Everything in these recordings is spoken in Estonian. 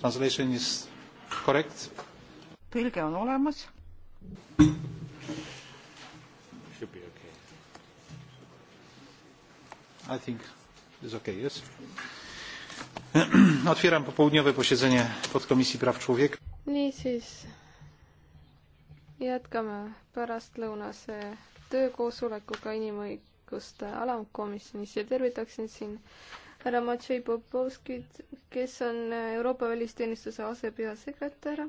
Translation is correct. tõlge on olemas. Should be okay. I think it's okay, yes. Otwieram popołudniowe posiedzenie podkomisji praw człowieka. Niisiis, jätkame pärastlõunase töökoosolekuga inimõig-, õiguste alamkomisjonis ja tervitaksin siin härra Matvei Popovskit, kes on Euroopa Välisteenistuse asepeasekretär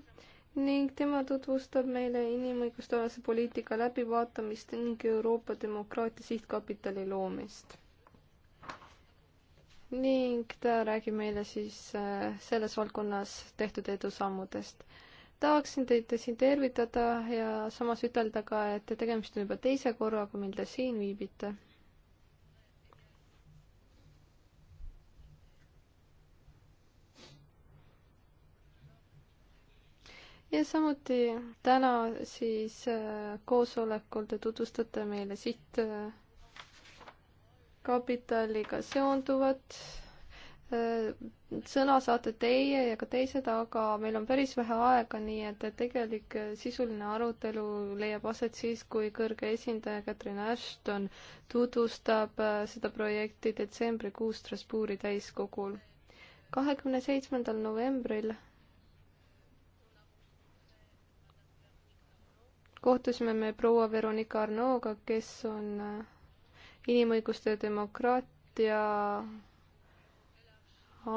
ning tema tutvustab meile inimõiguste alase poliitika läbivaatamist ning Euroopa demokraatia sihtkapitali loomist. ning ta räägib meile siis äh, selles valdkonnas tehtud edusammudest. tahaksin teid siin tervitada ja samas ütelda ka, et tegemist on juba teise korraga, mil te siin viibite ja samuti täna siis äh, koosolekul te tutvustate meile sihtkapitaliga äh, seonduvat äh, sõna saate teie ja ka teised, aga meil on päris vähe aega, nii et tegelik sisuline arutelu leiab aset siis, kui kõrge esindaja Katrin Ashton tutvustab seda projekti detsembrikuus Strasbourgi täiskogul. kahekümne seitsmendal novembril kohtusime me proua Veronika Arnoga, kes on äh, inimõiguste ja demokraatia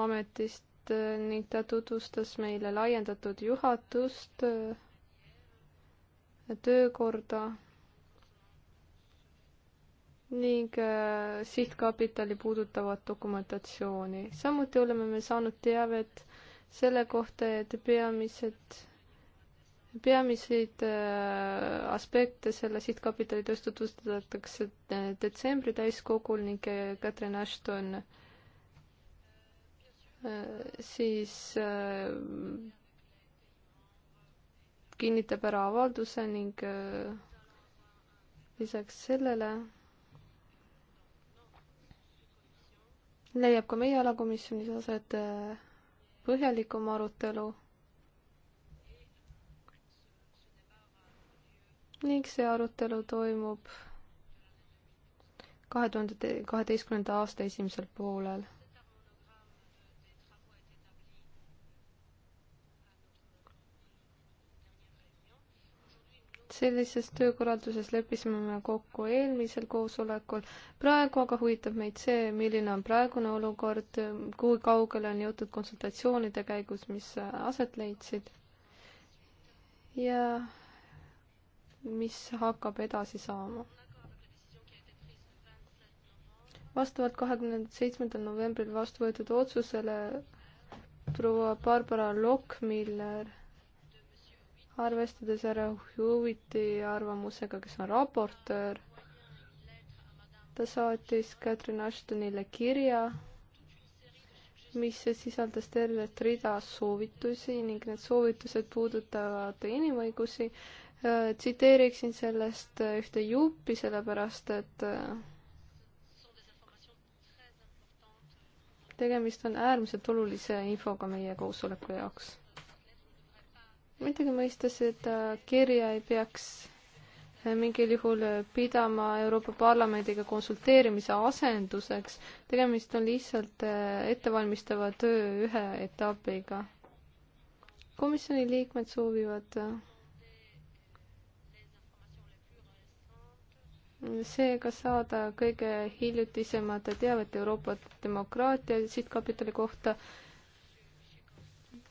ametist äh, ning ta tutvustas meile laiendatud juhatust, äh, töökorda ning sihtkapitali puudutavat dokumentatsiooni. samuti oleme me saanud teavet selle kohta, et peamised peamiseid äh, aspekte selle sihtkapitali tõstu tutvustatakse äh, detsembri täiskogul ning Katrin äh, Ashton siis kinnitab ära avalduse ning lisaks sellele leiab ka meie alakomisjonis aset põhjalikum arutelu ning see arutelu toimub kahe tuhande kaheteistkümnenda aasta esimesel poolel. sellises töökorralduses leppisime me kokku eelmisel koosolekul. praegu aga huvitab meid see, milline on praegune olukord, kui kaugele on jõutud konsultatsioonide käigus, mis aset leidsid. ja mis hakkab edasi saama. vastavalt kahekümne seitsmendal novembril vastu võetud otsusele proua Barbara Lockmiller, arvestades härra Huviti arvamusega, kes on raportöör, ta saatis Catherine Ashtonile kirja, mis sisaldas tervet rida soovitusi ning need soovitused puudutavad inimõigusi Äh, tsiteeriksin sellest äh, ühte juppi, sellepärast et äh, tegemist on äärmiselt olulise infoga meie koosoleku jaoks. muidugi mõistes, et kirja ei peaks mingil juhul pidama Euroopa Parlamendiga konsulteerimise asenduseks, tegemist on lihtsalt ettevalmistava töö ühe etapiga. komisjoni liikmed soovivad seega saada kõige hiljutisemat teavet Euroopa demokraatia sihtkapitali kohta.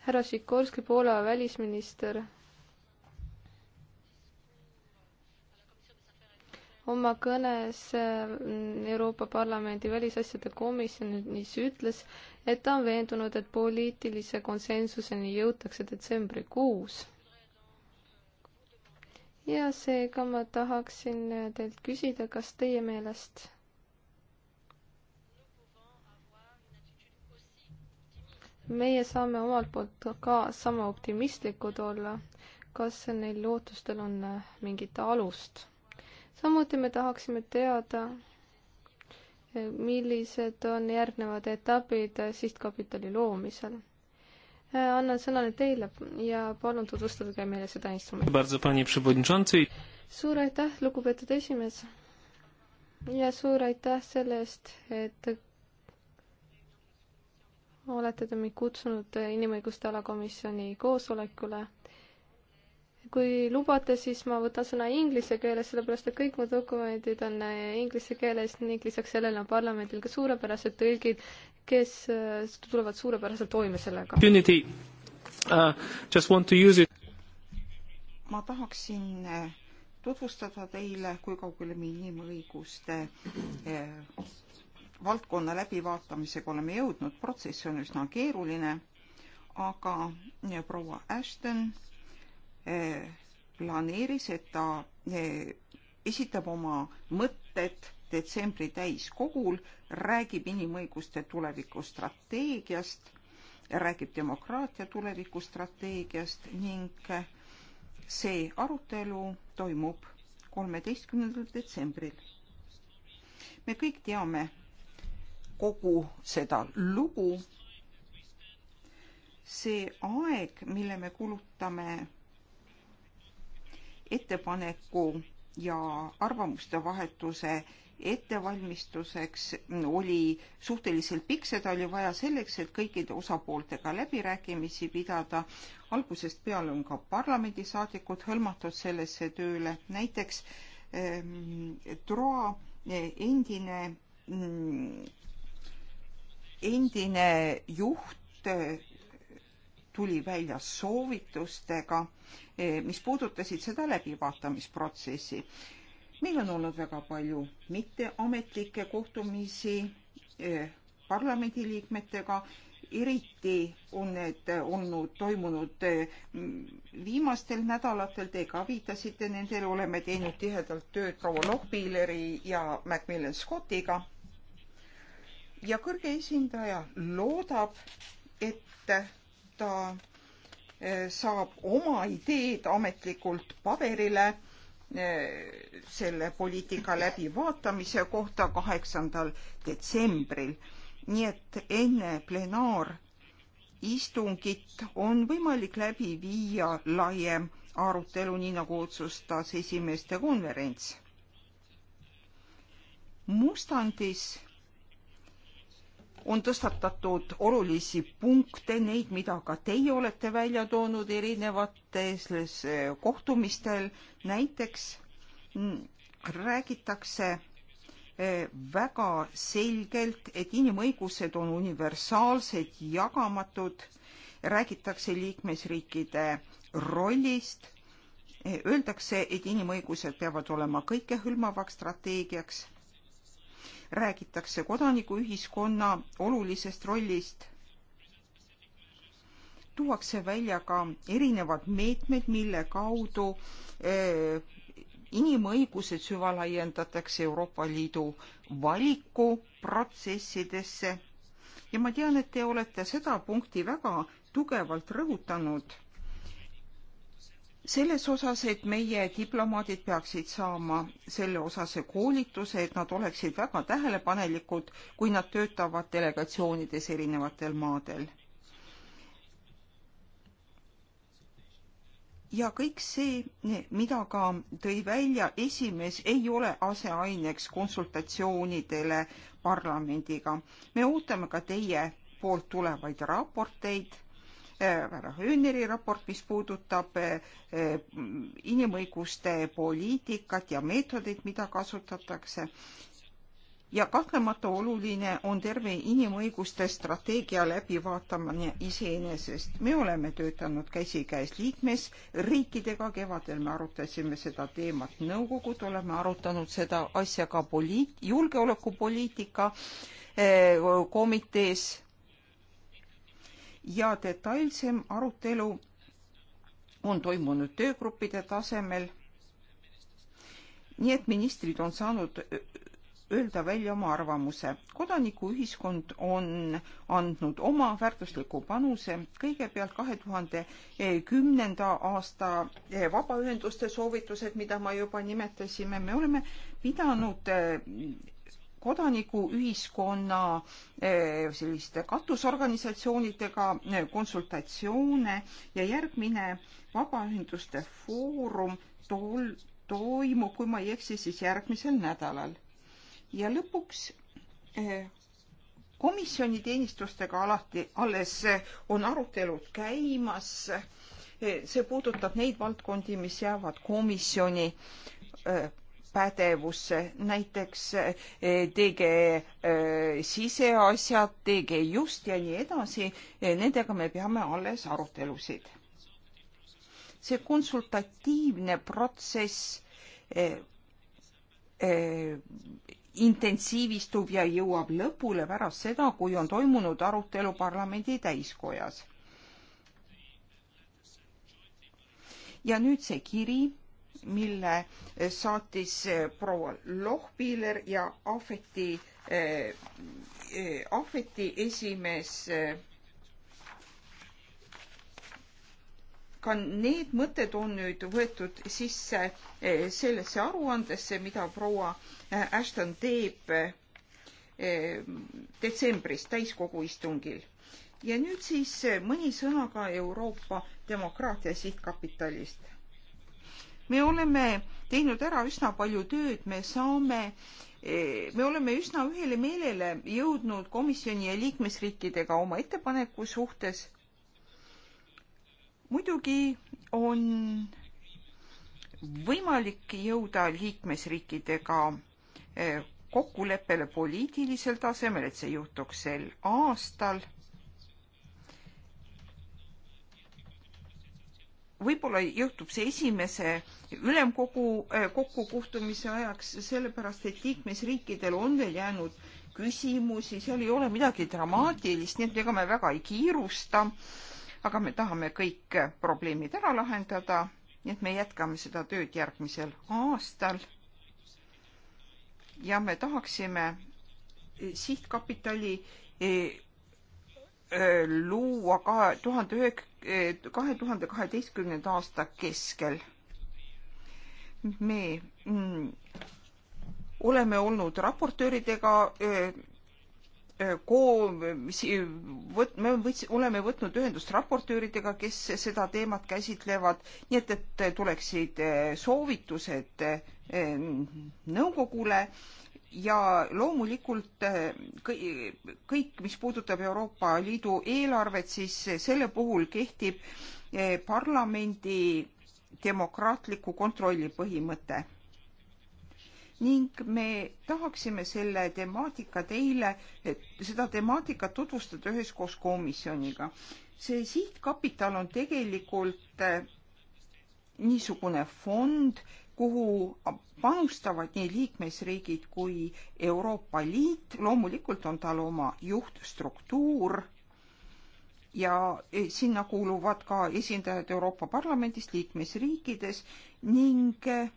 härra Sikorski, Poola välisminister, oma kõnes äh, Euroopa Parlamendi välisasjade komisjonis ütles, et ta on veendunud, et poliitilise konsensuseni jõutakse detsembrikuus ja seega ma tahaksin teilt küsida, kas teie meelest meie saame omalt poolt ka sama optimistlikud olla, kas neil lootustel on mingit alust. samuti me tahaksime teada, millised on järgnevad etapid sihtkapitali loomisel Äh, annan sõna nüüd teile ja palun tutvustage meile seda instrumenti. suur aitäh, lugupeetud esimees. ja suur aitäh selle eest, et olete te mind kutsunud inimõiguste alakomisjoni koosolekule kui lubate, siis ma võtan sõna inglise keeles, sellepärast et kõik mu dokumendid on äh, inglise keeles ning lisaks sellele on parlamendil ka suurepärased tõlgid, kes äh, tulevad suurepäraselt toime sellega. Uh, ma tahaksin äh, tutvustada teile, kui kaugele me inimõiguste eh, valdkonna läbivaatamisega oleme jõudnud, protsess on üsna keeruline, aga proua Ashton planeeris, et ta eh, esitab oma mõtted detsembri täiskogul, räägib inimõiguste tulevikustrateegiast, räägib demokraatia tulevikustrateegiast ning eh, see arutelu toimub kolmeteistkümnendal detsembril. me kõik teame kogu seda lugu. see aeg, mille me kulutame ettepaneku ja arvamuste vahetuse ettevalmistuseks oli suhteliselt pikk, seda oli vaja selleks, et kõikide osapooltega läbirääkimisi pidada. algusest peale on ka parlamendisaadikud hõlmatud sellesse tööle, näiteks ähm, Troa eh, endine, mm, endine juht eh, tuli välja soovitustega Eh, mis puudutasid seda läbivaatamisprotsessi. meil on olnud väga palju mitteametlikke kohtumisi eh, parlamendiliikmetega, eriti on need olnud toimunud eh, viimastel nädalatel, te ka viitasite nendele, oleme teinud tihedalt tööd proua Lohbilleri ja Macmillan Scottiga. ja kõrge esindaja loodab, et ta Eh, saab oma ideed ametlikult paberile eh, selle poliitika läbivaatamise kohta kaheksandal detsembril. nii et enne plenaaristungit on võimalik läbi viia laiem arutelu, nii nagu otsustas esimeeste konverents. Mustandis on tõstatatud olulisi punkte, neid, mida ka teie olete välja toonud erinevates kohtumistel. näiteks mm, räägitakse eh, väga selgelt, et inimõigused on universaalsed, jagamatud, räägitakse liikmesriikide rollist, eh, öeldakse, et inimõigused peavad olema kõikehõlmavaks strateegiaks räägitakse kodanikuühiskonna olulisest rollist tuuakse välja ka erinevad meetmed, mille kaudu eh, inimõigused süvalaiendatakse Euroopa Liidu valikuprotsessidesse. ja ma tean, et te olete seda punkti väga tugevalt rõhutanud selles osas, et meie diplomaadid peaksid saama selle osase koolituse, et nad oleksid väga tähelepanelikud, kui nad töötavad delegatsioonides erinevatel maadel. ja kõik see, mida ka tõi välja esimees, ei ole aseaineks konsultatsioonidele parlamendiga. me ootame ka teie poolt tulevaid raporteid Äh, härra Hönneri raport, mis puudutab äh, äh, inimõiguste poliitikat ja meetodeid, mida kasutatakse ja kahtlemata oluline on terve inimõiguste strateegia läbivaatamine iseenesest. me oleme töötanud käsikäes liikmesriikidega, kevadel me arutasime seda teemat nõukogud, oleme arutanud seda asja ka poliit-, julgeolekupoliitika komitees ja detailsem arutelu on toimunud töögruppide tasemel. nii et ministrid on saanud öelda välja oma arvamuse. kodanikuühiskond on andnud oma väärtusliku panuse kõigepealt kahe tuhande kümnenda aasta eh, vabaühenduste soovitused, mida ma juba nimetasime, me oleme pidanud eh, kodanikuühiskonna eh, selliste katusorganisatsioonidega eh, konsultatsioone ja järgmine Vabaühenduste Foorum tol, toimub, kui ma ei eksi, siis järgmisel nädalal. ja lõpuks eh, komisjoni teenistustega alati alles on arutelud käimas. see puudutab neid valdkondi, mis jäävad komisjoni pädevusse, näiteks TG eh, eh, siseasjad, TG just ja nii edasi, eh, nendega me peame alles arutelusid. see konsultatiivne protsess intensiivistub ja jõuab lõpule pärast seda, kui on toimunud arutelu parlamendi täiskojas. ja nüüd see kiri mille eh, saatis eh, proua Lohpiiler ja Ahveti eh, eh,, Ahveti esimees eh,. ka need mõtted on nüüd võetud sisse eh, sellesse aruandesse, mida proua Ashton teeb detsembris täiskogu istungil. ja nüüd siis mõni sõna ka Euroopa demokraatia sihtkapitalist me oleme teinud ära üsna palju tööd, me saame eh, me oleme üsna ühele meelele jõudnud komisjoni ja liikmesriikidega oma ettepaneku suhtes. muidugi on võimalik jõuda liikmesriikidega eh, kokkuleppele poliitilisel tasemel, et see juhtuks sel aastal võib-olla juhtub see esimese ülemkogu äh, kokkukuhtumise ajaks, sellepärast et liikmesriikidel on veel jäänud küsimusi, seal ei ole midagi dramaatilist, nii et ega me väga ei kiirusta, aga me tahame kõik äh, probleemid ära lahendada, nii et me jätkame seda tööd järgmisel aastal. ja me tahaksime äh, sihtkapitali Äh, luua kahe tuhande ühek-, äh, kahe tuhande kaheteistkümnenda aasta keskel. me mm, oleme olnud raportööridega äh, koo-, võt-, me võts-, oleme võtnud ühendust raportööridega, kes seda teemat käsitlevad, nii et, et tuleksid soovitused nõukogule ja loomulikult eh, kõik, mis puudutab Euroopa Liidu eelarvet, siis selle puhul kehtib eh, parlamendi demokraatliku kontrolli põhimõte. ning me tahaksime selle temaatika teile, seda temaatikat tutvustada üheskoos komisjoniga. see sihtkapital on tegelikult eh, niisugune fond, kuhu panustavad nii liikmesriigid kui Euroopa Liit. loomulikult on tal oma juhtstruktuur ja e, sinna kuuluvad ka esindajad Euroopa Parlamendist liikmesriikides ning e,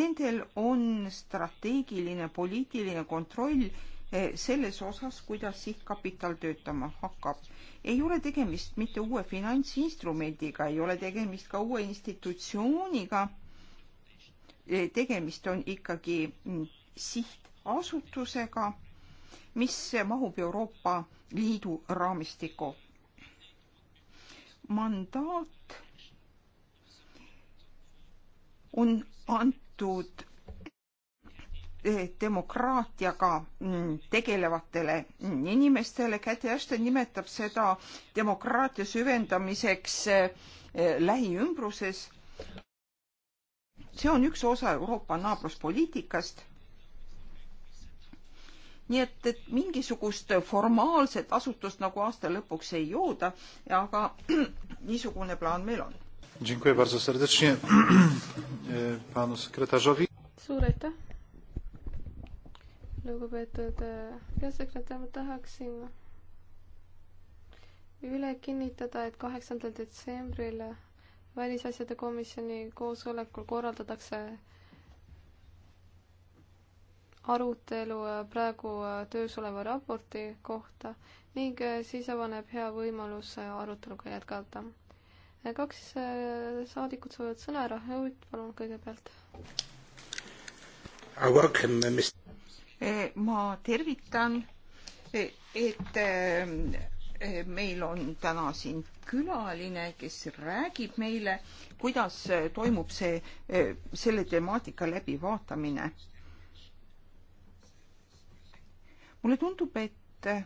nendel on strateegiline poliitiline kontroll e, selles osas, kuidas sihtkapital töötama hakkab. ei ole tegemist mitte uue finantsinstrumendiga, ei ole tegemist ka uue institutsiooniga, tegemist on ikkagi mm, sihtasutusega, mis mahub Euroopa Liidu raamistikku. mandaat on antud eh, demokraatiaga mm, tegelevatele mm, inimestele. Käti Ashton nimetab seda demokraatia süvendamiseks eh, eh, lähiümbruses see on üks osa Euroopa naabruspoliitikast. nii et, et mingisugust formaalset asutust nagu aasta lõpuks ei jõuda, aga niisugune plaan meil on. suur aitäh, lugupeetud äh, peasekretär, ma tahaksin üle kinnitada, et kaheksandal detsembril välisasjade komisjoni koosolekul korraldatakse arutelu äh, praegu äh, töös oleva raporti kohta ning äh, siis avaneb hea võimalus aruteluga jätkata. kaks saadikut soovivad sõna, härra Heut, palun kõigepealt. ma tervitan, et ähm, meil on täna siin külaline, kes räägib meile, kuidas eh, toimub see, eh, selle temaatika läbivaatamine. mulle tundub, et eh,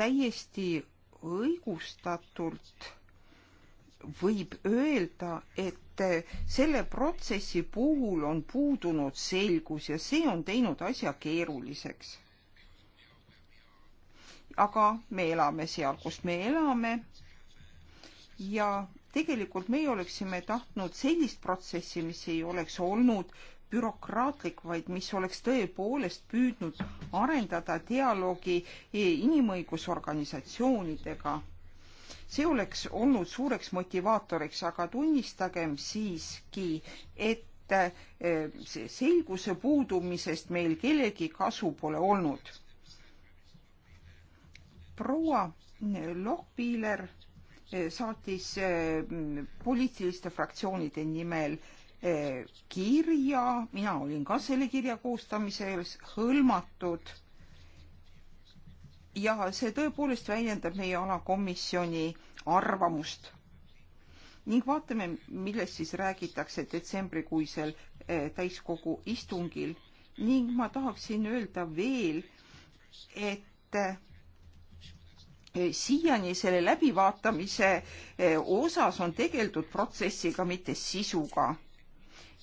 täiesti õigustatult võib öelda, et selle protsessi puhul on puudunud selgus ja see on teinud asja keeruliseks aga me elame seal, kus me elame. ja tegelikult meie oleksime tahtnud sellist protsessi, mis ei oleks olnud bürokraatlik, vaid mis oleks tõepoolest püüdnud arendada dialoogi inimõigusorganisatsioonidega. see oleks olnud suureks motivaatoriks, aga tunnistagem siiski, et eh, see selguse puudumisest meil kellelgi kasu pole olnud proua eh, Lohpiiler eh, saatis eh, poliitiliste fraktsioonide nimel kirja, mina olin ka selle kirja koostamises hõlmatud ja see tõepoolest väljendab meie alakomisjoni arvamust. ning vaatame, millest siis räägitakse detsembrikuisel täiskogu istungil ning ma tahaksin öelda veel, et Eh, siiani selle läbivaatamise eh, osas on tegeldud protsessiga, mitte sisuga.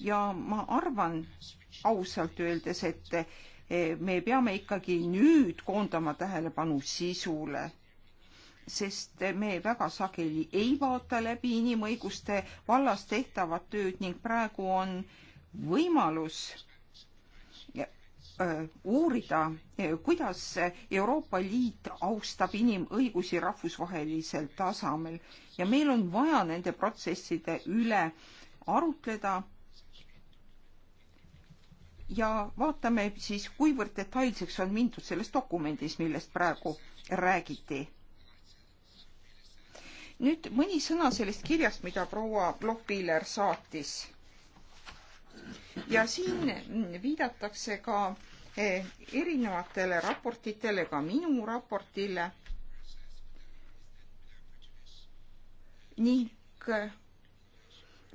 ja ma arvan ausalt öeldes, et eh, me peame ikkagi nüüd koondama tähelepanu sisule, sest me väga sageli ei vaata läbi inimõiguste vallas tehtavat tööd ning praegu on võimalus Äh, uurida, äh, kuidas Euroopa Liit austab inimõigusi rahvusvahelisel tasemel ja meil on vaja nende protsesside üle arutleda. ja vaatame siis, kuivõrd detailseks on mindud selles dokumendis, millest praegu räägiti. nüüd mõni sõna sellest kirjast, mida proua Lohpiller saatis ja siin viidatakse ka eh, erinevatele raportitele, ka minu raportile ning eh,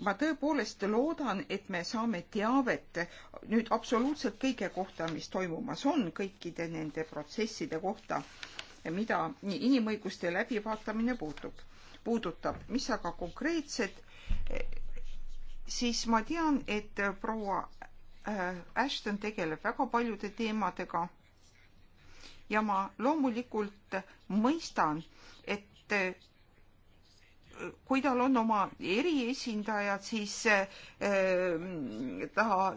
ma tõepoolest loodan, et me saame teavet nüüd absoluutselt kõige kohta, mis toimumas on, kõikide nende protsesside kohta, mida inimõiguste läbivaatamine puutub, puudutab, mis aga konkreetsed eh, siis ma tean, et proua äh, Ashton tegeleb väga paljude teemadega. ja ma loomulikult mõistan, et äh, kui tal on oma eriesindajad, siis äh, ta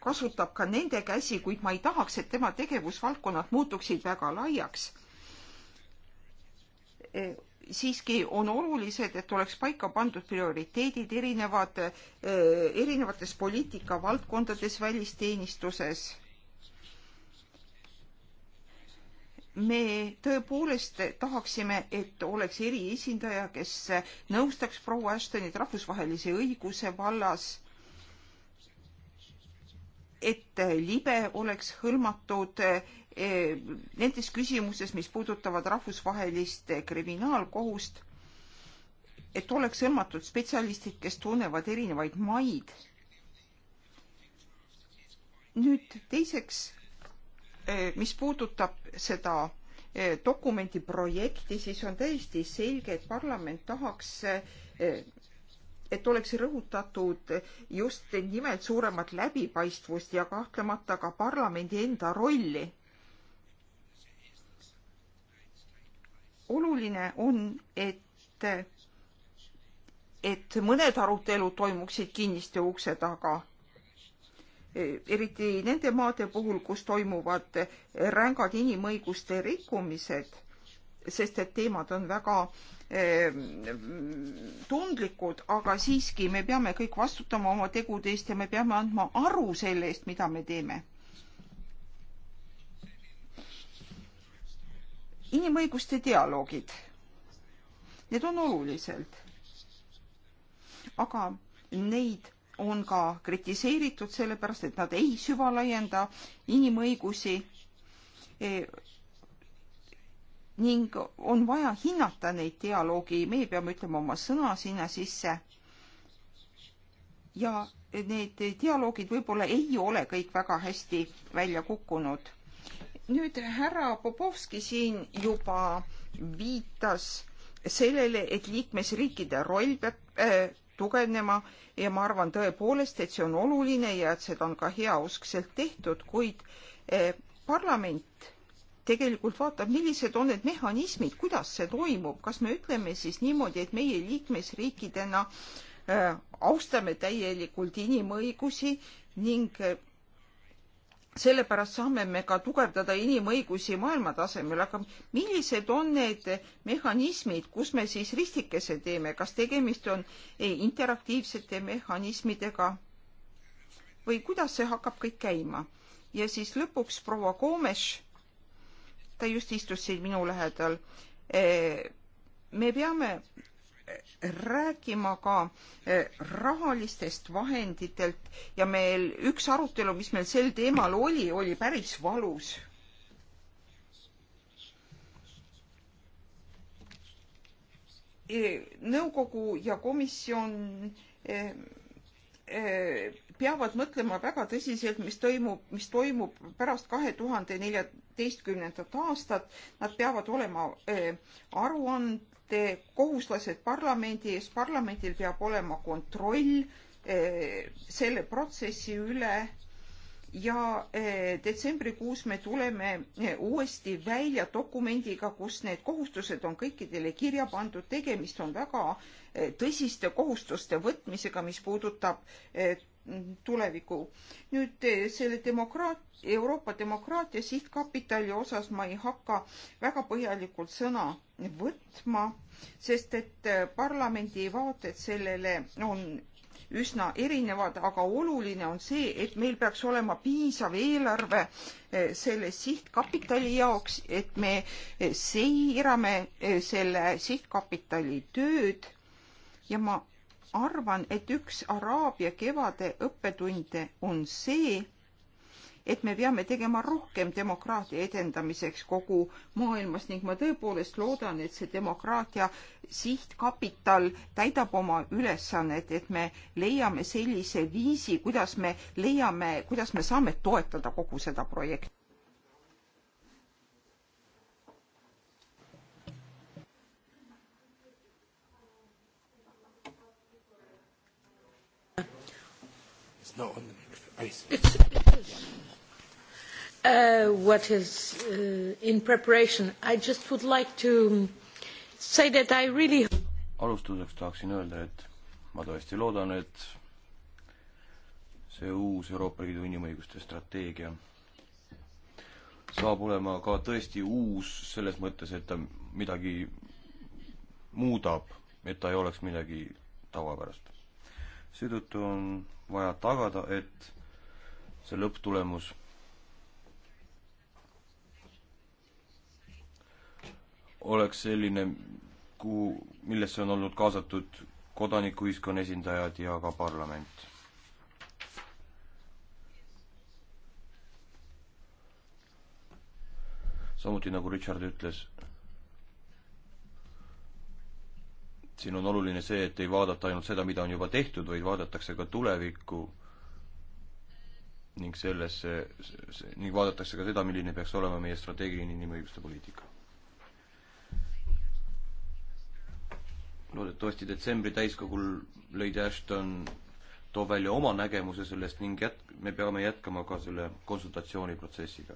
kasutab ka nende käsi, kuid ma ei tahaks, et tema tegevusvaldkonnad muutuksid väga laiaks siiski on olulised, et oleks paika pandud prioriteedid erinevad, äh, erinevates poliitikavaldkondades välisteenistuses. me tõepoolest tahaksime, et oleks eriesindaja, kes nõustaks proua Ashtonit rahvusvahelise õiguse vallas et libe oleks hõlmatud Eh, nendes küsimuses, mis puudutavad rahvusvahelist eh, kriminaalkohust, et oleks hõlmatud spetsialistid, kes tunnevad erinevaid maid. nüüd teiseks, eh, mis puudutab seda dokumendi projekti, siis on täiesti selge, et parlament tahaks et oleks rõhutatud just nimelt suuremat läbipaistvust ja kahtlemata ka parlamendi enda rolli. oluline on, et, et mõned arutelud toimuksid kinniste ukse taga eriti nende maade puhul, kus toimuvad rängad inimõiguste rikkumised, sest et teemad on väga eh, tundlikud, aga siiski me peame kõik vastutama oma tegude eest ja me peame andma aru selle eest, mida me teeme. inimõiguste dialoogid, need on olulised. aga neid on ka kritiseeritud sellepärast, et nad ei süvalaienda inimõigusi e, ning on vaja hinnata neid dialoogi, meie peame ütlema oma sõna sinna sisse. ja need dialoogid võib-olla ei ole kõik väga hästi välja kukkunud nüüd härra Popovski siin juba viitas sellele, et liikmesriikide roll peab äh, tugevnema ja ma arvan tõepoolest, et see on oluline ja et seda on ka heauskselt tehtud, kuid äh, parlament tegelikult vaatab, millised on need mehhanismid, kuidas see toimub, kas me ütleme siis niimoodi, et meie liikmesriikidena äh, austame täielikult inimõigusi ning äh, sellepärast saame me ka tugevdada inimõigusi maailma tasemel, aga millised on need mehhanismid, kus me siis ristikese teeme, kas tegemist on interaktiivsete mehhanismidega või kuidas see hakkab kõik käima? ja siis lõpuks proua Koomes, ta just istus siin minu lähedal, eh, me peame rääkima ka eh, rahalistest vahenditelt ja meil üks arutelu, mis meil sel teemal oli, oli päris valus. E, nõukogu ja komisjon e, e, peavad mõtlema väga tõsiselt, mis toimub, mis toimub pärast kahe tuhande neljateistkümnendat aastat. Nad peavad olema aruand-, olete kohuslased parlamendi ees, parlamendil peab olema kontroll eh, selle protsessi üle ja eh, detsembrikuus me tuleme eh, uuesti välja dokumendiga, kus need kohustused on kõikidele kirja pandud, tegemist on väga tõsiste kohustuste võtmisega, mis puudutab tuleviku. nüüd eh, selle demokraat, Euroopa demokraatia sihtkapitali osas ma ei hakka väga põhjalikult sõna võtma, sest et eh, parlamendi vaated sellele on üsna erinevad, aga oluline on see, et meil peaks olema piisav eelarve eh, selle sihtkapitali jaoks, et me seirame selle sihtkapitali tööd ja ma arvan, et üks Araabia kevade õppetunde on see, et me peame tegema rohkem demokraatia edendamiseks kogu maailmas ning ma tõepoolest loodan, et see demokraatia sihtkapital täidab oma ülesannet, et me leiame sellise viisi, kuidas me leiame, kuidas me saame toetada kogu seda projekti. it's not on the microphone. Oh, yes. It's, it is. Uh, what is uh, in preparation. I just would like to say that I really alustuseks tahaksin öelda, et ma tõesti loodan, et see uus Euroopa Liidu inimõiguste strateegia saab olema ka tõesti uus selles mõttes, et ta midagi muudab, et ta ei oleks midagi tavapärast seetõttu on vaja tagada, et see lõpptulemus oleks selline, kuhu, millesse on olnud kaasatud kodanikuühiskonna esindajad ja ka parlament. samuti nagu Richard ütles siin on oluline see, et ei vaadata ainult seda, mida on juba tehtud, vaid vaadatakse ka tulevikku ning sellesse, ning vaadatakse ka seda, milline peaks olema meie strateegiline inimõiguste poliitika. loodetavasti detsembri täiskogul Lady Ashton toob välja oma nägemuse sellest ning jät-, me peame jätkama ka selle konsultatsiooniprotsessiga.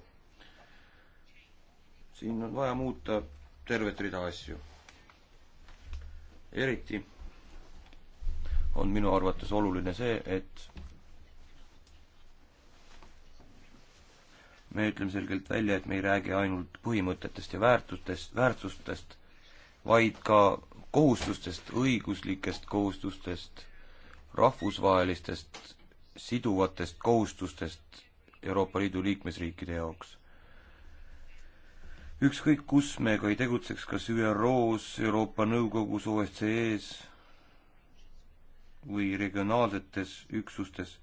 siin on vaja muuta tervet rida asju eriti on minu arvates oluline see, et me ütleme selgelt välja, et me ei räägi ainult põhimõtetest ja väärtustest, väärtustest, vaid ka kohustustest, õiguslikest kohustustest, rahvusvahelistest siduvatest kohustustest Euroopa Liidu liikmesriikide jaoks ükskõik kus me ka ei tegutseks, kas ÜRO-s, Euroopa Nõukogus, OSCE-s või regionaalsetes üksustes,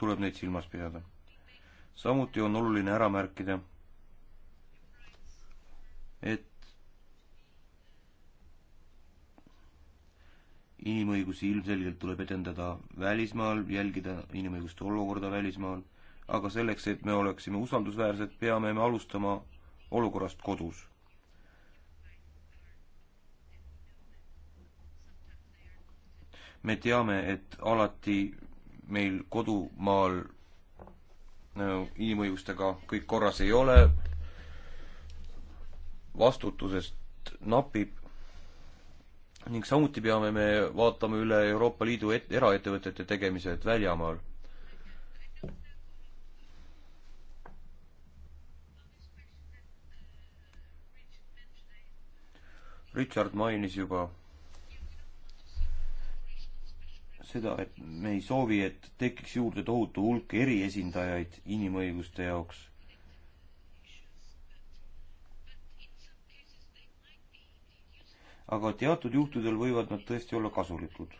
tuleb neid silmas pidada. samuti on oluline ära märkida, et inimõigusi ilmselgelt tuleb edendada välismaal, jälgida inimõiguste olukorda välismaal aga selleks, et me oleksime usaldusväärsed, peame me alustama olukorrast kodus. me teame, et alati meil kodumaal no, inimõigustega kõik korras ei ole, vastutusest napib ning samuti peame me vaatama üle Euroopa Liidu et-, eraettevõtete tegemised väljamaal Richard mainis juba seda, et me ei soovi, et tekiks juurde tohutu hulk eriesindajaid inimõiguste jaoks. aga teatud juhtudel võivad nad tõesti olla kasulikud.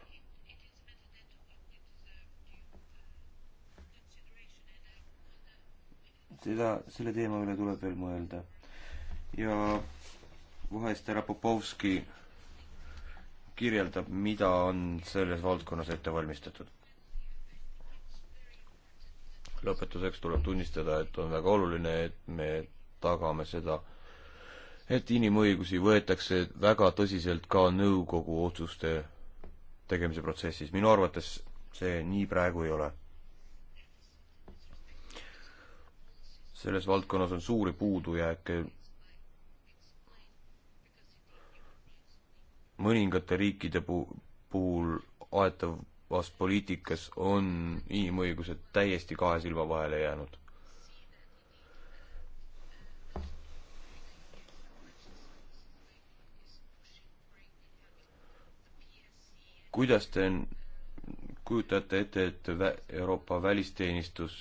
seda, selle teema üle tuleb veel mõelda ja vahest härra Popovski kirjeldab, mida on selles valdkonnas ette valmistatud. lõpetuseks tuleb tunnistada, et on väga oluline, et me tagame seda, et inimõigusi võetakse väga tõsiselt ka nõukogu otsuste tegemise protsessis. minu arvates see nii praegu ei ole. selles valdkonnas on suuri puudujääke mõningate riikide pu-, puhul aetavas poliitikas on inimõigused täiesti kahe silma vahele jäänud. kuidas te kujutate ette, et Euroopa välisteenistus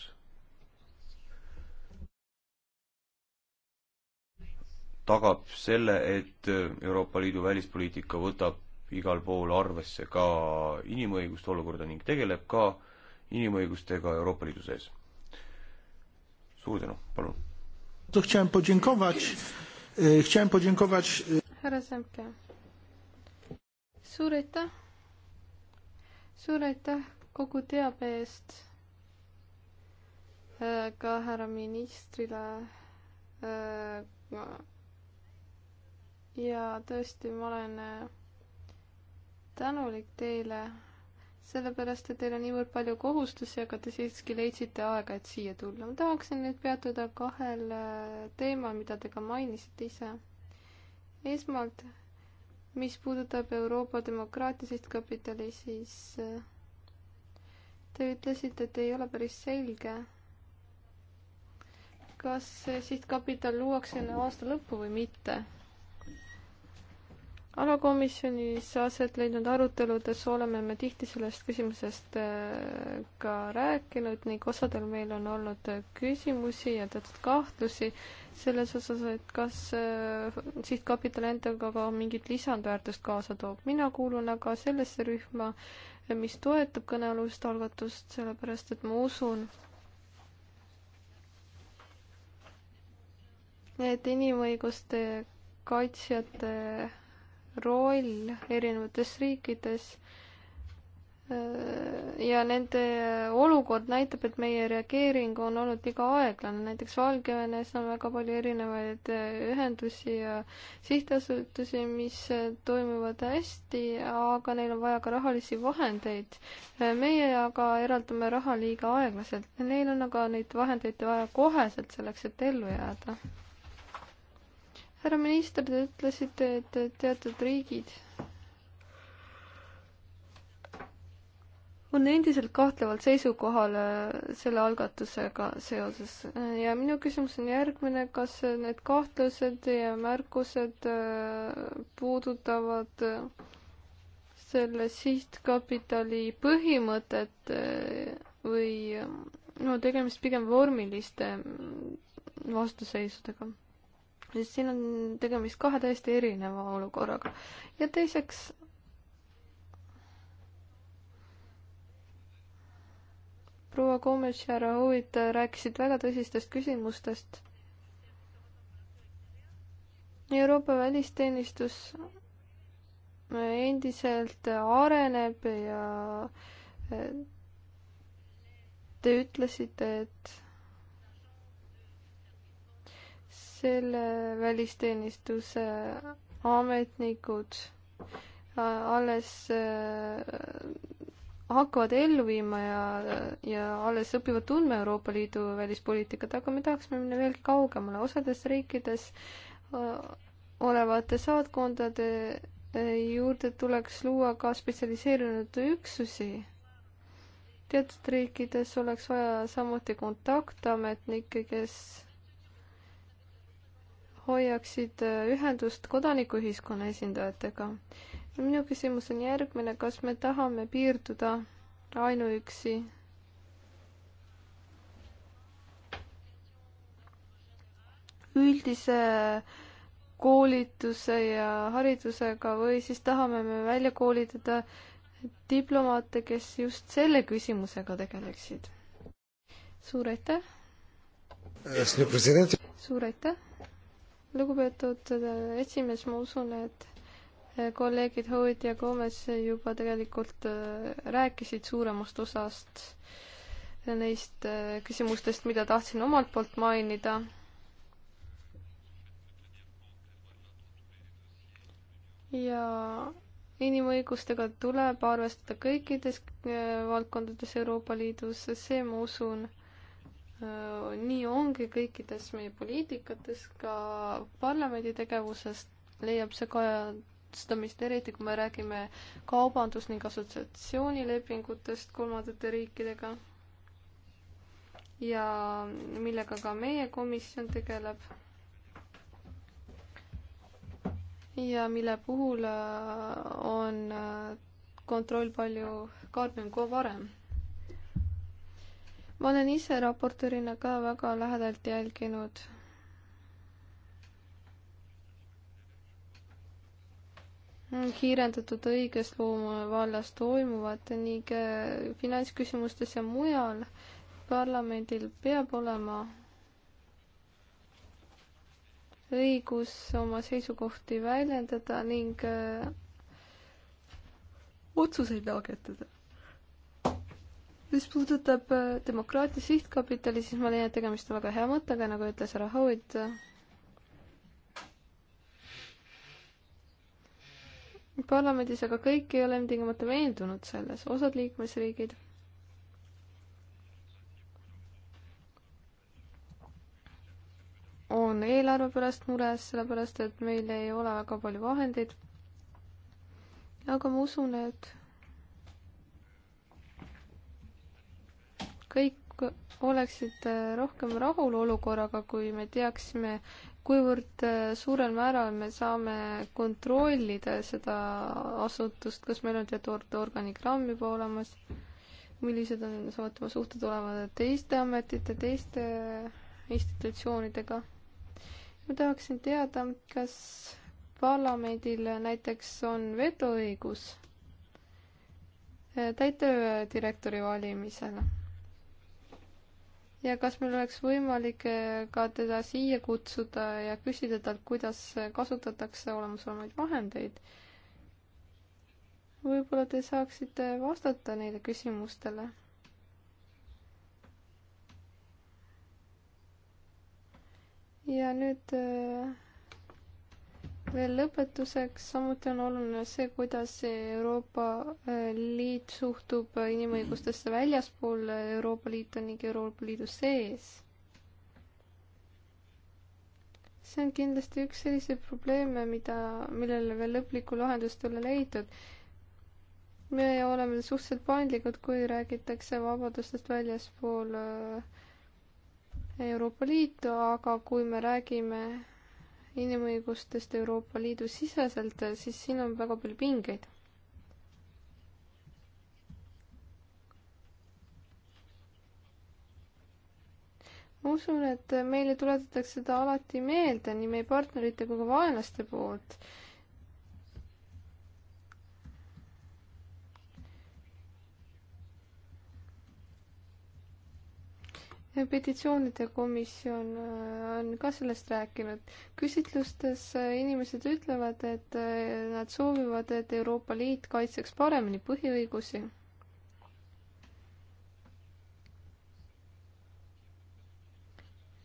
tagab selle, et Euroopa Liidu välispoliitika võtab igal pool arvesse ka inimõiguste olukorda ning tegeleb ka inimõigustega Euroopa Liidu sees. suur tänu, palun. E, e, härra Semke, suur aitäh, suur aitäh kogu teabe eest e, ka härra ministrile äh, ja tõesti, ma olen äh, tänulik teile, sellepärast et teil on niivõrd palju kohustusi, aga te siiski leidsite aega, et siia tulla. ma tahaksin nüüd peatuda kahel äh, teemal, mida te ka mainisite ise. esmalt, mis puudutab Euroopa demokraatilist kapitali, siis äh, te ütlesite, et ei ole päris selge, kas sihtkapital luuakse enne aasta lõppu või mitte alakomisjonis aset leidnud aruteludes oleme me tihti sellest küsimusest äh, ka rääkinud ning osadel meil on olnud küsimusi ja teatud kahtlusi selles osas, et kas äh, sihtkapital endaga ka mingit lisandväärtust kaasa toob. mina kuulun aga sellesse rühma, mis toetab kõnealust algatust, sellepärast et ma usun, et inimõiguste kaitsjate roll erinevates riikides äh, ja nende olukord näitab, et meie reageering on olnud liiga aeglane, näiteks Valgevenes on väga palju erinevaid äh, ühendusi ja sihtasutusi, mis äh, toimivad hästi, aga neil on vaja ka rahalisi vahendeid. meie aga eraldame raha liiga aeglaselt, neil on aga neid vahendeid vaja koheselt selleks, et ellu jääda härra minister, te ütlesite, et teatud riigid on endiselt kahtlevalt seisukohal äh, selle algatusega seoses ja minu küsimus on järgmine, kas need kahtlused ja märkused äh, puudutavad äh, selle sihtkapitali põhimõtet või no tegemist pigem vormiliste mm, vastuseisudega? siin on tegemist kahe täiesti erineva olukorraga. ja teiseks, proua Gomes ja Raoult rääkisid väga tõsistest küsimustest. Euroopa välisteenistus endiselt areneb ja te ütlesite, et selle välisteenistuse ametnikud äh, alles äh, hakkavad ellu viima ja, ja alles õpivad tundma Euroopa Liidu välispoliitikat, aga me tahaksime minna veelgi kaugemale. osades riikides äh, olevate saatkondade juurde tuleks luua ka spetsialiseerunud üksusi. teatud riikides oleks vaja samuti kontaktametnikke, kes hoiaksid äh, ühendust kodanikuühiskonna esindajatega. minu küsimus on järgmine, kas me tahame piirduda ainuüksi üldise koolituse ja haridusega või siis tahame me välja koolitada diplomaate, kes just selle küsimusega tegeleksid. suur aitäh! Äh, suur aitäh! lugupeetud äh, esimees, ma usun, et äh, kolleegid Howitt ja Gomez juba tegelikult äh, rääkisid suuremast osast neist küsimustest, mida tahtsin omalt poolt mainida ja inimõigustega tuleb arvestada kõikides valdkondades Euroopa Liidus, see ma usun Äh, nii ongi kõikides meie poliitikates, ka parlamendi tegevuses leiab see kajastamist, eriti kui me räägime kaubandus- ning assotsiatsioonilepingutest kolmandate riikidega. ja millega ka meie komisjon tegeleb. ja mille puhul äh, on äh, kontroll palju karmim kui varem ma olen ise raportöörina ka väga lähedalt jälginud kiirendatud õigusloome vallas toimuvat ning äh, finantsküsimustes ja mujal parlamendil peab olema õigus oma seisukohti väljendada ning äh, otsuseid langetada mis puudutab äh, demokraatia sihtkapitali, siis ma leian, et tegemist on väga hea mõttega, nagu ütles härra Howitt. parlamendis aga kõik ei ole ilmtingimata veendunud selles, osad liikmesriigid on eelarve pärast mures, sellepärast et meil ei ole väga palju vahendeid. aga ma usun, et kõik oleksid äh, rohkem rahul olukorraga, kui me teaksime, kuivõrd äh, suurel määral me saame kontrollida seda asutust, kas meil on teatud organigramm juba olemas, millised on saatma suhted olema teiste ametite, teiste äh, institutsioonidega. ma tahaksin teada, kas parlamendil näiteks on vetoõigus täitevdirektori valimisel ja kas meil oleks võimalik äh, ka teda siia kutsuda ja küsida talt, kuidas äh, kasutatakse olemasolevaid vahendeid? võib-olla te saaksite vastata neile küsimustele. ja nüüd äh, veel lõpetuseks, samuti on oluline see, kuidas Euroopa äh, Liit suhtub äh, inimõigustesse väljaspool äh, Euroopa Liitu ning Euroopa Liidu sees. see on kindlasti üks selliseid probleeme, mida, millele veel lõplikku lahendust ei ole leitud. me oleme suhteliselt paindlikud, kui räägitakse vabadustest väljaspool Euroopa Liitu, aga kui me räägime inimõigustest Euroopa Liidu siseselt, siis siin on väga palju pingeid. ma usun, et meile tuletatakse seda alati meelde nii meie partnerite kui ka vaenlaste poolt petitsioonide komisjon äh, on ka sellest rääkinud. küsitlustes äh, inimesed ütlevad, et äh, nad soovivad, et Euroopa Liit kaitseks paremini põhiõigusi.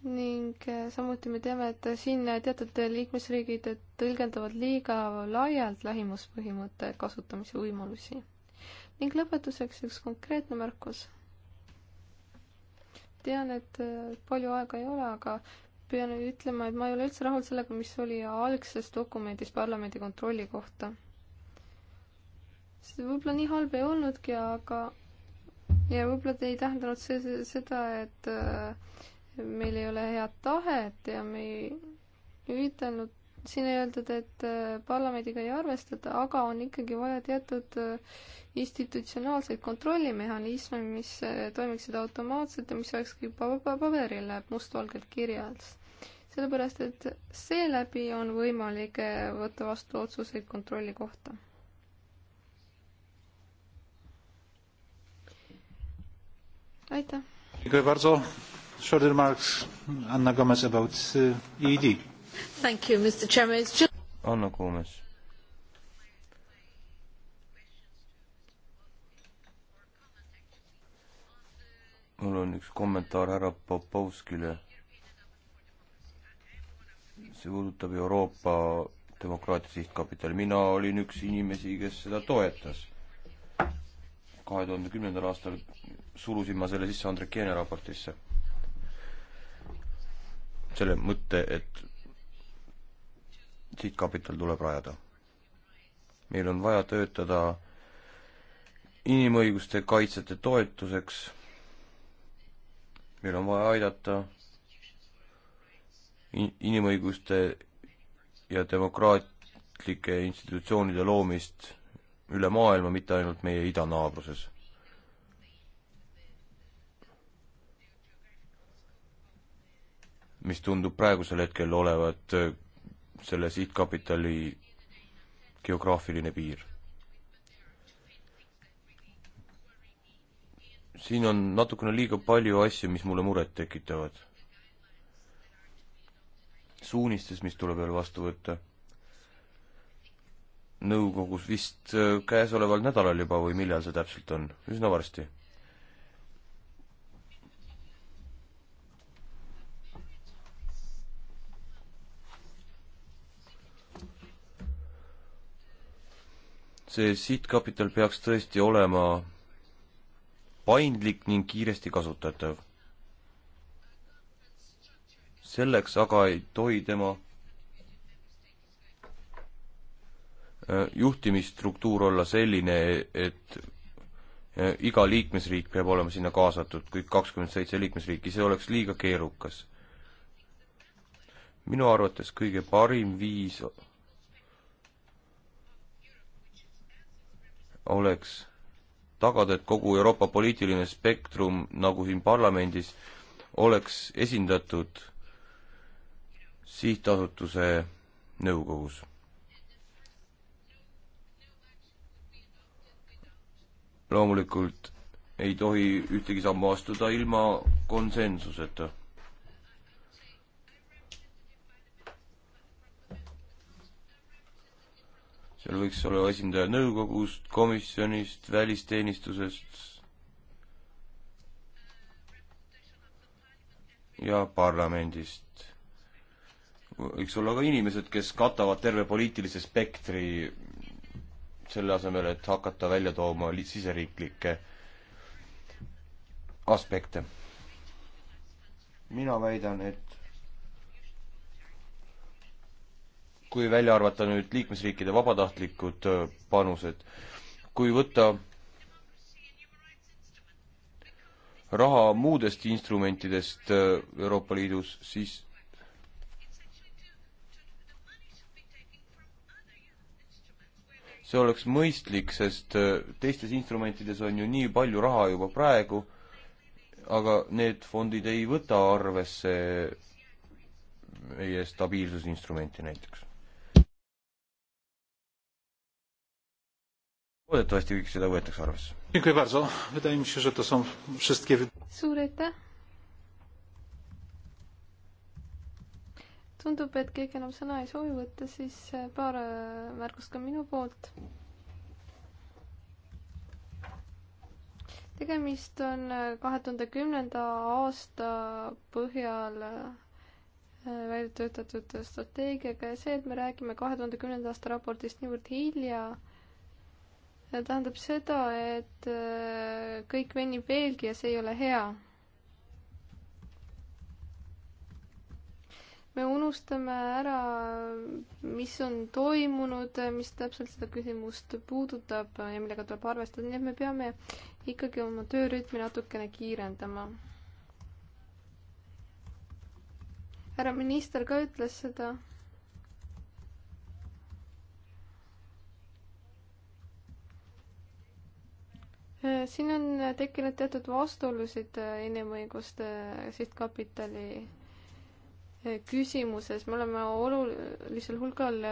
ning samuti me teame, et siin teatud liikmesriigid tõlgendavad liiga laialt lähimuspõhimõtte kasutamise võimalusi. ning lõpetuseks üks konkreetne märkus tean, et äh, palju aega ei ole, aga pean ütlema, et ma ei ole üldse rahul sellega, mis oli algses dokumendis parlamendi kontrolli kohta. see võib-olla nii halb ei olnudki, aga ja võib-olla ei tähendanud see, see seda, et äh, meil ei ole head tahet ja me ei ütelnud siin ei öeldud, et äh, parlamendiga ei arvestata, aga on ikkagi vaja teatud äh, institutsionaalseid kontrollimehhanisme, mis äh, toimiksid automaatselt ja mis olekski paberil mustvalgelt kirjas. sellepärast, et seeläbi on võimalik võtta vastu otsuseid kontrolli kohta. aitäh. Dziękuję bardzo. Short remarks Anna Gomez about EED. Thank you, Mr Chairman. It's just... Anna Koomes. mul on üks kommentaar härra Popovskile. see puudutab Euroopa Demokraatia Sihtkapitali. mina olin üks inimesi, kes seda toetas. kahe tuhande kümnendal aastal surusin ma selle sisse Andrek Jeene raportisse. selle mõtte, et sihtkapital tuleb rajada. meil on vaja töötada inimõiguste kaitsjate toetuseks, meil on vaja aidata in-, inimõiguste ja demokraatlike institutsioonide loomist üle maailma, mitte ainult meie idanaabruses. mis tundub praegusel hetkel olevat selle sihtkapitali geograafiline piir. siin on natukene liiga palju asju, mis mulle muret tekitavad. suunistes, mis tuleb veel vastu võtta. nõukogus vist äh, käesoleval nädalal juba või millal see täpselt on, üsna varsti see sihtkapital peaks tõesti olema paindlik ning kiiresti kasutatav. selleks aga ei tohi tema äh, juhtimisstruktuur olla selline, et äh, iga liikmesriik peab olema sinna kaasatud, kõik kakskümmend seitse liikmesriiki, see oleks liiga keerukas. minu arvates kõige parim viis oleks tagada, et kogu Euroopa poliitiline spektrum, nagu siin parlamendis, oleks esindatud sihtasutuse nõukogus. loomulikult ei tohi ühtegi sammu astuda ilma konsensuseta seal võiks olla esindaja nõukogust, komisjonist, välisteenistusest ja parlamendist. võiks olla ka inimesed, kes katavad terve poliitilise spektri, selle asemel, et hakata välja tooma siseriiklikke aspekte. mina väidan, et kui välja arvata nüüd liikmesriikide vabatahtlikud äh, panused, kui võtta raha muudest instrumentidest äh, Euroopa Liidus, siis see oleks mõistlik, sest äh, teistes instrumentides on ju nii palju raha juba praegu, aga need fondid ei võta arvesse meie stabiilsusinstrumenti näiteks. loodetavasti kõik seda võetakse arvesse. suur aitäh! tundub, et keegi enam sõna ei soovi võtta, siis äh, paar äh, märkust ka minu poolt. tegemist on äh, kahe tuhande kümnenda aasta põhjal välja töötatud strateegiaga ja see, et me räägime kahe tuhande kümnenda aasta raportist niivõrd hilja, tähendab seda, et äh, kõik venib veelgi ja see ei ole hea. me unustame ära, mis on toimunud, mis täpselt seda küsimust puudutab ja millega tuleb arvestada, nii et me peame ikkagi oma töörütmi natukene kiirendama. härra minister ka ütles seda Äh, siin on tekkinud teatud vastuolusid äh, inimõiguste äh, sihtkapitali küsimuses, me oleme olulisel hulgal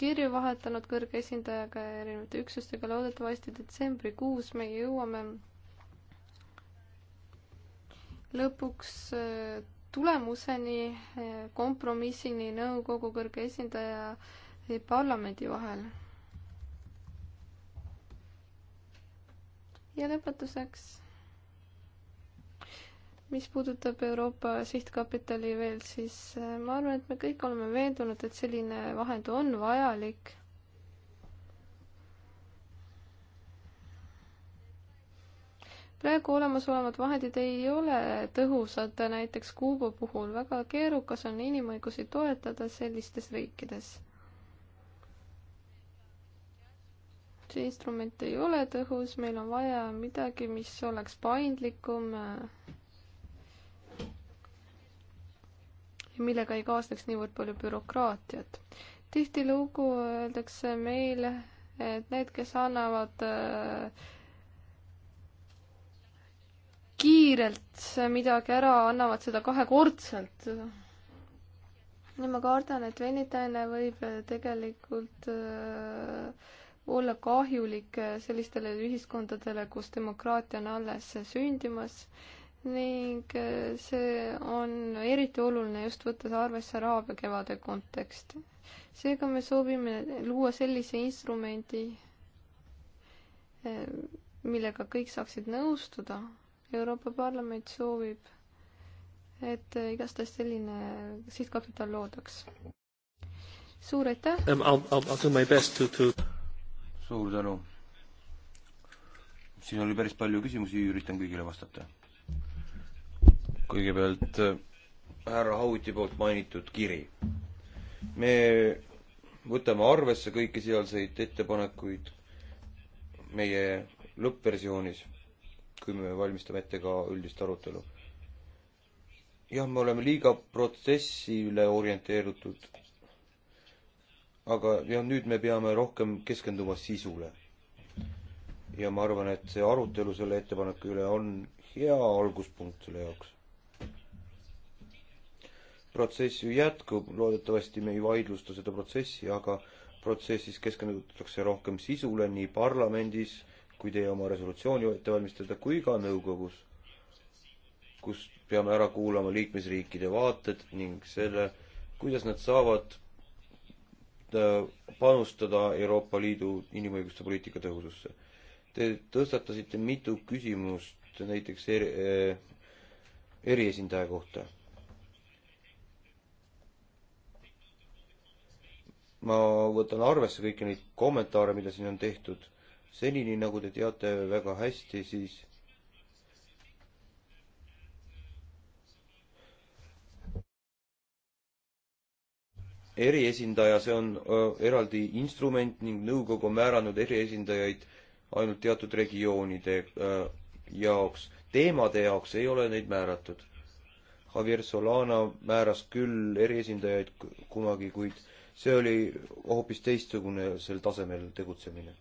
kirju vahetanud kõrge esindajaga ja erinevate üksustega, loodetavasti detsembrikuus me jõuame lõpuks tulemuseni, kompromissini nõukogu kõrge esindaja ja parlamendi vahel ja lõpetuseks, mis puudutab Euroopa sihtkapitali veel, siis äh, ma arvan, et me kõik oleme veendunud, et selline vahend on vajalik. praegu olemasolevad vahendid ei ole tõhusad, näiteks Kuuba puhul väga keerukas on inimõigusi toetada sellistes riikides see instrument ei ole tõhus, meil on vaja midagi, mis oleks paindlikum. Äh, millega ei kaasneks niivõrd palju bürokraatiat. tihtilugu öeldakse meile, et need, kes annavad äh, kiirelt midagi ära, annavad seda kahekordselt ja ma kardan, et venitamine võib äh, tegelikult äh, olla kahjulik äh, sellistele ühiskondadele, kus demokraatia on alles sündimas ning äh, see on eriti oluline just võttes arvesse Araabia kevade konteksti. seega me soovime luua sellise instrumendi, äh, millega kõik saaksid nõustuda. Euroopa Parlament soovib, et igastahes selline sihtkapital loodaks. suur aitäh! Um, suur tänu. siin oli päris palju küsimusi, üritan kõigile vastata. kõigepealt äh, härra Hauti poolt mainitud kiri. me võtame arvesse kõiki sealseid ettepanekuid meie lõppversioonis, kui me valmistame ette ka üldist arutelu. jah, me oleme liiga protsessile orienteeritud aga jah, nüüd me peame rohkem keskenduma sisule. ja ma arvan, et see arutelu selle ettepaneku üle on hea alguspunkt selle jaoks. protsess ju jätkub, loodetavasti me ei vaidlusta seda protsessi, aga protsessis keskendutakse rohkem sisule nii parlamendis, kui teie oma resolutsiooni ette valmistada, kui ka nõukogus, kus peame ära kuulama liikmesriikide vaated ning selle, kuidas nad saavad Äh, panustada Euroopa Liidu inimõiguste poliitika tõhususse. Te tõstatasite mitu küsimust näiteks eri, äh, eriesindaja kohta. ma võtan arvesse kõiki neid kommentaare, mida siin on tehtud. senini, nagu te teate väga hästi, siis eriesindaja, see on eraldi instrument ning nõukogu on määranud eriesindajaid ainult teatud regioonide jaoks. teemade jaoks ei ole neid määratud. Javier Solana määras küll eriesindajaid kunagi, kuid see oli hoopis teistsugune sel tasemel tegutsemine.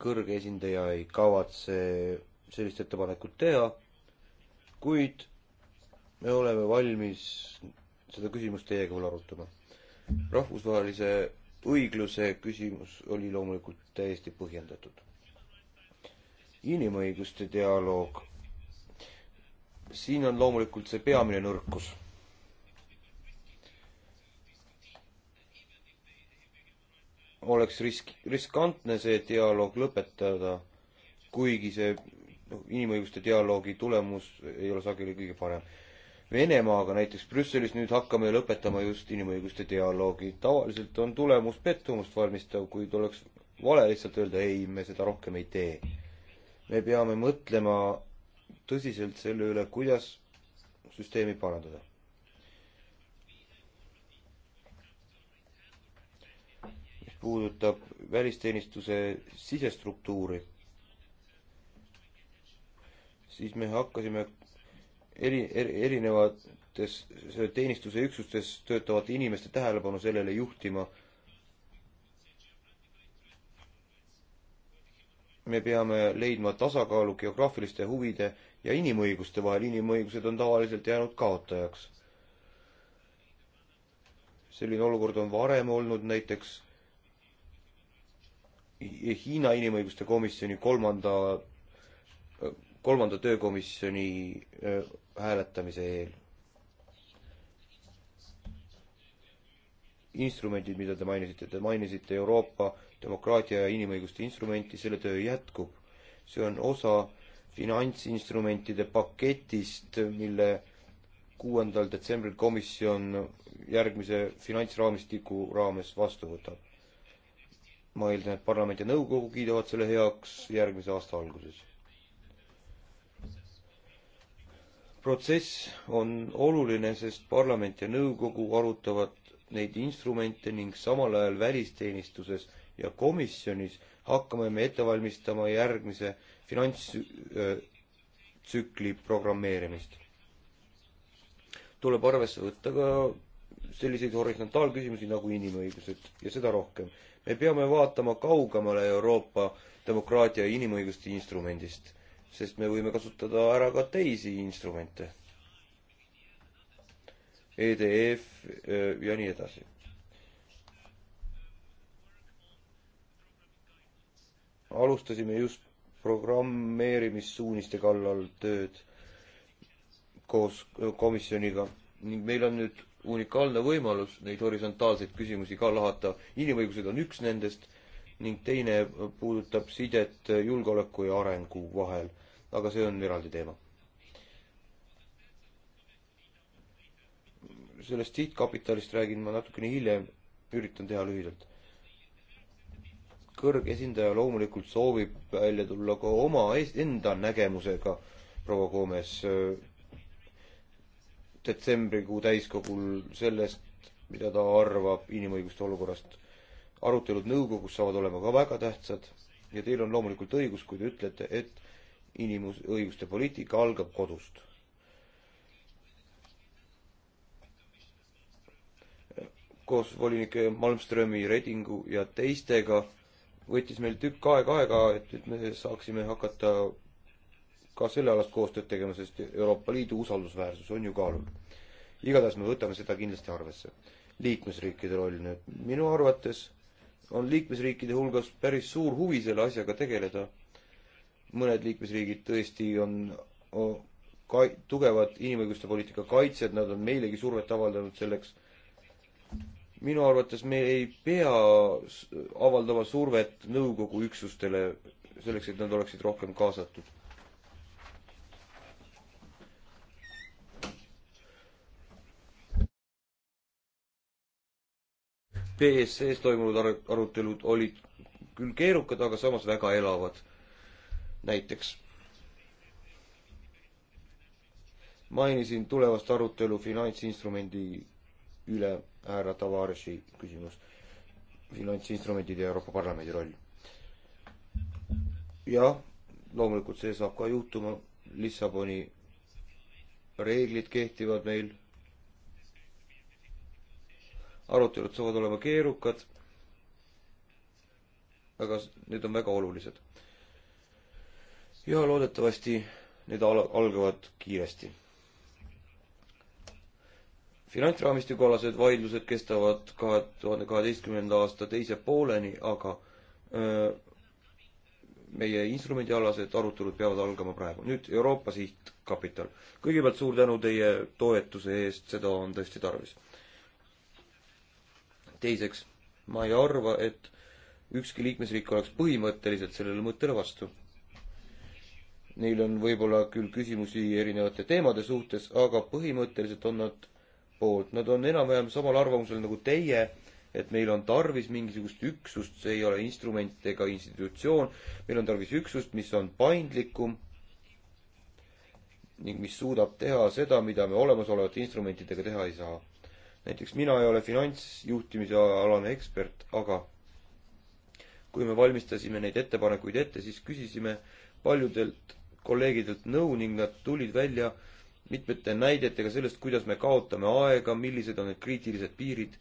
kõrge esindaja ei kavatse sellist ettepanekut teha, kuid me oleme valmis seda küsimust teiega veel arutama. rahvusvahelise õigluse küsimus oli loomulikult täiesti põhjendatud. inimõiguste dialoog. siin on loomulikult see peamine nõrkus. oleks risk, riskantne see dialoog lõpetada, kuigi see noh, inimõiguste dialoogi tulemus ei ole sageli kõige parem Venemaaga näiteks Brüsselis nüüd hakkame lõpetama just inimõiguste dialoogi. tavaliselt on tulemus pettumust valmistav, kuid oleks vale lihtsalt öelda ei, me seda rohkem ei tee. me peame mõtlema tõsiselt selle üle, kuidas süsteemi parandada. mis puudutab välisteenistuse sisestruktuuri, siis me hakkasime eri, eri, erinevates teenistuse üksustes töötavate inimeste tähelepanu sellele juhtima. me peame leidma tasakaalu geograafiliste huvide ja inimõiguste vahel, inimõigused on tavaliselt jäänud kaotajaks. selline olukord on varem olnud näiteks Hiina inimõiguste komisjoni kolmanda kolmanda töökomisjoni hääletamise eel. instrumendid, mida te mainisite, te mainisite Euroopa demokraatia ja inimõiguste instrumenti, selle töö jätkub. see on osa finantsinstrumentide paketist, mille kuuendal detsembril komisjon järgmise finantsraamistiku raames vastu võtab. ma eeldan, et parlament ja nõukogu kiidavad selle heaks järgmise aasta alguses protsess on oluline, sest parlament ja nõukogu arutavad neid instrumente ning samal ajal välisteenistuses ja komisjonis hakkame me ette valmistama järgmise finantstsükli programmeerimist. tuleb arvesse võtta ka selliseid horisontaalküsimusi nagu inimõigused ja seda rohkem. me peame vaatama kaugemale Euroopa demokraatia ja inimõiguste instrumendist sest me võime kasutada ära ka teisi instrumente. EDF e, ja nii edasi. alustasime just programmeerimissuuniste kallal tööd koos komisjoniga ning meil on nüüd unikaalne võimalus neid horisontaalseid küsimusi ka lahata. inimõigused on üks nendest ning teine puudutab sidet julgeoleku ja arengu vahel, aga see on eraldi teema. sellest sihtkapitalist räägin ma natukene hiljem, üritan teha lühidalt. kõrgesindaja loomulikult soovib välja tulla ka oma enda nägemusega, proua Koomes, detsembrikuu täiskogul sellest, mida ta arvab inimõiguste olukorrast arutelud nõukogus saavad olema ka väga tähtsad ja teil on loomulikult õigus, kui te ütlete, et inimõiguste poliitika algab kodust. koos volinike Malmströmi, Redingu ja teistega võttis meil tükk aega aega, et, et me saaksime hakata ka sellealast koostööd tegema, sest Euroopa Liidu usaldusväärsus on ju kaalul. igatahes me võtame seda kindlasti arvesse. liikmesriikide roll nüüd minu arvates on liikmesriikide hulgas päris suur huvi selle asjaga tegeleda. mõned liikmesriigid tõesti on kai-, tugevad inimõiguste poliitika kaitsjad, nad on meilegi survet avaldanud selleks. minu arvates me ei pea avaldama survet nõukogu üksustele selleks, et nad oleksid rohkem kaasatud BSC-s toimunud arutelud olid küll keerukad, aga samas väga elavad. näiteks mainisin tulevast arutelu finantsinstrumendi üle härra Tavaresi küsimus, finantsinstrumendid ja Euroopa Parlamendi roll. jah, loomulikult see saab ka juhtuma, Lissaboni reeglid kehtivad meil arutelud saavad olema keerukad, aga need on väga olulised. ja loodetavasti need al-, algavad kiiresti. finantsraamistikualased vaidlused kestavad kahe tuhande kaheteistkümnenda aasta teise pooleni, aga öö, meie instrumendialased arutelud peavad algama praegu. nüüd Euroopa sihtkapital. kõigepealt suur tänu teie toetuse eest, seda on tõesti tarvis teiseks, ma ei arva, et ükski liikmesriik oleks põhimõtteliselt sellele mõttele vastu. Neil on võib-olla küll küsimusi erinevate teemade suhtes, aga põhimõtteliselt on nad poolt, nad on enam-vähem samal arvamusel nagu teie, et meil on tarvis mingisugust üksust, see ei ole instrument ega institutsioon, meil on tarvis üksust, mis on paindlikum ning mis suudab teha seda, mida me olemasolevate instrumentidega teha ei saa näiteks mina ei ole finantsjuhtimise alane ekspert, aga kui me valmistasime neid ettepanekuid ette, siis küsisime paljudelt kolleegidelt nõu ning nad tulid välja mitmete näidetega sellest, kuidas me kaotame aega, millised on need kriitilised piirid,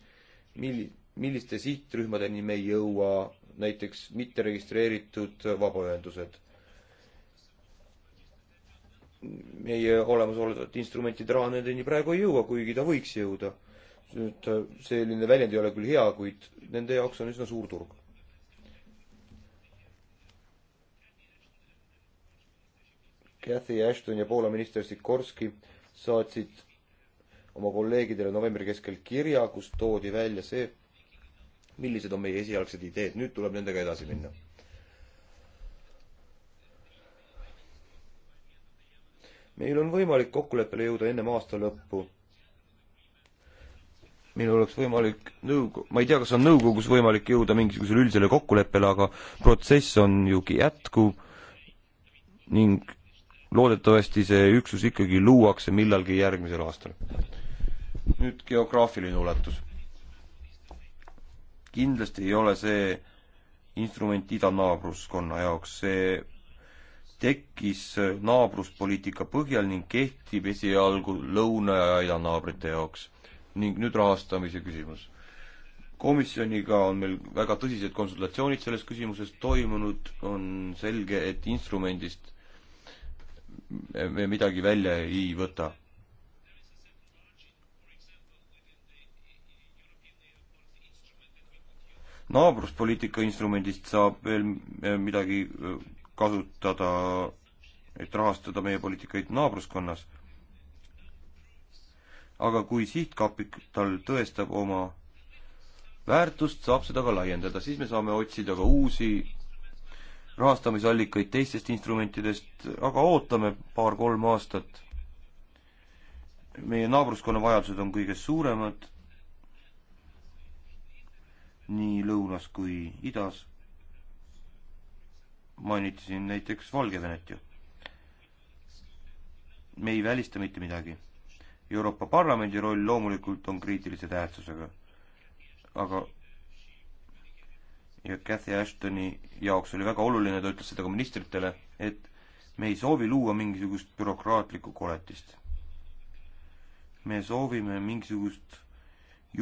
milli-, milliste sihtrühmadeni me ei jõua, näiteks mitteregistreeritud vabaühendused. meie olemasolevate instrumentide rahanedeni praegu ei jõua, kuigi ta võiks jõuda nüüd äh, selline väljend ei ole küll hea, kuid nende jaoks on üsna suur turg. Cathy Ashton ja Poola minister Sikorski saatsid oma kolleegidele novembri keskel kirja, kus toodi välja see, millised on meie esialgsed ideed, nüüd tuleb nendega edasi minna. meil on võimalik kokkuleppele jõuda ennem aasta lõppu meil oleks võimalik nõukogu, ma ei tea, kas on nõukogus võimalik jõuda mingisugusele üldisele kokkuleppele, aga protsess on ju jätkuv ning loodetavasti see üksus ikkagi luuakse millalgi järgmisel aastal. nüüd geograafiline ulatus. kindlasti ei ole see instrument idanaabruskonna jaoks, see tekkis naabruspoliitika põhjal ning kehtib esialgu lõuna- ja idanaabrite jaoks ning nüüd rahastamise küsimus. komisjoniga on meil väga tõsised konsultatsioonid selles küsimuses toimunud, on selge, et instrumendist me midagi välja ei võta. naabruspoliitika instrumendist saab veel eh, midagi eh, kasutada, et rahastada meie poliitikaid naabruskonnas aga kui sihtkapital tõestab oma väärtust, saab seda ka laiendada, siis me saame otsida ka uusi rahastamisallikaid teistest instrumentidest, aga ootame paar-kolm aastat. meie naabruskonna vajadused on kõige suuremad nii lõunas kui idas. mainiti siin näiteks Valgevenet ju. me ei välista mitte midagi Euroopa Parlamendi roll loomulikult on kriitilise tähtsusega. aga ja Cathy Ashtoni jaoks oli väga oluline, ta ütles seda ka ministritele, et me ei soovi luua mingisugust bürokraatlikku koletist. me soovime mingisugust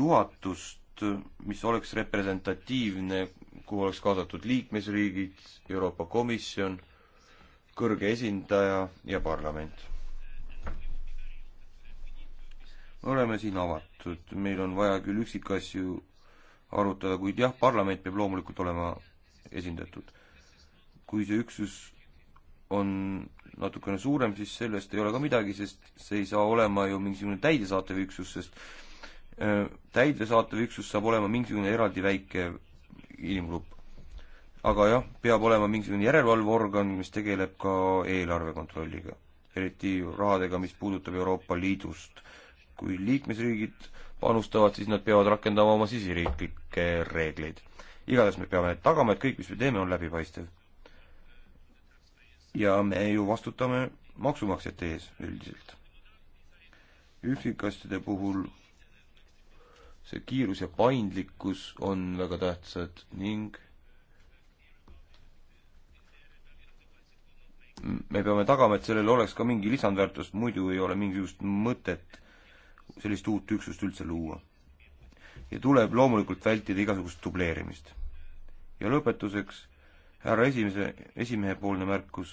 juhatust, mis oleks representatiivne, kuhu oleks kaasatud liikmesriigid, Euroopa Komisjon, kõrge esindaja ja parlament me oleme siin avatud, meil on vaja küll üksikasju arutada, kuid jah, parlament peab loomulikult olema esindatud. kui see üksus on natukene suurem, siis sellest ei ole ka midagi, sest see ei saa olema ju mingisugune täidesaatev üksus, sest äh, täidesaatev üksus saab olema mingisugune eraldi väike inimgrupp. aga jah, peab olema mingisugune järelevalveorgan, mis tegeleb ka eelarve kontrolliga. eriti rahadega, mis puudutab Euroopa Liidust kui liikmesriigid panustavad, siis nad peavad rakendama oma siseriiklikke reegleid. igatahes me peame tagama, et kõik, mis me teeme, on läbipaistev. ja me ju vastutame maksumaksjate ees üldiselt. üksikasjade puhul see kiirus ja paindlikkus on väga tähtsad ning me peame tagama, et sellel oleks ka mingi lisandväärtust, muidu ei ole mingisugust mõtet sellist uut üksust üldse luua. ja tuleb loomulikult vältida igasugust dubleerimist. ja lõpetuseks härra esimese, esimehepoolne märkus.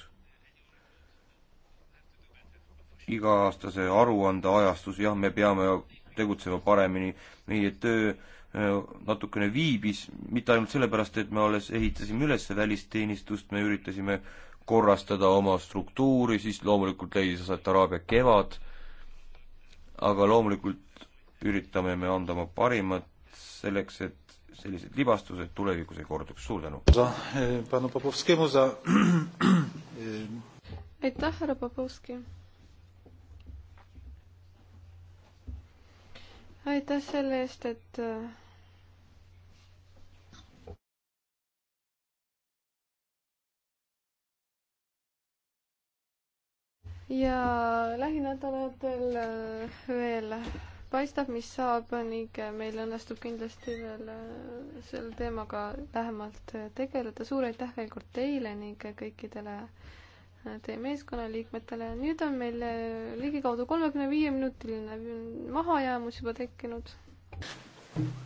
iga-aastase aruande ajastus, jah, me peame tegutsema paremini, meie töö äh, natukene viibis, mitte ainult sellepärast, et me alles ehitasime üles välisteenistust, me üritasime korrastada oma struktuuri, siis loomulikult leidis aset Araabia kevad aga loomulikult üritame me anda oma parimat selleks, et sellised libastused tulevikus ei korduks. suur tänu! E, e, e. aitäh, härra Popovski! aitäh selle eest, et ja lähinädalatel äh, veel paistab, mis saab ning äh, meil õnnestub kindlasti veel äh, selle teemaga lähemalt tegeleda. suur aitäh veel kord teile ning kõikidele teie meeskonnaliikmetele. nüüd on meil ligikaudu kolmekümne viie minutiline mahajäämus juba tekkinud.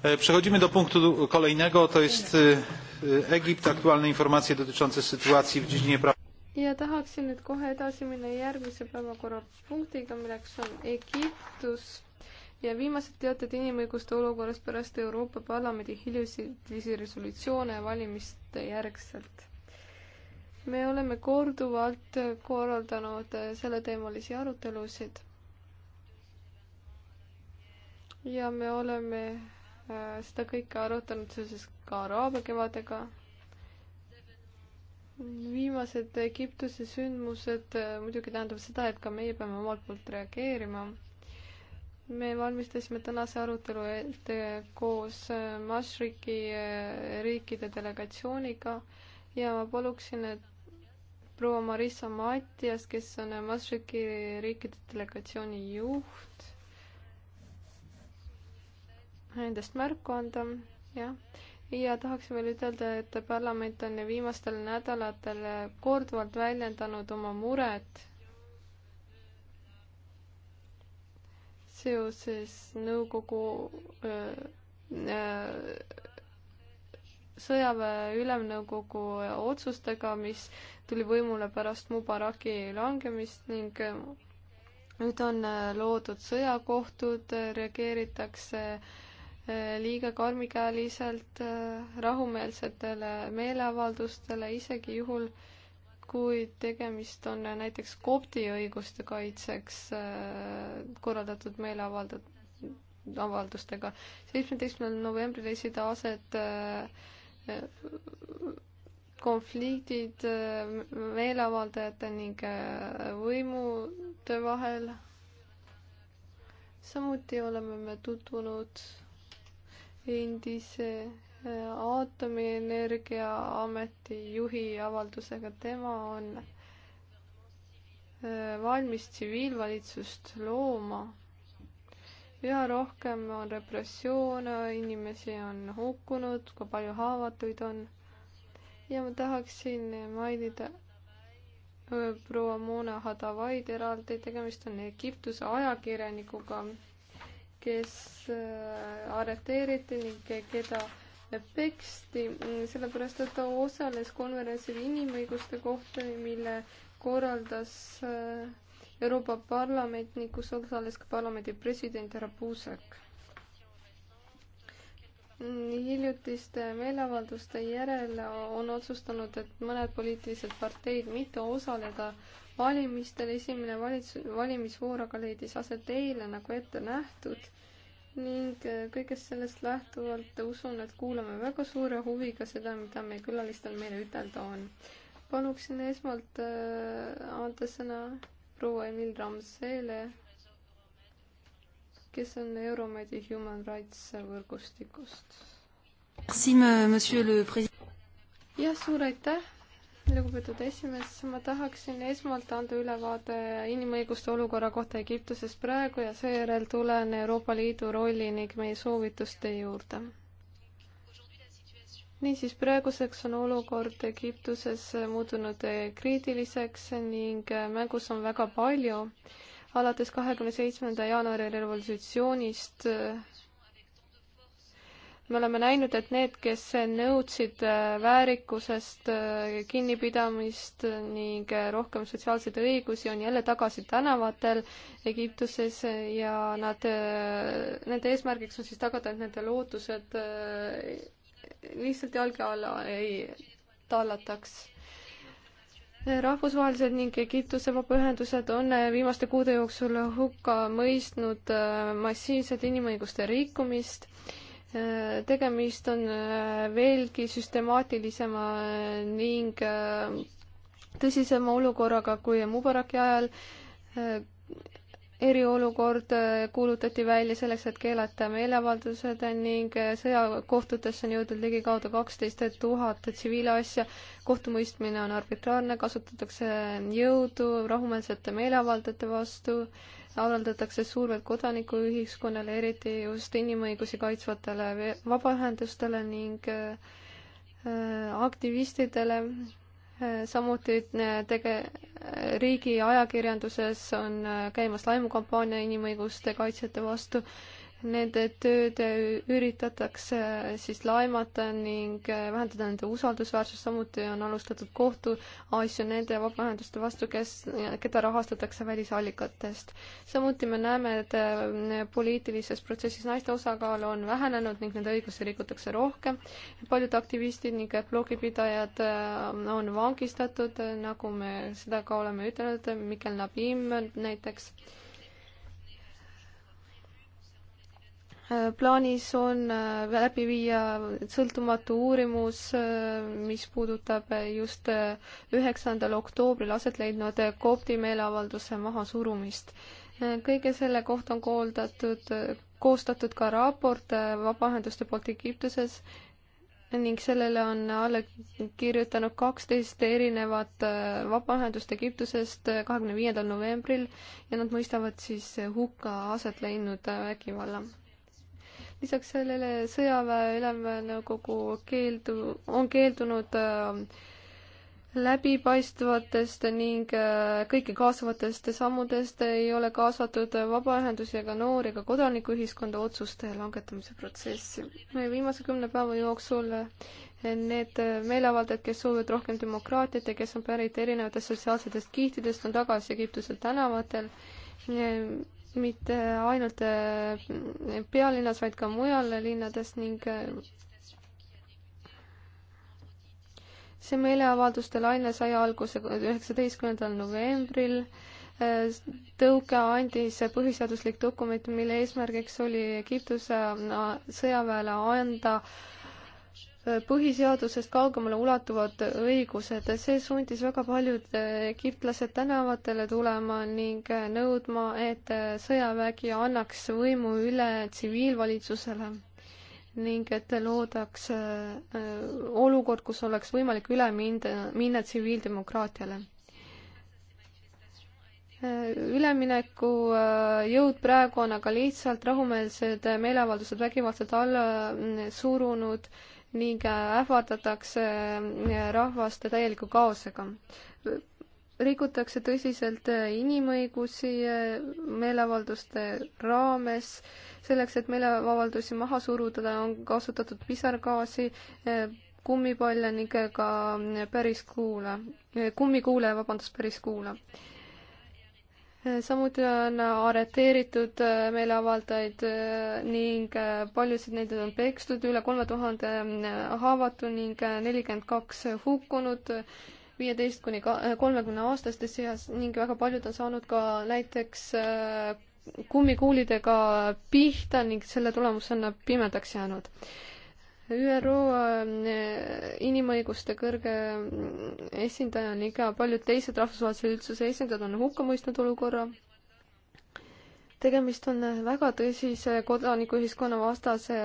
E, przechodzimy do punktu kolejnego, to jest e, e, Egipt, aktualne informacje dotyczące sytuacji w dziedzinie praw ja tahaksin nüüd kohe edasi minna järgmise päevakorrapunktiga, milleks on Egiptus ja viimased teated inimõiguste olukorrast pärast Euroopa Parlamendi hiljutisi resolutsioone valimiste järgselt. me oleme korduvalt korraldanud selleteemalisi arutelusid. ja me oleme äh, seda kõike arutanud seoses ka araabia kevadega viimased Egiptuse sündmused äh, muidugi tähendab seda, et ka meie peame omalt poolt reageerima. me valmistasime tänase arutelu ette koos äh, Mašriki äh, riikide delegatsiooniga ja ma paluksin, et proua Marissa Matias, kes on Mašriki riikide delegatsiooni juht, endast märku anda, jah ja tahaksime veel ütelda, et parlament on viimastel nädalatel korduvalt väljendanud oma muret seoses nõukogu öö, öö, sõjaväe ülemnõukogu otsustega, mis tuli võimule pärast Mubaraki langemist ning nüüd on loodud sõjakohtud, reageeritakse äh, Äh, liiga karmikäeliselt äh, rahumeelsetele meeleavaldustele, isegi juhul, kui tegemist on äh, näiteks kopti õiguste kaitseks korraldatud meeleavaldustega. seitsmeteistkümnendal novembril leidsid aset konfliktid meeleavaldajate ning võimude vahel. samuti oleme me tutvunud endise äh, aatomienergiaameti juhi avaldusega, tema on äh, valmis tsiviilvalitsust looma. üha rohkem on repressioone, inimesi on hukkunud, kui palju haavatuid on. ja ma tahaksin mainida äh, proua Mona Hadavaid eraldi, tegemist on Egiptuse ajakirjanikuga kes äh, arreteeriti ning keda peksti, mm, sellepärast et ta osales konverentsil inimõiguste kohta, mille korraldas äh, Euroopa Parlament ning kus osales ka parlamendi president härra Puusek. hiljutiste meeleavalduste järel on otsustanud, et mõned poliitilised parteid mitte osaleda valimistel. esimene valitsus, valimisvoor aga leidis aset eile nagu ette nähtud ning äh, kõigest sellest lähtuvalt usun, et kuulame väga suure huviga seda, mida meie külalistel meile ütelda on. paluksin esmalt äh, anda sõna proua Emil Ramsele, kes on Euromedi Human Rights võrgustikust. jah, suur aitäh lugupeetud esimees, ma tahaksin esmalt anda ülevaade inimõiguste olukorra kohta Egiptuses praegu ja seejärel tulen Euroopa Liidu rolli ning meie soovituste juurde. niisiis, praeguseks on olukord Egiptuses muutunud kriitiliseks ning mängus on väga palju. alates kahekümne seitsmenda jaanuari revolutsioonist me oleme näinud, et need, kes nõudsid äh, väärikusest äh, kinnipidamist ning äh, rohkem sotsiaalseid õigusi, on jälle tagasi tänavatel Egiptuses ja nad, nende eesmärgiks on siis tagada, et nende lootused lihtsalt jalge alla ei tallataks rahvusvahelised ning Egiptuse vabaühendused on viimaste kuude jooksul hukka mõistnud massiivset inimõiguste rikkumist Äh, tegemist on äh, veelgi süstemaatilisema äh, ning tõsisema olukorraga kui Mubaraki ajal. eriolukord kuulutati välja selleks, et keelata meeleavaldused ning sõjakohtutesse on jõudnud ligikaudu kaksteist tuhat tsiviilasja. kohtumõistmine on arbitraarne, kasutatakse jõudu rahumeelsete meeleavaldajate vastu avaldatakse survet kodanikuühiskonnale, eriti just inimõigusi kaitsvatele vabaühendustele ning äh, aktivistidele. Äh, samuti äh, tege-, riigi ajakirjanduses on käimas laimukampaania inimõiguste kaitsjate vastu nende tööd üritatakse siis laimata ning vähendada nende usaldusväärsust, samuti on alustatud kohtuasju nende vabaühenduste vastu, kes, keda rahastatakse välisallikatest. samuti me näeme, et eh, poliitilises protsessis naiste osakaal on vähenenud ning nende õigusi rikutakse rohkem. paljud aktivistid ning blogipidajad eh, on vangistatud, nagu me seda ka oleme ütelnud, Mikel Nabim näiteks Äh, plaanis on äh, läbi viia sõltumatu uurimus, äh, mis puudutab just üheksandal oktoobril aset leidnud kopti meeleavalduse mahasurumist. kõige selle kohta on kooldatud, koostatud ka raport vabaühenduste poolt Egiptuses ning sellele on alla kirjutanud kaksteist erinevat vabaühendust Egiptusest kahekümne viiendal novembril ja nad mõistavad siis hukka aset leidnud vägivalla lisaks sellele sõjaväe ülemnõukogu keeldu, on keeldunud äh, läbipaistvatest ning äh, kõiki kaasavatest sammudest ei ole kaasatud vabaühendusi ega noori ega kodanikuühiskonda otsuste langetamise protsessi. viimase kümne päeva jooksul äh, need meeleavaldajad, kes soovivad rohkem demokraatiat ja kes on pärit erinevatest sotsiaalsetest kihtidest, on tagasi Egiptuse tänavatel mitte ainult äh, pealinnas, vaid ka mujal linnades ning äh, see meeleavalduste laine sai alguse üheksateistkümnendal novembril. Äh, tõuke andis põhiseaduslik dokument, mille eesmärgiks oli Egiptuse sõjaväele anda äh, põhiseadusest kaugemale ulatuvad õigused, see sundis väga paljud eh, egiptlased tänavatele tulema ning eh, nõudma, et eh, sõjavägi annaks võimu üle tsiviilvalitsusele ning et loodaks olukord, kus oleks võimalik üle minda, minna tsiviildemokraatiale. ülemineku jõud praegu on aga lihtsalt rahumeelsed meeleavaldused vägivaldselt alla mm, surunud äh, ning ähvardatakse äh, rahvaste täieliku kaosega. rikutakse tõsiselt äh, inimõigusi äh, meeleavalduste raames, selleks, et meeleavaldusi maha suruda, on kasutatud pisargaasi, kummipalle ning ka päris kuule, kummikuule, vabandust, päris kuule samuti on arreteeritud äh, meeleavaldajaid äh, ning äh, paljusid neid on pekstud, üle kolme tuhande haavatu ning nelikümmend kaks hukkunut viieteist kuni kolmekümne aastaste seas ning väga paljud on saanud ka näiteks kummikuulidega pihta ning selle tulemusena pimedaks jäänud. ÜRO ähm, inimõiguste kõrge esindaja on iga, paljud teised rahvusvahelise üldsuse esindajad on hukka mõistnud olukorra. tegemist on väga tõsise kodanikuühiskonna vastase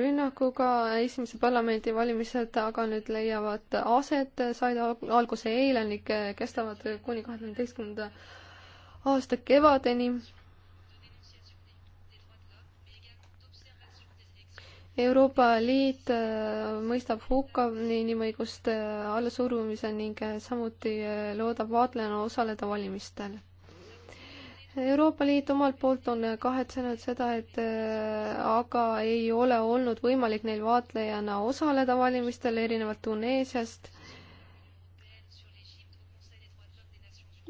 rünnakuga, esimese parlamendivalimised aga nüüd leiavad aset, said alguse eile ning kestavad kuni kahekümne teistkümnenda aasta kevadeni Euroopa Liit äh, mõistab hukka nii inimõiguste allasurumise ning äh, samuti äh, loodab vaatlejana osaleda valimistel Euroopa Liit omalt poolt on kahetsenud seda, et aga ei ole olnud võimalik neil vaatlejana osaleda valimistel erinevalt Tuneesiast.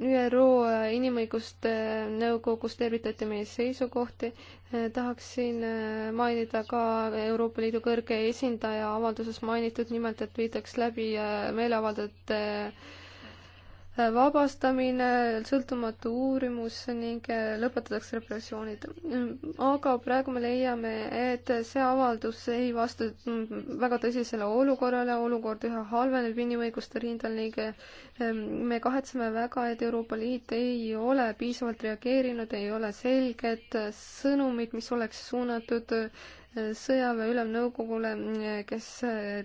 ÜRO äh, Inimõiguste äh, Nõukogus tervitati meie seisukohti. Äh, tahaksin mainida ka Euroopa Liidu kõrge esindaja avalduses mainitud, nimelt et viidaks läbi meeleavaldajate Äh, vabastamine, sõltumatu uurimus ning äh, lõpetatakse repressioonid. aga praegu me leiame, et see avaldus ei vasta mm, väga tõsisele olukorrale, olukord üha halveneb inimõiguste rindel ning äh, me kahetseme väga, et Euroopa Liit ei ole piisavalt reageerinud, ei ole selget sõnumit, mis oleks suunatud sõjaväe ülemnõukogule, kes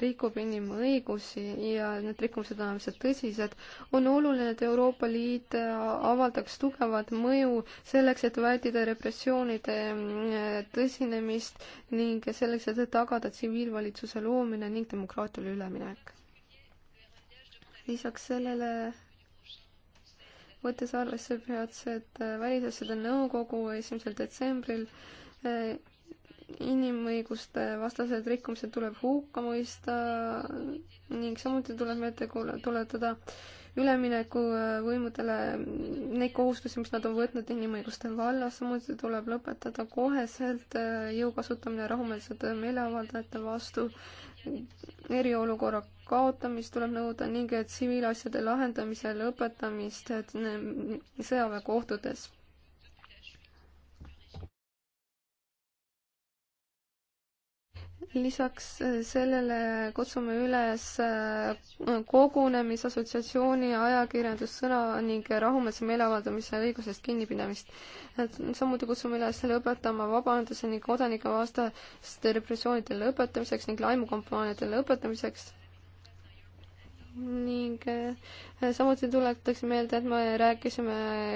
rikub inimõigusi ja need rikkumised on äärmiselt tõsised, on oluline, et Euroopa Liit avaldaks tugevat mõju selleks, et vältida repressioonide mm, tõsinemist ning selleks, et tagada tsiviilvalitsuse loomine ning demokraatiale üleminek. lisaks sellele võttes arvesse peatset Välisasjade Nõukogu esimesel detsembril inimõiguste vastased rikkumised tuleb hukka mõista ning samuti tuleb meelde tuletada ülemineku äh, võimudele neid kohustusi, mis nad on võtnud inimõiguste vallas, samuti tuleb lõpetada koheselt äh, jõu kasutamine rahumeelsete meeleavaldajate vastu, eriolukorra kaotamist tuleb nõuda ning äh, tsiviilasjade lahendamise lõpetamist sõjaväekohtades lisaks äh, sellele kutsume üles äh, kogunemisassotsiatsiooni ajakirjandussõna ning rahumeelse meeleavaldamise õigusest kinnipidamist. samuti kutsume üles lõpetama vabaühenduse ning kodanike vastaste repressioonide lõpetamiseks ning laimukampaaniate lõpetamiseks ning äh, samuti tuletatakse meelde, et me rääkisime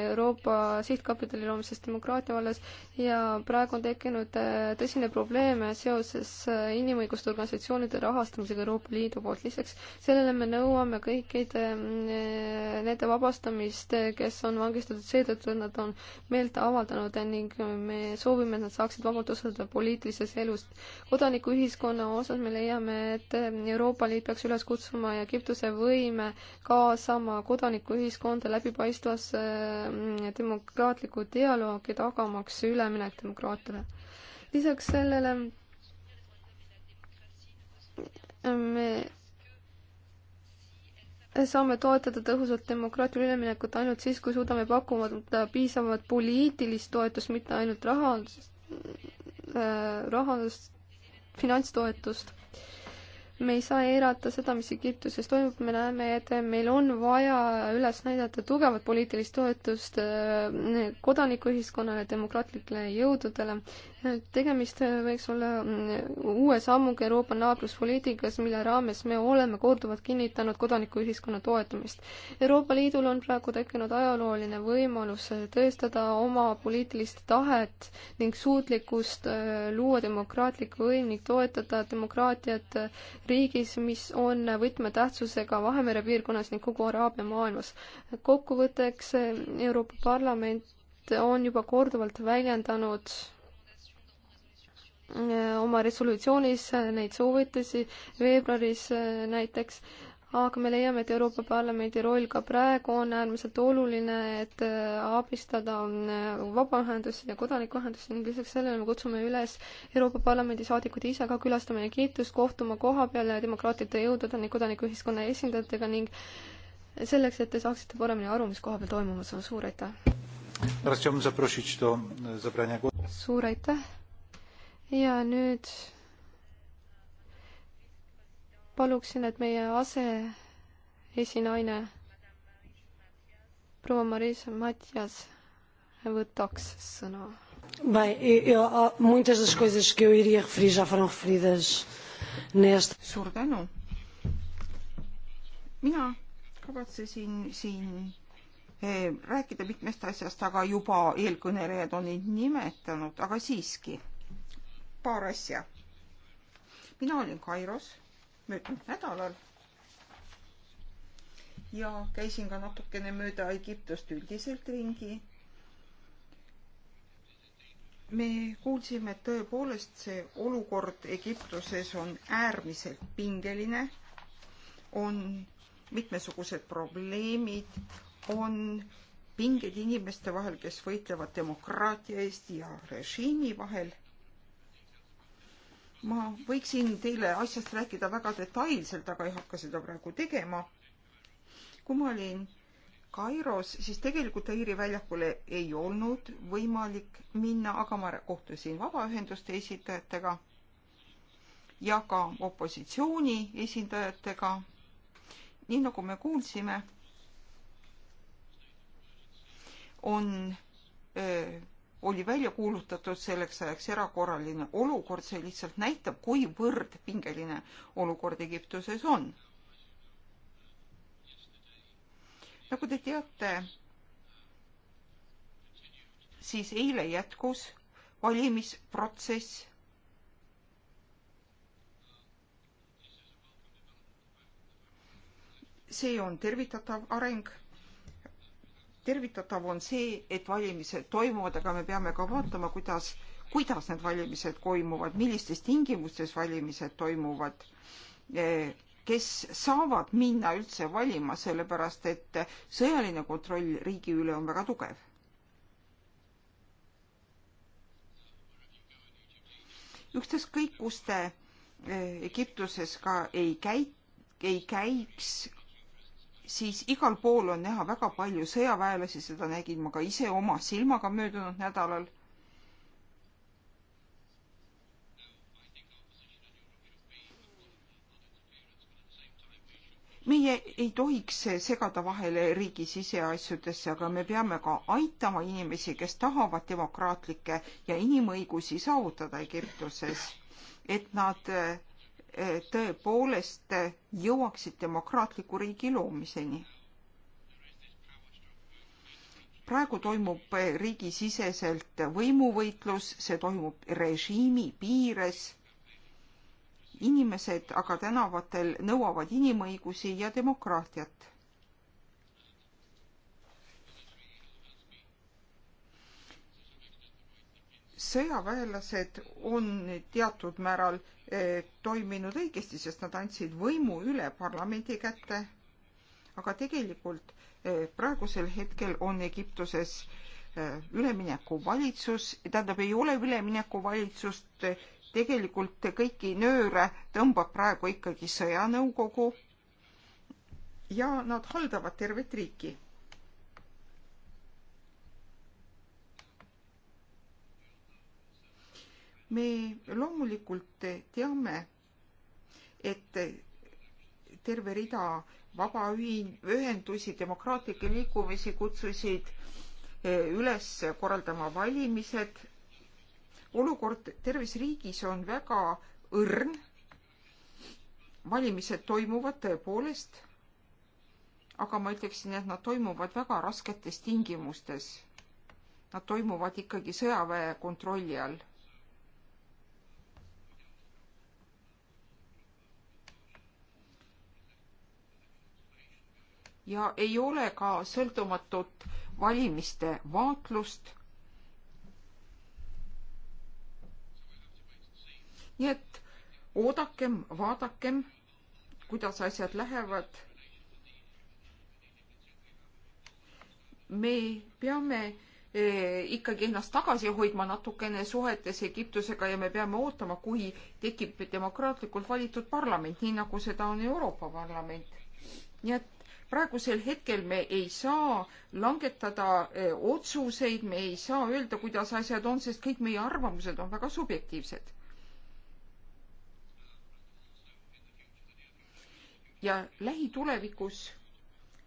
Euroopa sihtkapitali loomisest demokraatia vallas ja praegu on tekkinud äh, tõsine probleem seoses äh, inimõiguste organisatsioonide rahastamisega Euroopa Liidu poolt. lisaks sellele me nõuame kõikide mm, nende vabastamist, kes on vangistatud seetõttu, et nad on meelt avaldanud ning me soovime, et nad saaksid vabalt osaleda poliitilises elus. kodanikuühiskonna osas me leiame, et Euroopa Liit peaks üles kutsuma Egiptuse võime kaasama kodanikuühiskonda läbipaistvasse mm, demokraatliku dialoogi tagamaks üleminek demokraatiale. lisaks sellele me saame toetada tõhusalt demokraatlikku üleminekut ainult siis, kui suudame pakkuda piisavat poliitilist toetust, mitte ainult rahandust, äh, rahandust, finantstoetust äh, me ei saa eirata seda, mis Egiptuses toimub, me näeme, et meil on vaja üles näidata tugevat poliitilist toetust eh, kodanikuühiskonnale, demokraatlikele jõududele tegemist võiks olla mm, uue sammuga Euroopa naabruspoliitikas, mille raames me oleme korduvalt kinnitanud kodanikuühiskonna toetamist. Euroopa Liidul on praegu tekkinud ajalooline võimalus tõestada oma poliitilist tahet ning suutlikkust äh, luua demokraatlik võim ning toetada demokraatiat riigis, mis on võtmetähtsusega Vahemere piirkonnas ning kogu Araabia maailmas. kokkuvõtteks äh, Euroopa Parlament on juba korduvalt väljendanud Äh, oma resolutsioonis äh, neid soovitusi veebruaris äh, näiteks, aga me leiame, et Euroopa Parlamendi roll ka praegu on äärmiselt oluline, et abistada vabaühendusi ja kodanikuühendusi ning lisaks sellele me kutsume üles Euroopa Parlamendi saadikud ise ka külastama Egiptust, kohtuma kohapeal demokraatide jõudude ning kodanikuühiskonna esindajatega ning selleks, et te saaksite paremini aru, mis kohapeal toimumas on, suur aitäh! E, suur aitäh! ja nüüd paluksin, et meie aseesinaine proua Maris Matjas võtaks sõna. Bem, eu, e, muitas das coisas que eu iria referir já foram referidas nesta. Suur tänu. Mina kavatsesin siin eh, rääkida mitmest asjast, aga juba eelkõnelejad on neid nimetanud, aga siiski paar asja. mina olin Kairos möödunud nädalal ja käisin ka natukene mööda Egiptust üldiselt ringi. me kuulsime, et tõepoolest see olukord Egiptuses on äärmiselt pingeline, on mitmesugused probleemid, on pinged inimeste vahel, kes võitlevad demokraatia eest ja režiimi vahel ma võiksin teile asjast rääkida väga detailselt, aga ei hakka seda praegu tegema. kui ma olin Kairos, siis tegelikult Tairi väljakule ei olnud võimalik minna, aga ma kohtusin vabaühenduste esindajatega ja ka opositsiooni esindajatega. nii nagu me kuulsime, on öö, oli välja kuulutatud selleks ajaks erakorraline olukord, see lihtsalt näitab, kuivõrd pingeline olukord Egiptuses on. nagu te teate, siis eile jätkus valimisprotsess. see on tervitatav areng tervitatav on see, et valimised toimuvad, aga me peame ka vaatama, kuidas, kuidas need valimised toimuvad, millistes tingimustes valimised toimuvad, eh, kes saavad minna üldse valima, sellepärast et sõjaline kontroll riigi üle on väga tugev. ükstaskõik, kus te eh, Egiptuses ka ei käi, ei käiks, siis igal pool on näha väga palju sõjaväelasi, seda nägin ma ka ise oma silmaga möödunud nädalal. meie ei tohiks segada vahele riigi siseasjadesse, aga me peame ka aitama inimesi, kes tahavad demokraatlikke ja inimõigusi saavutada Egiptuses, et nad äh, tõepoolest jõuaksid demokraatliku riigi loomiseni. praegu toimub riigisiseselt võimuvõitlus, see toimub režiimi piires. inimesed aga tänavatel nõuavad inimõigusi ja demokraatiat. sõjaväelased on teatud määral Eh, toiminud õigesti, sest nad andsid võimu üle parlamendi kätte. aga tegelikult eh, praegusel hetkel on Egiptuses eh, üleminekuvalitsus, tähendab, ei ole üleminekuvalitsust, tegelikult kõiki nööre tõmbab praegu ikkagi sõjanõukogu ja nad haldavad tervet riiki me loomulikult teame, et terve rida vabaühendusi, demokraatlikke liikumisi kutsusid eh, üles korraldama valimised. olukord terves riigis on väga õrn. valimised toimuvad tõepoolest, aga ma ütleksin, et nad toimuvad väga rasketes tingimustes. Nad toimuvad ikkagi sõjaväe kontrolli all ja ei ole ka sõltumatut valimiste vaatlust. nii et oodakem, vaadakem, kuidas asjad lähevad. me peame e, ikkagi ennast tagasi hoidma natukene suhetes Egiptusega ja me peame ootama, kui tekib demokraatlikult valitud parlament, nii nagu seda on Euroopa Parlament. nii et praegusel hetkel me ei saa langetada eh, otsuseid, me ei saa öelda, kuidas asjad on, sest kõik meie arvamused on väga subjektiivsed. ja lähitulevikus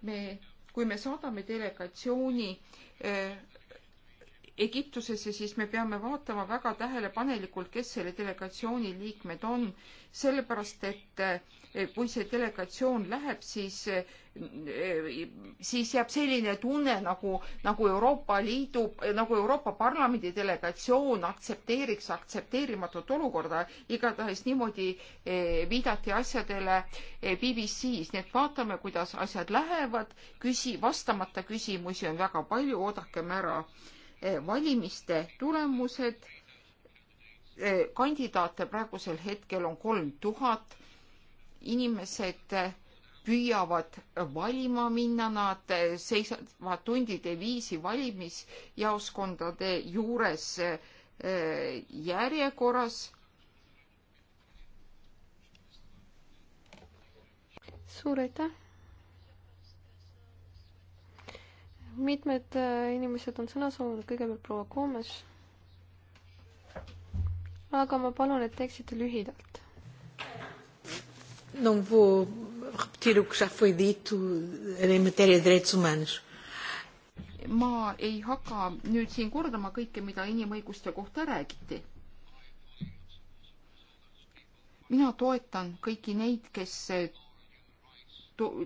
me, kui me saadame delegatsiooni eh, Egiptusesse, siis me peame vaatama väga tähelepanelikult, kes selle delegatsiooni liikmed on, sellepärast et eh, kui see delegatsioon läheb, siis, eh, siis jääb selline tunne nagu, nagu Euroopa Liidu, nagu Euroopa Parlamendi delegatsioon aktsepteeriks aktsepteerimatut olukorda. igatahes niimoodi eh, viidati asjadele BBC-s, nii et vaatame, kuidas asjad lähevad, küsi, vastamata küsimusi on väga palju, oodakem ära Eh, valimiste tulemused. Eh, kandidaate praegusel hetkel on kolm tuhat. inimesed eh, püüavad valima minna, nad seisavad tundide viisi valimisjaoskondade juures järjekorras suur aitäh mitmed äh, inimesed on sõna soovinud, kõigepealt proua Koomes. aga ma palun, et teeksite lühidalt. Não vou repetir o que já foi dito em matéria de direitos humanos. ma ei hakka nüüd siin kordama kõike, mida inimõiguste kohta räägiti. mina toetan kõiki neid, kes,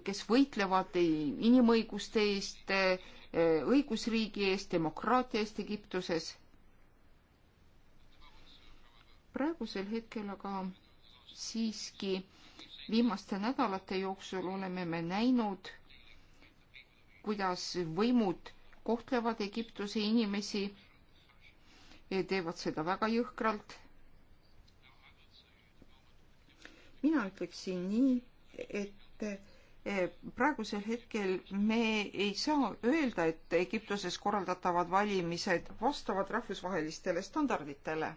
kes võitlevad inimõiguste eest Eh, õigusriigi eest, demokraatia eest Egiptuses. praegusel hetkel aga siiski viimaste nädalate jooksul oleme me näinud, kuidas võimud kohtlevad Egiptuse inimesi, teevad seda väga jõhkralt. mina ütleksin nii, et Eh, praegusel hetkel me ei saa öelda, et Egiptuses korraldatavad valimised vastavad rahvusvahelistele standarditele.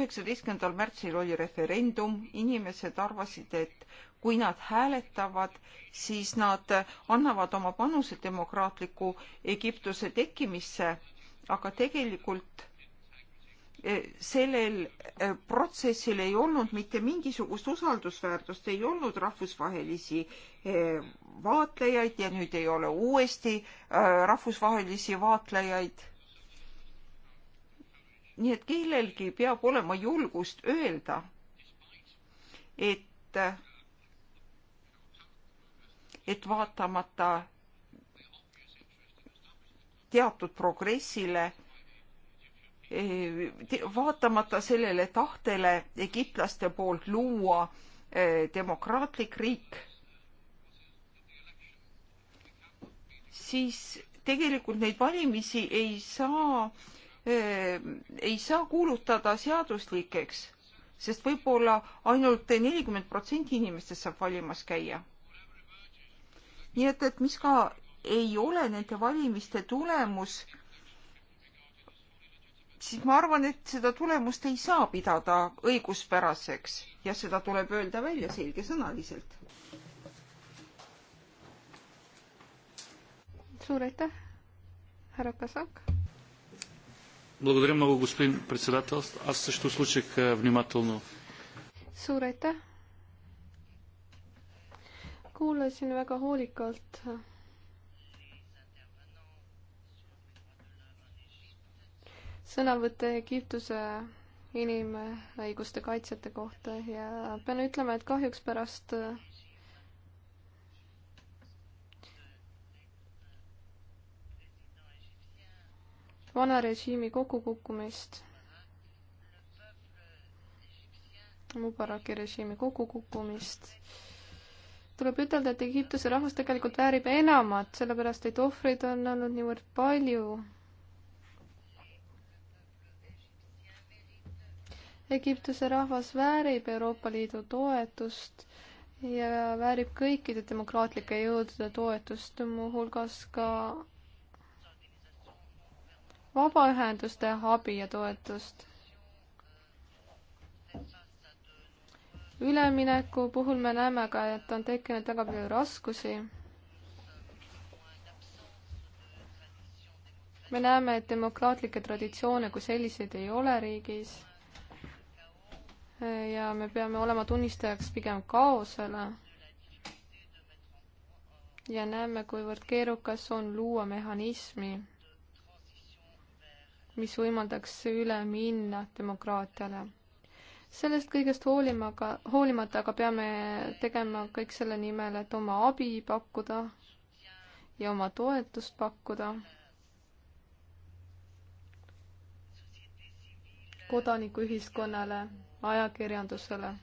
üheksateistkümnendal märtsil oli referendum, inimesed arvasid, et kui nad hääletavad, siis nad annavad oma panuse demokraatliku Egiptuse tekkimisse, aga tegelikult Eh, sellel eh, protsessil ei olnud mitte mingisugust usaldusväärtust, ei olnud rahvusvahelisi eh, vaatlejaid ja nüüd ei ole uuesti rahvusvahelisi vaatlejaid. nii et kellelgi peab olema julgust öelda, et, et vaatamata teatud progressile Eh, vaatamata sellele tahtele egiptlaste poolt luua eh, demokraatlik riik, siis tegelikult neid valimisi ei saa, eh, ei saa kuulutada seaduslikeks, sest võib-olla ainult nelikümmend protsenti inimestest saab valimas käia. nii et, et mis ka ei ole nende valimiste tulemus siis ma arvan, et seda tulemust ei saa pidada õiguspäraseks ja seda tuleb öelda välja selgesõnaliselt. suur aitäh, härra Kasak. Благодаря много, господин председател. Аз също слушах внимателно. Suur aitäh. Kuulasin väga hoolikalt sõnavõtte Egiptuse inimõiguste kaitsjate kohta ja pean ütlema, et kahjuks pärast äh, vana režiimi kokkukukkumist, Mubaraki režiimi kokkukukkumist, tuleb ütelda, et Egiptuse rahvas tegelikult väärib enamat, sellepärast et ohvreid on olnud niivõrd palju Egiptuse rahvas väärib Euroopa Liidu toetust ja väärib kõikide demokraatlike jõudude toetust, muuhulgas ka vabaühenduste abi ja toetust. ülemineku puhul me näeme ka, et on tekkinud väga palju raskusi. me näeme, et demokraatlikke traditsioone kui selliseid ei ole riigis ja me peame olema tunnistajaks pigem kaosele. ja näeme, kuivõrd keerukas on luua mehhanismi, mis võimaldaks üle minna demokraatiale. sellest kõigest hoolimaga, hoolimata aga peame tegema kõik selle nimel, et oma abi pakkuda ja oma toetust pakkuda kodanikuühiskonnale ajakirjandusele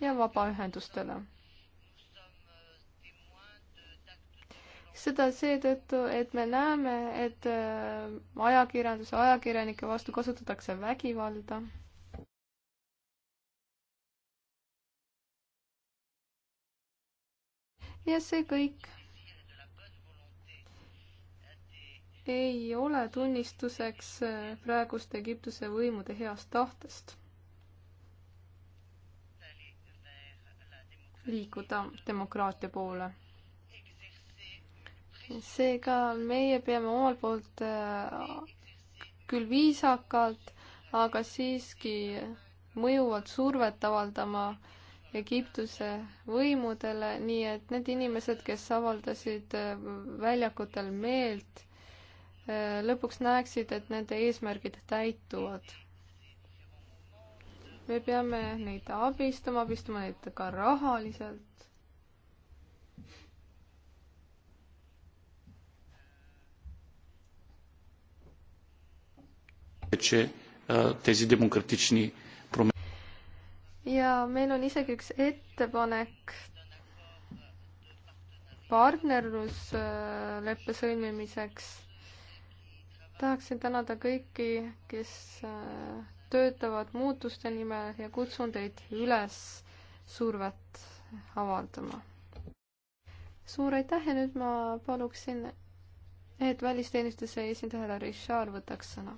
ja vabaühendustele. seda seetõttu, et me näeme, et äh, ajakirjanduse, ajakirjanike vastu kasutatakse vägivalda ja see kõik ei ole tunnistuseks äh, praeguste Egiptuse võimude heast tahtest. liikuda demokraatia poole. seega meie peame omalt poolt äh, küll viisakalt, aga siiski mõjuvalt survet avaldama Egiptuse võimudele, nii et need inimesed, kes avaldasid äh, väljakutel meelt, äh, lõpuks näeksid, et nende eesmärgid täituvad me peame neid abistama, abistama neid ka rahaliselt. ja meil on isegi üks ettepanek partnerlusleppe sõlmimiseks tahaksin tänada kõiki, kes töötavad muutuste nimel ja kutsun teid üles survet avaldama. suur aitäh ja nüüd ma paluksin, et välisteenistuse esindajale Richard võtaks sõna.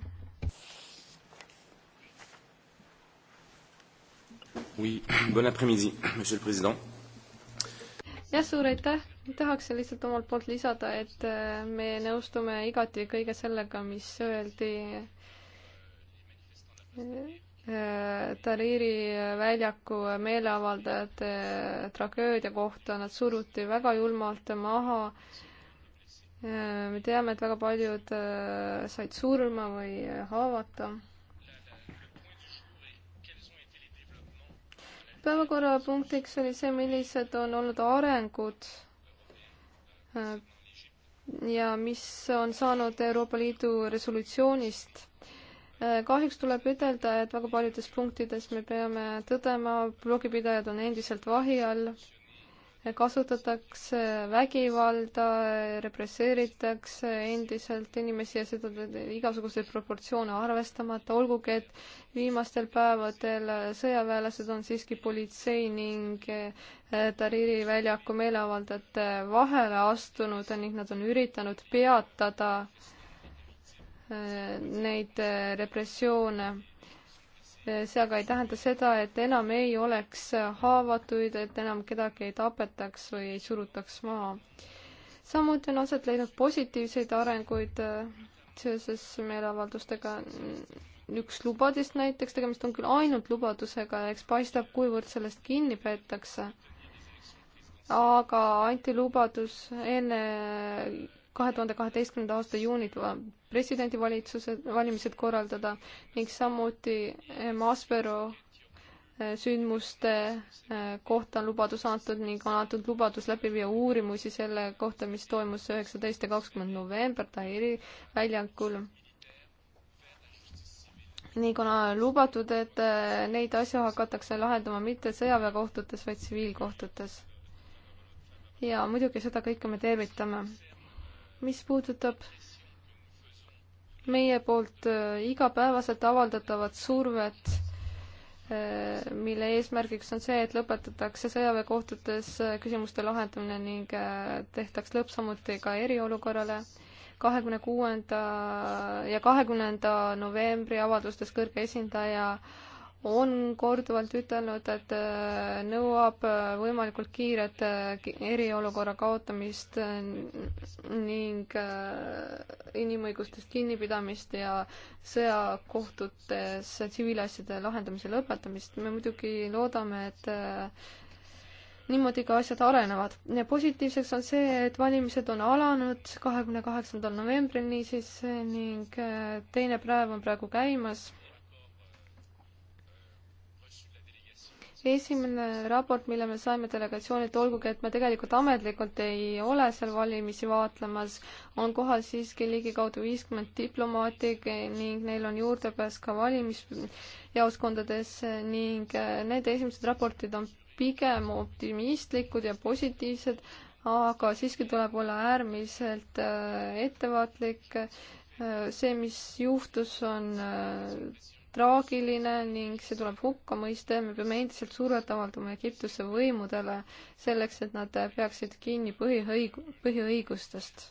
Oui, bon après-midi, monsieur le président. jah, suur aitäh, tahaksin lihtsalt omalt poolt lisada, et eh, me nõustume igati kõige sellega, mis öeldi Äh, Tariri väljaku meeleavaldajate äh, tragöödia kohta, nad suruti väga julmalt maha. Äh, me teame, et väga paljud said surma või haavata. päevakorrapunktiks oli see, millised on olnud arengud ja mis on saanud Euroopa Liidu resolutsioonist Äh, kahjuks tuleb ütelda, et väga paljudes punktides me peame tõdema, blogipidajad on endiselt vahi all, kasutatakse vägivalda, represseeritakse endiselt inimesi ja seda igasuguseid proportsioone arvestamata, olgugi et viimastel päevadel sõjaväelased on siiski politsei ning äh, Tariri väljaku meeleavaldajate vahele astunud ning nad on üritanud peatada äh, neid äh, repressioone. Äh, see aga ei tähenda seda, et enam ei oleks haavatuid, et enam kedagi ei tapetaks või ei surutaks maha. samuti on aset leidnud positiivseid arenguid äh, seoses meeleavaldustega üks lubadest näiteks, tegemist on küll ainult lubadusega ja eks paistab, kuivõrd sellest kinni peetakse. aga anti lubadus enne kahe tuhande kaheteistkümnenda aasta juunid presidendivalitsuse valimised korraldada ning samuti eh, Maspero eh, sündmuste eh, kohta on lubadus antud ning on antud lubadus läbi viia uurimusi selle kohta, mis toimus üheksateist ja kakskümmend november Tairi väljakul. ning on lubatud, et neid asju hakatakse lahendama mitte sõjaväekohtutes, vaid tsiviilkohtutes. ja muidugi seda kõike me tervitame mis puudutab meie poolt äh, igapäevaselt avaldatavat survet, äh, mille eesmärgiks on see, et lõpetatakse sõjaväekohtutes äh, küsimuste lahendamine ning tehtaks lõpp samuti ka eriolukorrale. kahekümne kuuenda ja kahekümnenda novembri avaldustes kõrge esindaja äh, on korduvalt ütelnud, et äh, nõuab äh, võimalikult kiiret äh, eriolukorra kaotamist ning inimõigustest kinnipidamist ja sõjakohtutes tsiviilasjade lahendamise lõpetamist. me muidugi loodame, et niimoodi ka asjad arenevad. positiivseks on see, et valimised on alanud kahekümne kaheksandal novembril niisiis ning teine päev on praegu käimas esimene raport, mille me saime delegatsioonilt, olgugi et me tegelikult ametlikult ei ole seal valimisi vaatlemas, on kohal siiski ligikaudu viiskümmend diplomaati ning neil on juurdepääs ka valimisjaoskondadesse ning eh, need esimesed raportid on pigem optimistlikud ja positiivsed, aga siiski tuleb olla äärmiselt eh, ettevaatlik. Eh, see, mis juhtus, on traagiline ning see tuleb hukka mõista ja me peame endiselt survet avaldama Egiptuse võimudele selleks, et nad peaksid kinni põhiõig-, põhiõigustest.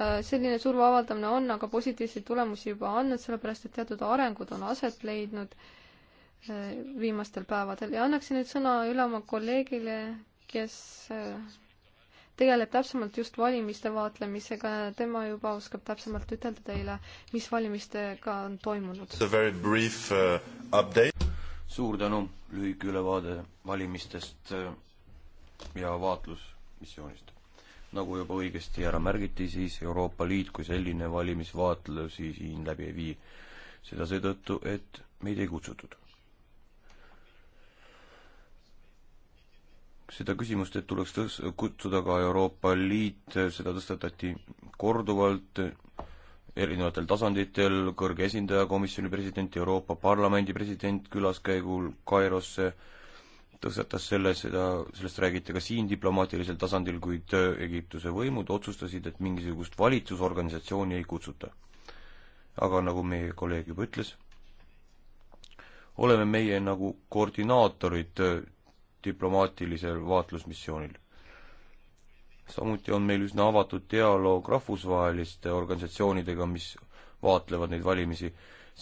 Äh, selline surve avaldamine on aga positiivseid tulemusi juba andnud, sellepärast et teatud arengud on aset leidnud äh, viimastel päevadel ja annaksin nüüd sõna üle oma kolleegile, kes äh, tegeleb täpsemalt just valimiste vaatlemisega ja tema juba oskab täpsemalt ütelda teile, mis valimistega on toimunud. Uh, suur tänu, lühike ülevaade valimistest uh, ja vaatlusmissioonist. nagu juba õigesti ära märgiti, siis Euroopa Liit kui selline valimisvaatlusi siin läbi ei vii. seda seetõttu, et meid ei kutsutud. seda küsimust, et tuleks tõs-, kutsuda ka Euroopa Liit, seda tõstatati korduvalt erinevatel tasanditel, kõrge esindaja, komisjoni president, Euroopa Parlamendi president külaskäigul Kairosse tõstatas selle, seda, sellest räägiti ka siin diplomaatilisel tasandil, kuid Egiptuse võimud otsustasid, et mingisugust valitsusorganisatsiooni ei kutsuta. aga nagu meie kolleeg juba ütles, oleme meie nagu koordinaatorid diplomaatilisel vaatlusmissioonil. samuti on meil üsna avatud dialoog rahvusvaheliste organisatsioonidega, mis vaatlevad neid valimisi.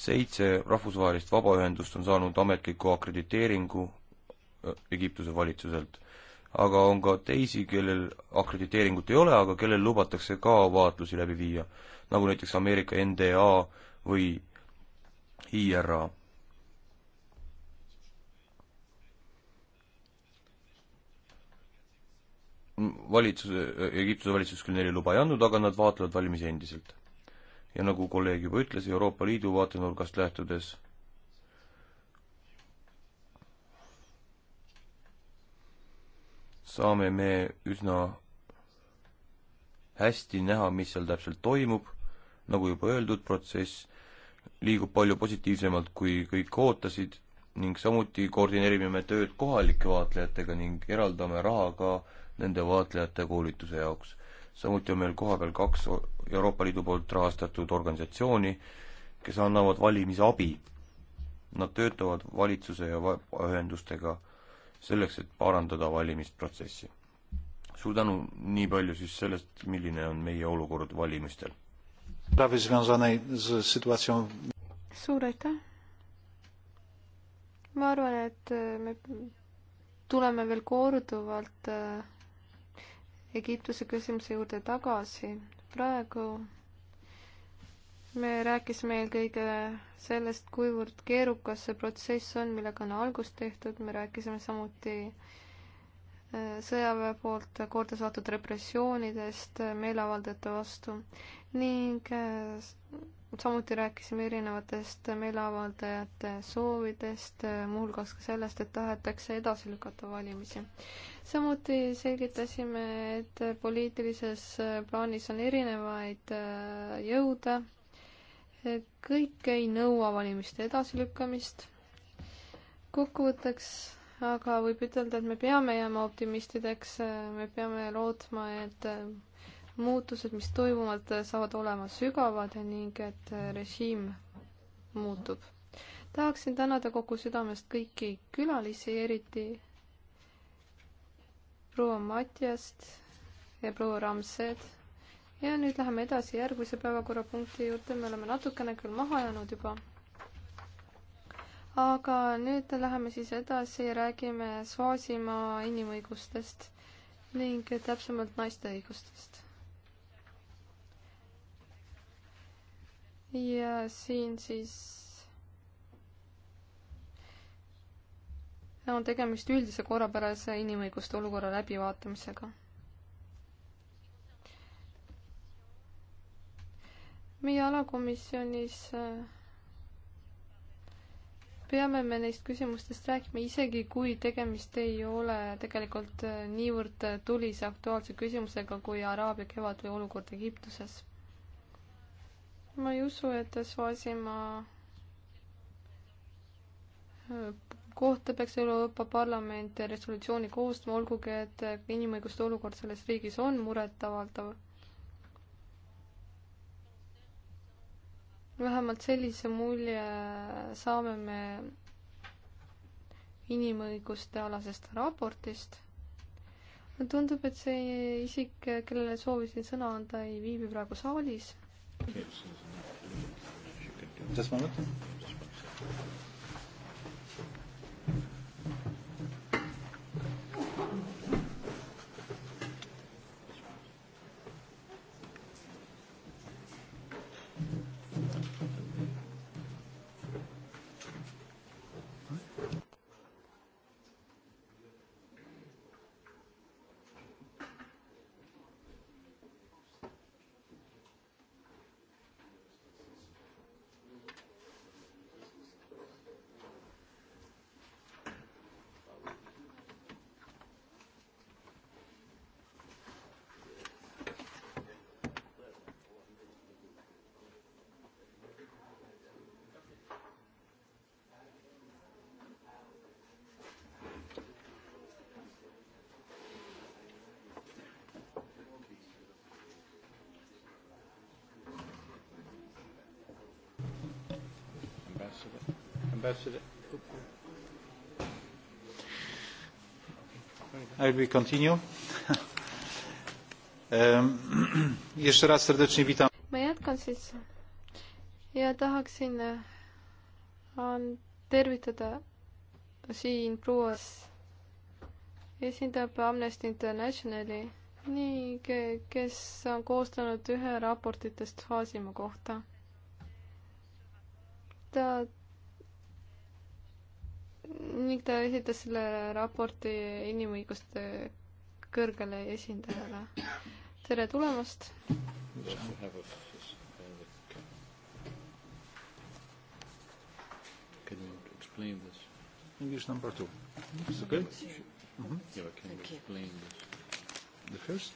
seitse rahvusvahelist vabaühendust on saanud ametliku akrediteeringu äh, Egiptuse valitsuselt. aga on ka teisi, kellel akrediteeringut ei ole, aga kellel lubatakse ka vaatlusi läbi viia, nagu näiteks Ameerika NDA või IRA valitsus, Egiptuse valitsus küll neile luba ei andnud, aga nad vaatlevad valimisi endiselt. ja nagu kolleeg juba ütles, Euroopa Liidu vaatenurgast lähtudes saame me üsna hästi näha, mis seal täpselt toimub, nagu juba öeldud, protsess liigub palju positiivsemalt, kui kõik ootasid ning samuti koordineerime me tööd kohalike vaatlejatega ning eraldame raha ka nende vaatlejate koolituse jaoks. samuti on meil kohapeal kaks Euroopa Liidu poolt rahastatud organisatsiooni, kes annavad valimisabi. Nad töötavad valitsuse ja vabaühendustega selleks, et parandada valimisprotsessi. suur tänu, nii palju siis sellest, milline on meie olukord valimistel. suur aitäh! ma arvan, et e, me tuleme veel korduvalt e, Egiptuse küsimuse juurde tagasi. praegu me rääkisime eelkõige sellest, kuivõrd keerukas see protsess on, millega on algust tehtud, me rääkisime samuti äh, sõjaväe poolt korda saatud repressioonidest meeleavaldajate vastu ning äh, samuti rääkisime erinevatest meeleavaldajate soovidest, äh, muuhulgas ka sellest, et tahetakse edasi lükata valimisi. samuti selgitasime, et poliitilises äh, plaanis on erinevaid jõude, kõik ei nõua valimiste edasilükkamist. kokkuvõtteks aga võib ütelda, et me peame jääma optimistideks, me peame lootma, et äh, muutused, mis toimuvad, äh, saavad olema sügavad ning et äh, režiim muutub. tahaksin tänada kogu südamest kõiki külalisi, eriti proua Matjast ja proua Ramsed. ja nüüd läheme edasi järgmise päevakorrapunkti juurde, me oleme natukene küll maha jäänud juba aga nüüd läheme siis edasi ja räägime Soasimaa inimõigustest ning täpsemalt naiste õigustest. ja siin siis on tegemist üldise korrapärase inimõiguste olukorra läbivaatamisega. meie alakomisjonis äh, peame me neist küsimustest rääkima, isegi kui tegemist ei ole tegelikult äh, niivõrd tulise aktuaalse küsimusega kui Araabia kevad või olukord Egiptuses. ma ei usu, et Svaasimaa äh, kohta peaks Euroopa Parlament resolutsiooni koostama, olgugi et äh, inimõiguste olukord selles riigis on muret avaldav vähemalt sellise mulje saame me inimõiguste alasest raportist. mulle tundub, et see isik, kellele soovisin sõna anda, ei viibi praegu saalis. kas ma mõtlen? Ambassador. I will continue. Um, jeszcze raz serdecznie witam. Ma jätkan siis ja tahaksin äh, tervitada siin prouas esindab Amnesty Internationali nii, kes on koostanud ühe raportitest Faasima kohta. ta ning ta esitas selle raporti inimõiguste kõrgele esindajale. tere tulemast! Can you explain this? English number two. It's okay? Mm -hmm. Yeah, can you explain this? The first?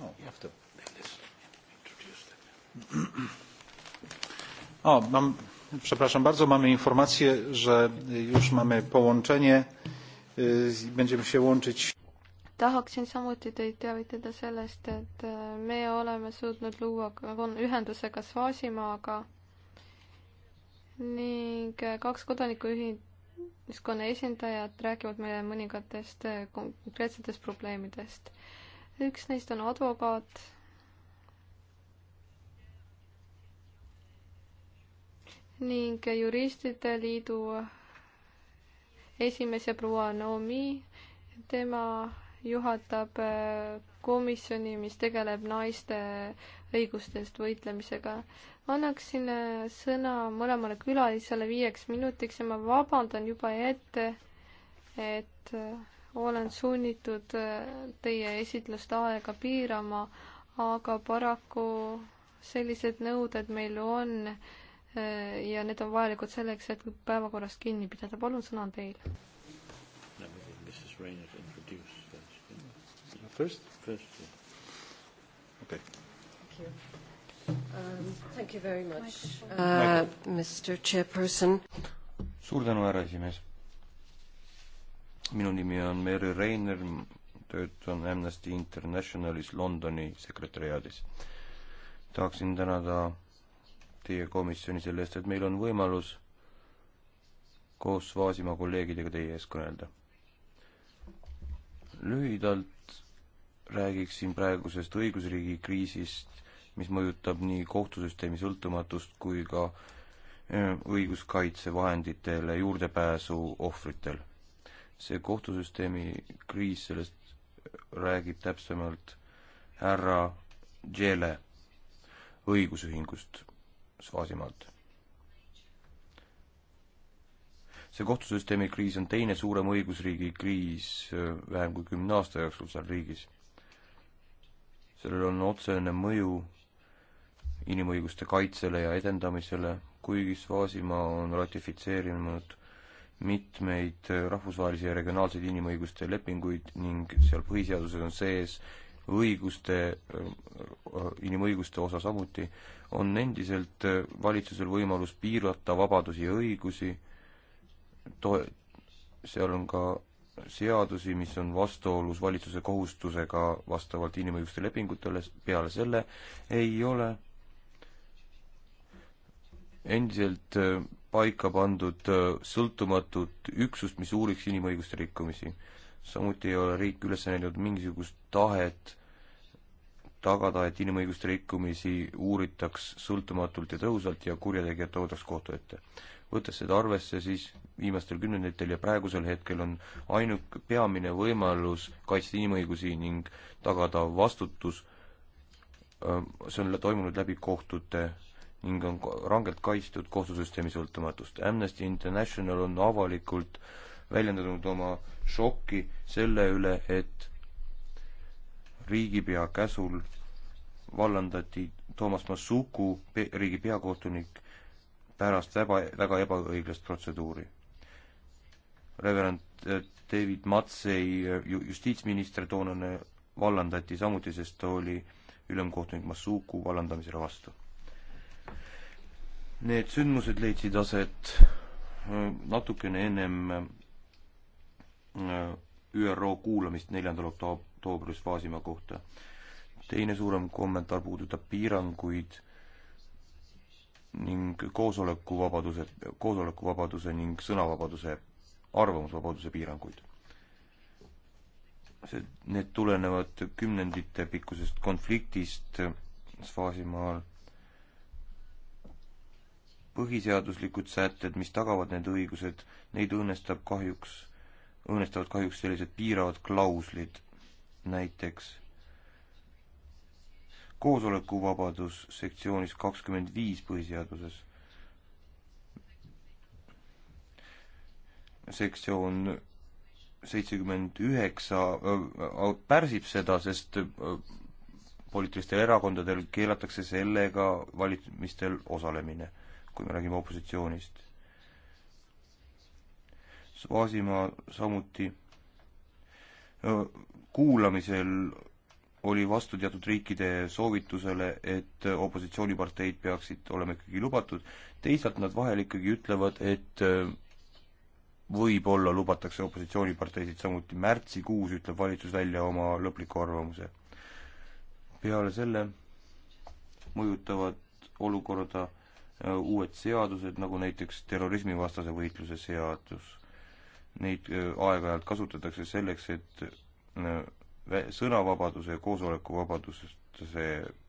Oh, after. Introduce them. Oh, mam um, Przepraszam bardzo, mamy informację, że już mamy połączenie. Będziemy się łączyć. tahaksin samuti teid teavitada sellest, et e, meie oleme suutnud luua ühenduse ka Svasimaaga ning e, kaks kodanikuühiskonna esindajat räägivad meile mõningatest e, konkreetsetest probleemidest. üks neist on advokaat ning Juristide Liidu esimees ja proua Naomi, tema juhatab äh, komisjoni, mis tegeleb naiste õigustest võitlemisega. annaksin äh, sõna mõlemale külalisele viieks minutiks ja ma vabandan juba ette, et äh, olen sunnitud teie esitluste aega piirama, aga paraku sellised nõuded meil on äh, Äh, ja need on vajalikud selleks, et päevakorrast kinni pidada. palun, sõna on teil. Uh, first, first, okay. Thank you. Um, thank you very much, uh, Mr Chairperson. suur tänu, härra esimees. minu nimi on Mary Reiner, töötan Amnesty Internationalis Londoni sekretäriaadis. tahaksin tänada teie komisjoni selle eest, et meil on võimalus koos Vaasimaa kolleegidega teie ees kõnelda. lühidalt räägiksin praegusest õigusriigi kriisist, mis mõjutab nii kohtusüsteemi sõltumatust kui ka äh, õiguskaitsevahenditele juurdepääsu ohvritel. see kohtusüsteemi kriis, sellest räägib täpsemalt härra Jele õigusühingust Svaasimaalt. see kohtusüsteemi kriis on teine suurem õigusriigi kriis äh, vähem kui kümne aasta jooksul seal riigis. sellel on otsene mõju inimõiguste kaitsele ja edendamisele, kuigi Svaasimaa on ratifitseerinud mitmeid äh, rahvusvahelisi ja regionaalseid inimõiguste lepinguid ning seal põhiseaduses on sees õiguste, inimõiguste osa samuti, on endiselt valitsusel võimalus piirata vabadusi ja õigusi, to-, seal on ka seadusi, mis on vastuolus valitsuse kohustusega vastavalt inimõiguste lepingutele, peale selle ei ole endiselt paika pandud sõltumatut üksust, mis uuriks inimõiguste rikkumisi samuti ei ole riik üles näidanud mingisugust tahet tagada, et inimõiguste rikkumisi uuritaks sõltumatult ja tõhusalt ja kurjategijad toodaks kohtu ette. võttes seda arvesse, siis viimastel kümnenditel ja praegusel hetkel on ainuke peamine võimalus kaitsta inimõigusi ning tagada vastutus, see on toimunud läbi kohtute ning on rangelt kaitstud kohtusüsteemi sõltumatust. Amnesty International on avalikult äh, väljendanud oma šokki selle üle, et riigipea käsul vallandati Toomas Masuku, riigi peakohtunik, pärast väga, väga ebaõiglast protseduuri. reverend äh, David Matsei, äh, justiitsminister toonane, vallandati samuti, sest ta oli ülemkohtunik Masuku vallandamisele vastu. Need sündmused leidsid aset äh, natukene ennem Äh, ÜRO kuulamist neljandal oktoobris Faasimaa kohta. teine suurem kommentaar puudutab piiranguid ning koosolekuvabaduse, koosolekuvabaduse ning sõnavabaduse, arvamusvabaduse piiranguid. see, need tulenevad kümnendite pikkusest konfliktist Svaasimaal. põhiseaduslikud sätted, mis tagavad need õigused, neid õnnestab kahjuks õõnestavad kahjuks sellised piiravad klauslid, näiteks koosolekuvabadus sektsioonis kakskümmend viis põhiseaduses. sektsioon seitsekümmend üheksa äh, äh, pärsib seda, sest äh, poliitilistel erakondadel keelatakse sellega valitsemistel osalemine, kui me räägime opositsioonist Svaasimaa samuti kuulamisel oli vastu teatud riikide soovitusele, et opositsiooniparteid peaksid olema ikkagi lubatud, teisalt nad vahel ikkagi ütlevad, et võib-olla lubatakse opositsiooniparteisid samuti, märtsikuus ütleb valitsus välja oma lõpliku arvamuse. peale selle mõjutavad olukorda uued seadused, nagu näiteks terrorismivastase võitluse seadus neid aeg-ajalt kasutatakse selleks, et sõnavabaduse ja koosolekuvabaduse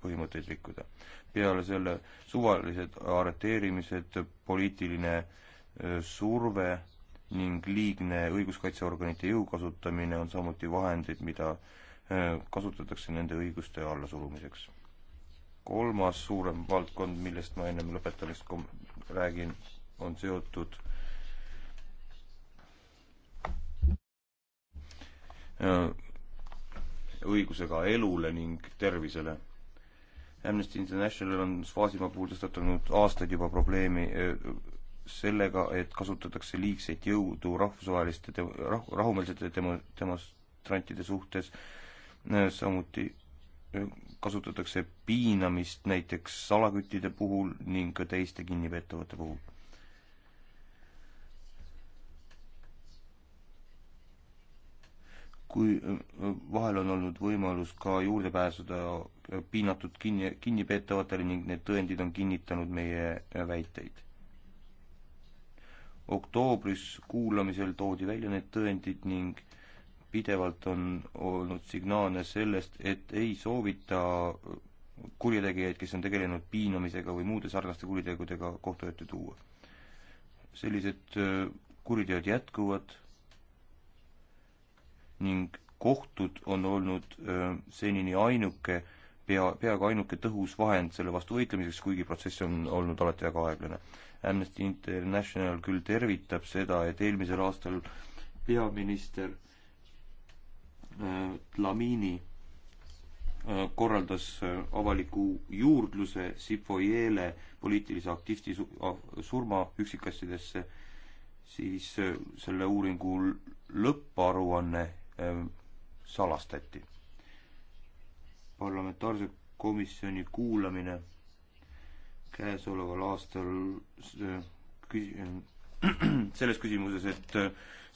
põhimõtteid rikkuda. peale selle suvalised arreteerimised, poliitiline surve ning liigne õiguskaitseorganite jõu kasutamine on samuti vahendid, mida kasutatakse nende õiguste allasurumiseks. kolmas suurem valdkond, millest ma ennem lõpetamist räägin, on seotud Äh, õigusega elule ning tervisele. Amnesty International on Svaasimaa puhul tõstatanud aastaid juba probleemi äh, sellega, et kasutatakse liigseid jõudu rahvusvaheliste de-, rah-, rahumeelsete demo-, demonstrantide suhtes, äh, samuti kasutatakse piinamist näiteks salaküttide puhul ning ka teiste kinnipeetavate puhul kui äh, vahel on olnud võimalus ka juurde pääseda äh, piinatud kinni, kinnipeetavatele ning need tõendid on kinnitanud meie äh, väiteid. oktoobris kuulamisel toodi välja need tõendid ning pidevalt on olnud signaale sellest, et ei soovita kurjategijaid, kes on tegelenud piinamisega või muude sarnaste kuritegudega kohtu ette tuua. sellised kuriteod jätkuvad ning kohtud on olnud äh, senini ainuke, pea, peaaegu ainuke tõhus vahend selle vastu võitlemiseks, kuigi protsess on olnud alati väga aeglane. Amnesty International küll tervitab seda, et eelmisel aastal peaminister äh, Lamini äh, korraldas avaliku juurdluse Sifoiele poliitilise aktivisti surma üksikasjadesse, siis selle uuringu lõpparuanne Ähm, salastati. parlamentaarse komisjoni kuulamine käesoleval aastal küs-, selles küsimuses, et äh,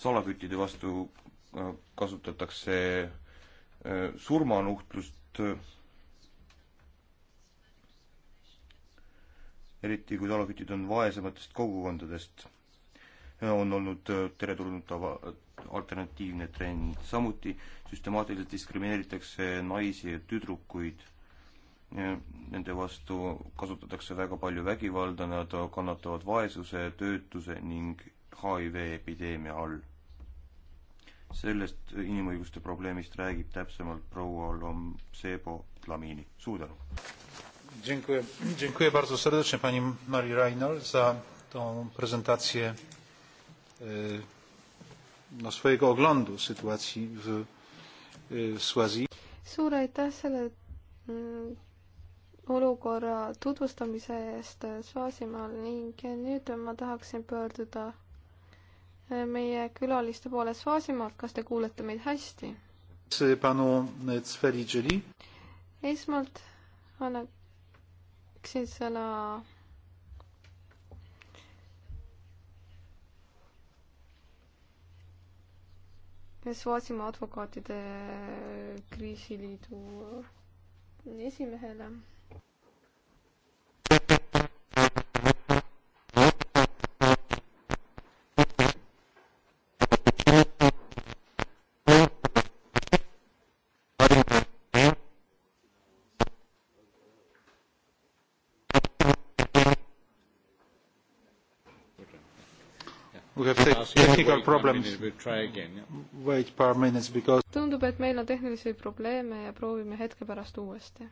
salaküttide vastu äh, kasutatakse äh, surmanuhtlust, eriti kui salakütid on vaesematest kogukondadest on olnud äh, teretulnud tava, äh, alternatiivne trend. samuti süstemaatiliselt diskrimineeritakse naisi ja tüdrukuid. Nende vastu kasutatakse väga palju vägivalda, nad kannatavad vaesuse, töötuse ning HIV epideemia all. sellest inimõiguste probleemist räägib täpsemalt proua Lomsebo Lamini. suur tänu! Dziękuję, dziękuję bardzo serdecznie pani Marii Reinol za tą prezentację E, no, swojego oglądu sytuacji w, e, w Słazji. suur aitäh selle mm, olukorra tutvustamise eest Svaasimaal ning nüüd ma tahaksin pöörduda e, meie külaliste poole Svaasimaalt, kas te kuulete meid hästi? esmalt annaksin sõna me Sootsimaa advokaatide kriisiliidu esimehele We have technical problems. Wait paar minutes because. tundub, et meil on tehnilisi probleeme ja proovime hetke pärast uuesti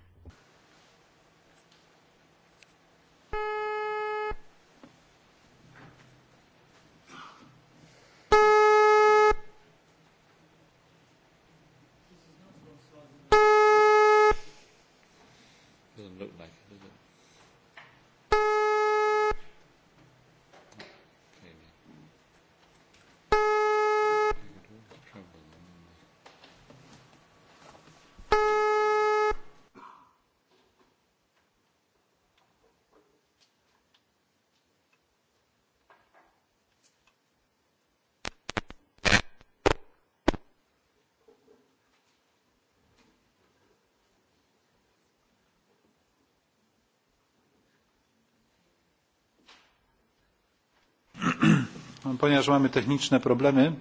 ponieważ mamy techniczne problemy.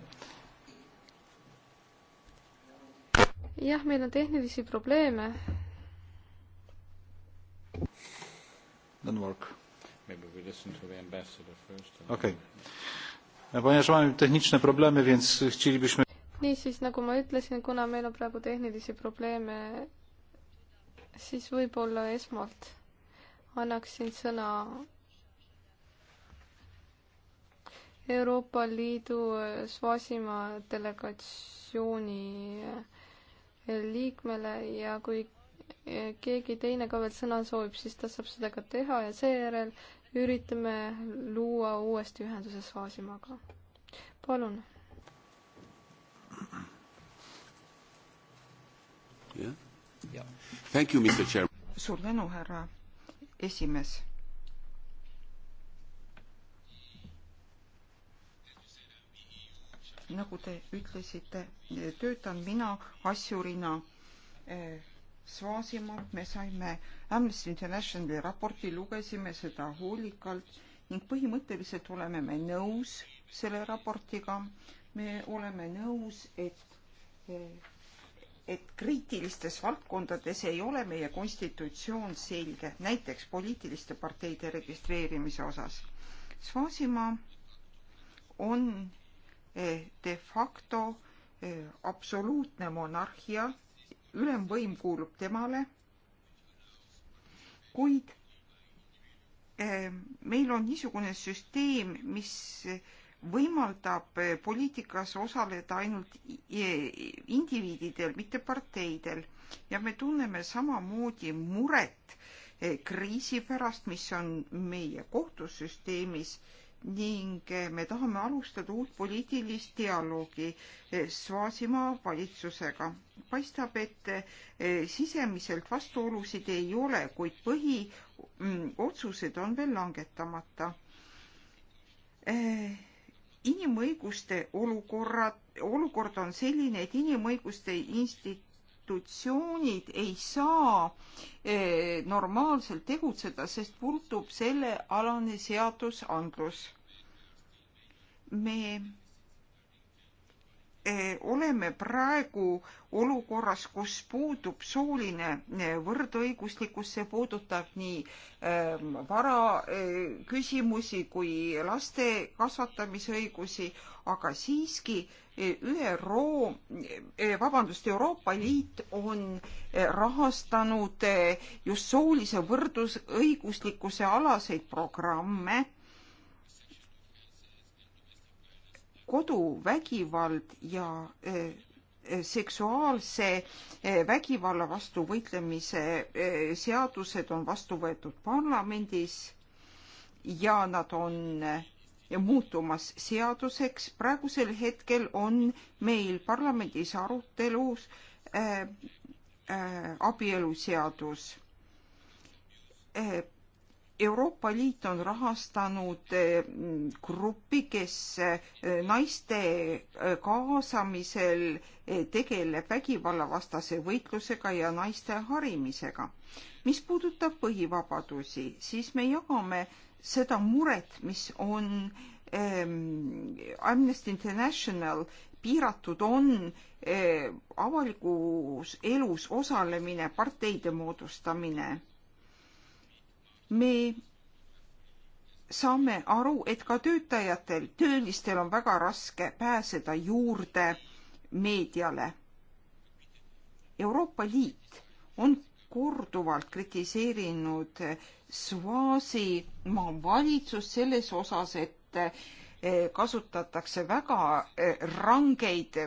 jah, meil on tehnilisi probleeme. Don't work. Maybe we listen to the ambassador first. okei okay.. ponieważ mamy techniczne problemy, więc chcielibyśmy niisiis, nagu ma ütlesin, kuna meil on praegu tehnilisi probleeme, siis võib-olla esmalt annaksin sõna Euroopa Liidu eh, Svasimaa delegatsiooni eh, liikmele ja kui eh, keegi teine ka veel sõna soovib, siis ta saab seda ka teha ja seejärel üritame luua uuesti ühenduse Svaasimaaga. palun. suur tänu, härra esimees nagu te ütlesite, töötan mina asjurina eh, Svaasimaalt, me saime Amnesty Internationali raporti, lugesime seda hoolikalt ning põhimõtteliselt oleme me nõus selle raportiga. me oleme nõus, et, eh, et kriitilistes valdkondades ei ole meie konstitutsioon selge, näiteks poliitiliste parteide registreerimise osas. Svaasimaa on E, de facto e, absoluutne monarhia, ülemvõim kuulub temale, kuid e, meil on niisugune süsteem, mis võimaldab poliitikas osaleda ainult indiviididel, mitte parteidel ja me tunneme samamoodi muret kriisi pärast, mis on meie kohtusüsteemis ning eh, me tahame alustada uut poliitilist dialoogi eh, Svaasimaa valitsusega. paistab, et eh, sisemiselt vastuolusid ei ole, kuid põhiotsused mm, on veel langetamata. inimõiguste olukorrad, olukord on selline, et inimõiguste instit-, institutsioonid ei saa eh, normaalselt tegutseda, sest puutub sellealane seadusandlus. me oleme praegu olukorras, kus puudub sooline eh, võrdõiguslikkus, see puudutab nii ehm, vara eh, küsimusi kui laste kasvatamisõigusi, aga siiski eh, ÜRO, vabandust, Euroopa Liit on rahastanud just soolise võrdusõiguslikkuse alaseid programme koduvägivald ja eh, eh, seksuaalse eh, vägivalla vastu võitlemise seadused on vastu võetud parlamendis ja nad on muutumas seaduseks. praegusel hetkel on meil parlamendis arutelus äh, äh, abieluseadus äh, Euroopa Liit on rahastanud eh, gruppi, kes eh, naiste eh, kaasamisel tegeleb vägivallavastase võitlusega ja naiste harimisega. mis puudutab põhivabadusi, siis me jagame seda muret, mis on ähm, Amnesty International piiratud on äh, avalikus elus osalemine, parteide moodustamine me saame aru, et ka töötajatel, töölistel on väga raske pääseda juurde meediale. Euroopa Liit on korduvalt kritiseerinud Svaasimaa valitsust selles osas, et eh, kasutatakse väga eh, rangeid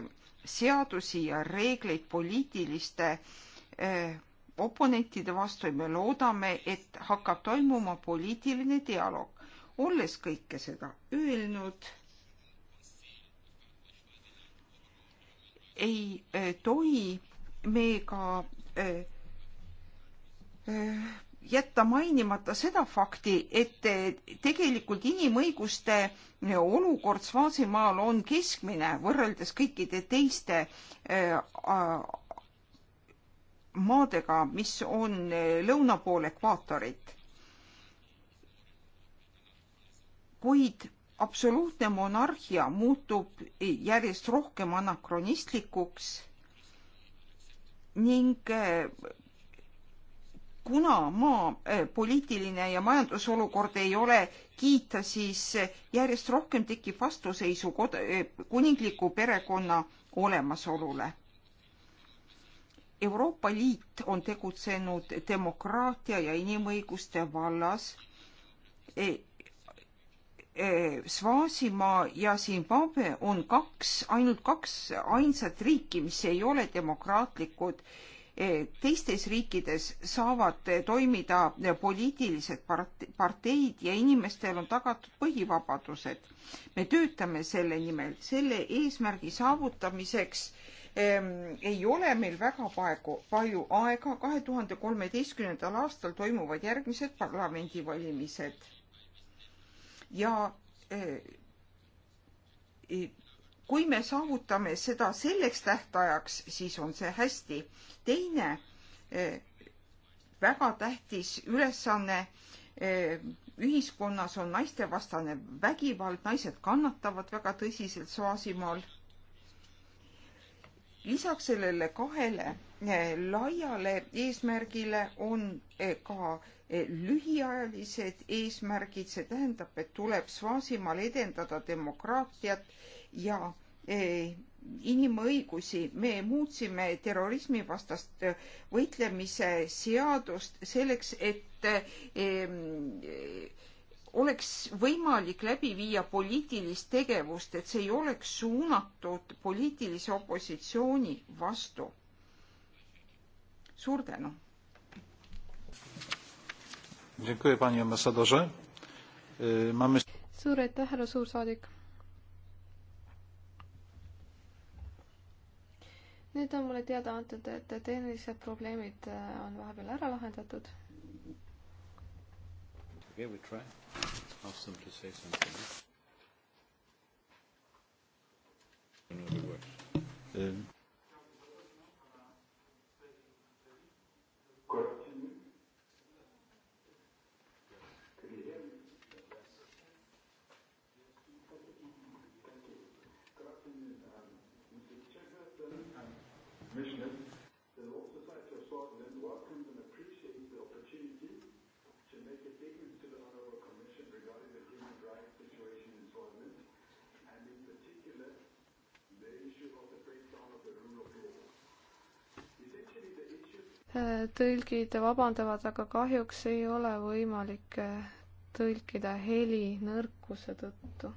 seadusi ja reegleid poliitiliste eh, oponentide vastu ja me loodame, et hakkab toimuma poliitiline dialoog. olles kõike seda öelnud, ei eh, tohi me ka eh, eh, jätta mainimata seda fakti, et tegelikult inimõiguste olukord Svaasimaal on keskmine võrreldes kõikide teiste maadega, mis on eh, lõuna pool ekvaatorit. kuid absoluutne monarhia muutub järjest rohkem anakronistlikuks ning eh, kuna maa eh, poliitiline ja majandusolukord ei ole kiita, siis järjest rohkem tekib vastuseisu kod-, kuningliku perekonna olemasolule Euroopa Liit on tegutsenud demokraatia ja inimõiguste vallas e, e, Svaasimaa ja Zimbabwe on kaks, ainult kaks ainsat riiki, mis ei ole demokraatlikud. E, teistes riikides saavad toimida poliitilised parteid ja inimestel on tagatud põhivabadused. me töötame selle nimel, selle eesmärgi saavutamiseks äh, ei ole meil väga paegu, palju aega. kahe tuhande kolmeteistkümnendal aastal toimuvad järgmised parlamendivalimised. ja eh, kui me saavutame seda selleks tähtajaks, siis on see hästi. teine eh, väga tähtis ülesanne eh, ühiskonnas on naistevastane vägivald, naised kannatavad väga tõsiselt Soasimaal lisaks sellele kahele eh, laiale eesmärgile on eh, ka eh, lühiajalised eesmärgid, see tähendab, et tuleb Svaasimaal edendada demokraatiat ja inimõigusi. me muutsime terrorismivastast võitlemise seadust selleks, et oleks võimalik läbi viia poliitilist tegevust, et see ei oleks suunatud poliitilise opositsiooni vastu. suur tänu. suur aitäh, härra suursaadik. nüüd on mulle teada antud, et tehnilised probleemid äh, on vahepeal ära lahendatud. Okay, we try. Ask them to say something. Another word. Um. tõlgid vabandavad, aga kahjuks ei ole võimalik tõlkida heli nõrkuse tõttu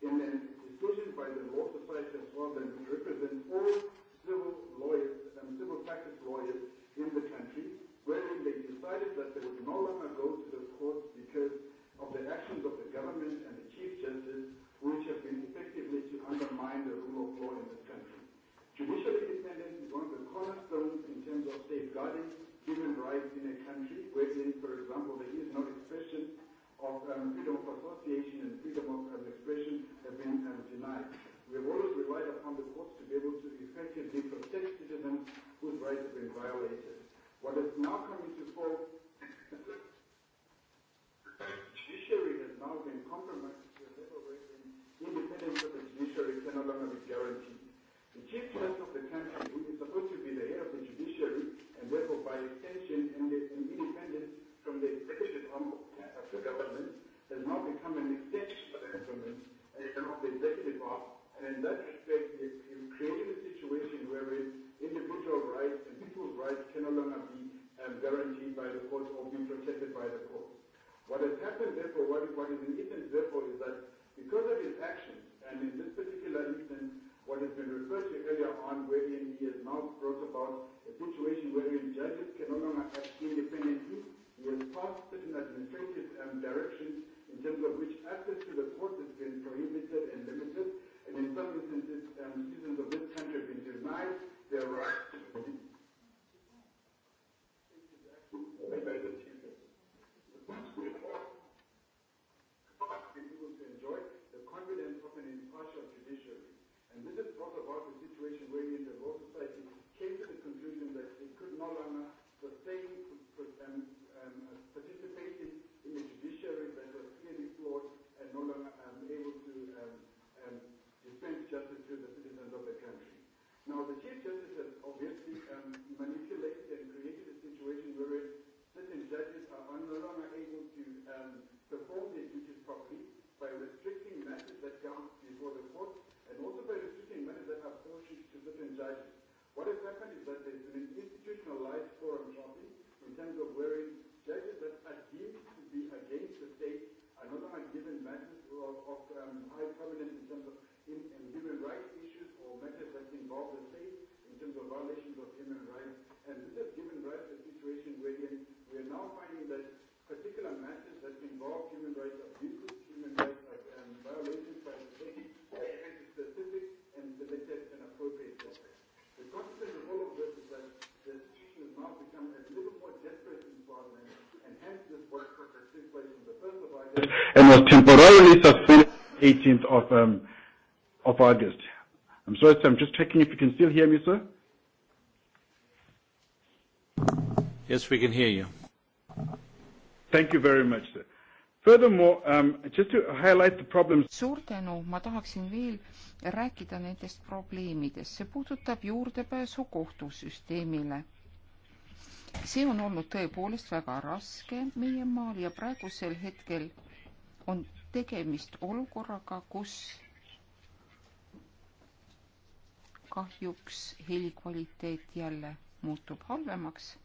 in a decision by the Law Society of Swaziland, which represents all civil lawyers and civil practice lawyers in the country, wherein they decided that they would no longer go to the courts because of the actions of the government and the Chief Justice, which have been effectively to undermine the rule of law in this country. Judicial independence is one of the cornerstones in terms of safeguarding human rights in a country wherein, for example, there is no expression of um, freedom of association and freedom of um, expression have been um, denied. We have always relied upon the courts to be able to effectively protect citizens whose rights have been violated. What has now come into force, judiciary has now been compromised to a level where the independence of the judiciary can no longer be guaranteed. The chief judge of the country, who is supposed to be the head of the judiciary and therefore by extension and the, and independent from the executive arm of the government, has now become an extension of the government and of the executive arm. And in that respect, you're creating a situation wherein individual rights and people's rights can no longer be um, guaranteed by the court or be protected by the court. What has happened, therefore, what, what is in Ethan's therefore is that because of his actions, and in this particular instance, what has been referred to earlier on, wherein he has now brought about a situation wherein judges can no longer act independently We have passed certain administrative um, directions in terms of which access to the port has been prohibited and limited, and in some instances, um, citizens of this country have been denied their right Now, the Chief Justice has obviously um, manipulated and created a situation wherein certain judges are no longer able to um, perform their duties properly by restricting matters that come before the court and also by restricting matters that are portioned to certain judges. What has happened is that there's been an institutionalized forum shopping in terms of wherein judges that are deemed to be against the state are no longer given matters of, of um, high prominence in terms of in, in human rights issues has involved the states in terms of violations of human rights. And this has given rise to a situation wherein we are now finding that particular matters that involve human rights abuses, human rights um, violations by the state, and specific and selected and appropriate topics. The consequence of all of this is that the situation has now become a little more desperate in Parliament, and hence this boycott that took place on the 1st of August and was temporarily suspended 18th of, um, of August. I'm sorry, sir. I'm just checking if you can still hear me, sir. Yes, we can hear you. Thank you very much, sir. Furthermore, um, just to highlight the problems. suur tänu, ma tahaksin veel rääkida nendest probleemidest, see puudutab juurdepääsu kohtusüsteemile. see on olnud tõepoolest väga raske meie maal ja praegusel hetkel on tegemist olukorraga, kus kahjuks helikvaliteet jälle muutub halvemaks.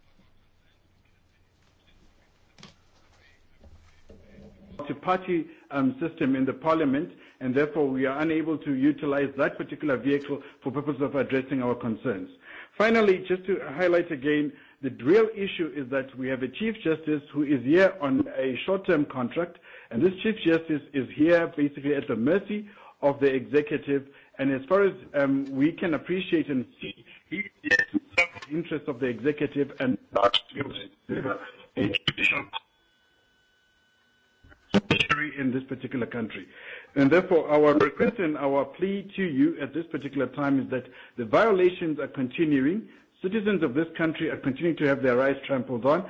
party um, system in the parliament and therefore we are unable to utilize that particular vehicle for purpose of addressing our concerns. Finally, just to highlight again, the real issue is that we have a Chief Justice who is here on a short-term contract and this Chief Justice is here basically at the mercy of the executive And as far as um, we can appreciate and see, he is the interest of the executive and large in this particular country. And therefore, our request and our plea to you at this particular time is that the violations are continuing. Citizens of this country are continuing to have their rights trampled on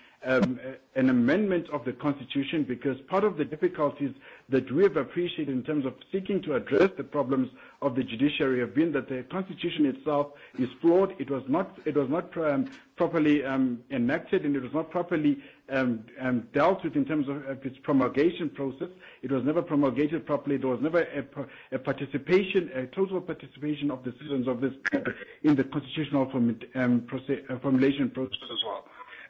um, an amendment of the constitution because part of the difficulties that we have appreciated in terms of seeking to address the problems of the judiciary have been that the constitution itself is flawed. It was not, it was not um, properly um, enacted and it was not properly um, um, dealt with in terms of uh, its promulgation process. It was never promulgated properly. There was never a, a participation, a total participation of the citizens of this country in the constitutional form, um, proce- uh, formulation process as well.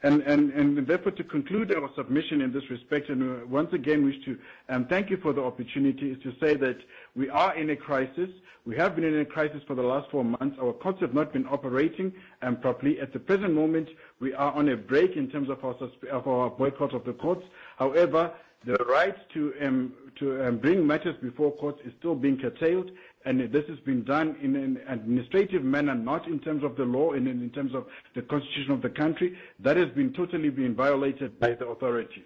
And, and, and therefore, to conclude our submission in this respect, and uh, once again wish to um, thank you for the opportunity, is to say that we are in a crisis. We have been in a crisis for the last four months. Our courts have not been operating um, properly. At the present moment, we are on a break in terms of our, of our boycott of the courts. However, the right to, um, to um, bring matters before courts is still being curtailed And this has been done in an administrative manner, not in terms of the law and in terms of the constitution of the country. That has been totally been violated by the authorities.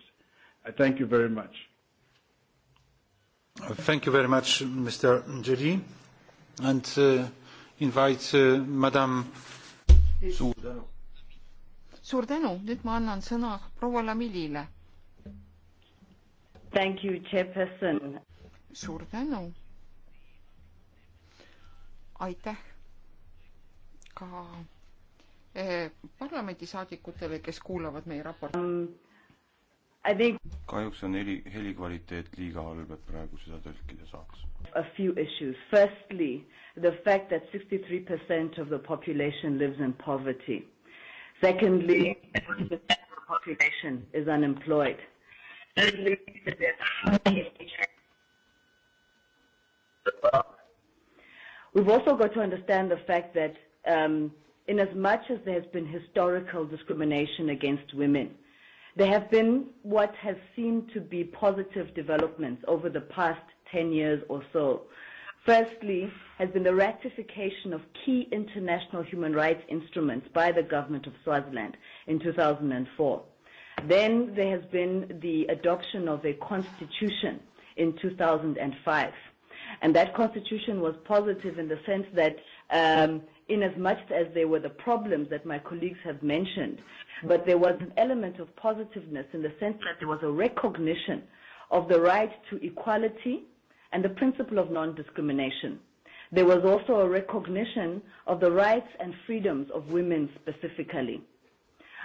I thank you very much. Uh, thank you very much, Mr. Jury. And uh, invite uh, Madam Suur tänu. Suur tänu. Nüüd ma annan sõna proua Lamilile. Thank you, Chairperson. Suur tänu aitäh ka eh, parlamendisaadikutele, kes kuulavad meie raporti um,. Think... kahjuks on heli, helikvaliteet liiga halb, et praegu seda tõlkida saaks. A few issues, firstly the fact that sixty three percent of the population lives in poverty. Secondly, the population is unemployed. Thirdly, there's We've also got to understand the fact that um, in as much as there has been historical discrimination against women, there have been what has seemed to be positive developments over the past 10 years or so. Firstly, has been the ratification of key international human rights instruments by the government of Swaziland in 2004. Then there has been the adoption of a constitution in 2005 And that constitution was positive in the sense that um, in as much as there were the problems that my colleagues have mentioned, but there was an element of positiveness in the sense that there was a recognition of the right to equality and the principle of non-discrimination. There was also a recognition of the rights and freedoms of women specifically.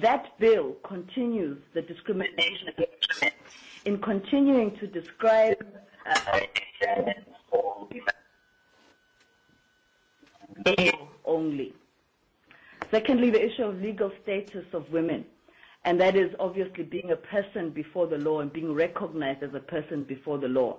That bill continues the discrimination in continuing to describe uh, only. Secondly, the issue of legal status of women, and that is obviously being a person before the law and being recognized as a person before the law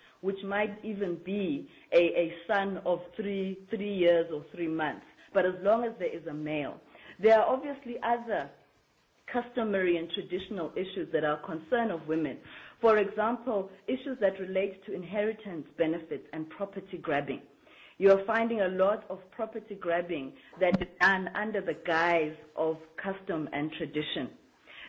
which might even be a son of three years or three months, but as long as there is a male. There are obviously other customary and traditional issues that are a concern of women. For example, issues that relate to inheritance benefits and property grabbing. You're finding a lot of property grabbing that is done under the guise of custom and tradition.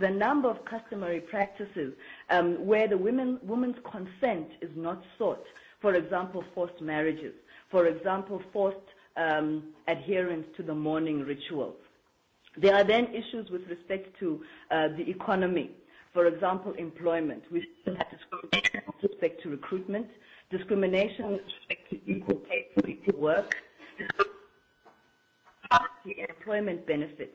with a number of customary practices um, where the women, woman's consent is not sought. For example, forced marriages. For example, forced um, adherence to the morning rituals. There are then issues with respect to uh, the economy. For example, employment. We have discrimination with respect to recruitment, discrimination with respect to equal pay for equal work, employment benefits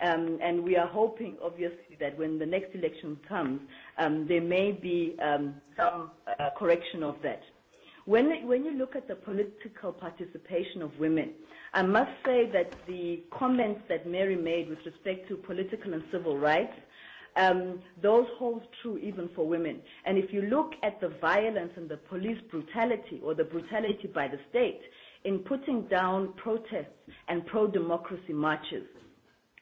Um, we are hoping, obviously, that when the next election comes, um, there may be um, some uh, correction of that. When you look at the political participation of women, I must say that the comments that Mary made with respect to political and civil rights, those hold true even for women. If you look at the violence and the police brutality or the brutality by the state in putting down protests and pro-democracy marches,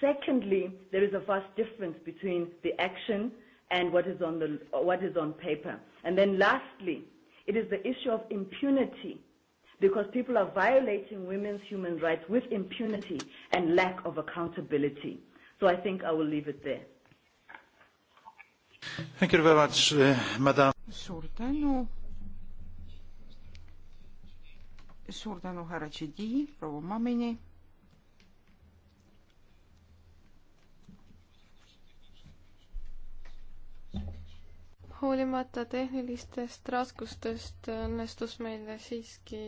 Secondly, there is a vast difference between the action and what is on, the, what is on paper. And then lastly, it is the issue of impunity because people are violating women's human rights with impunity and lack of accountability. So I think I will leave it there. Thank you very much, uh, madam. suur tänu. suur tänu, härra Tšedi, proua Mamini hoolimata tehnilistest raskustest õnnestus meil siiski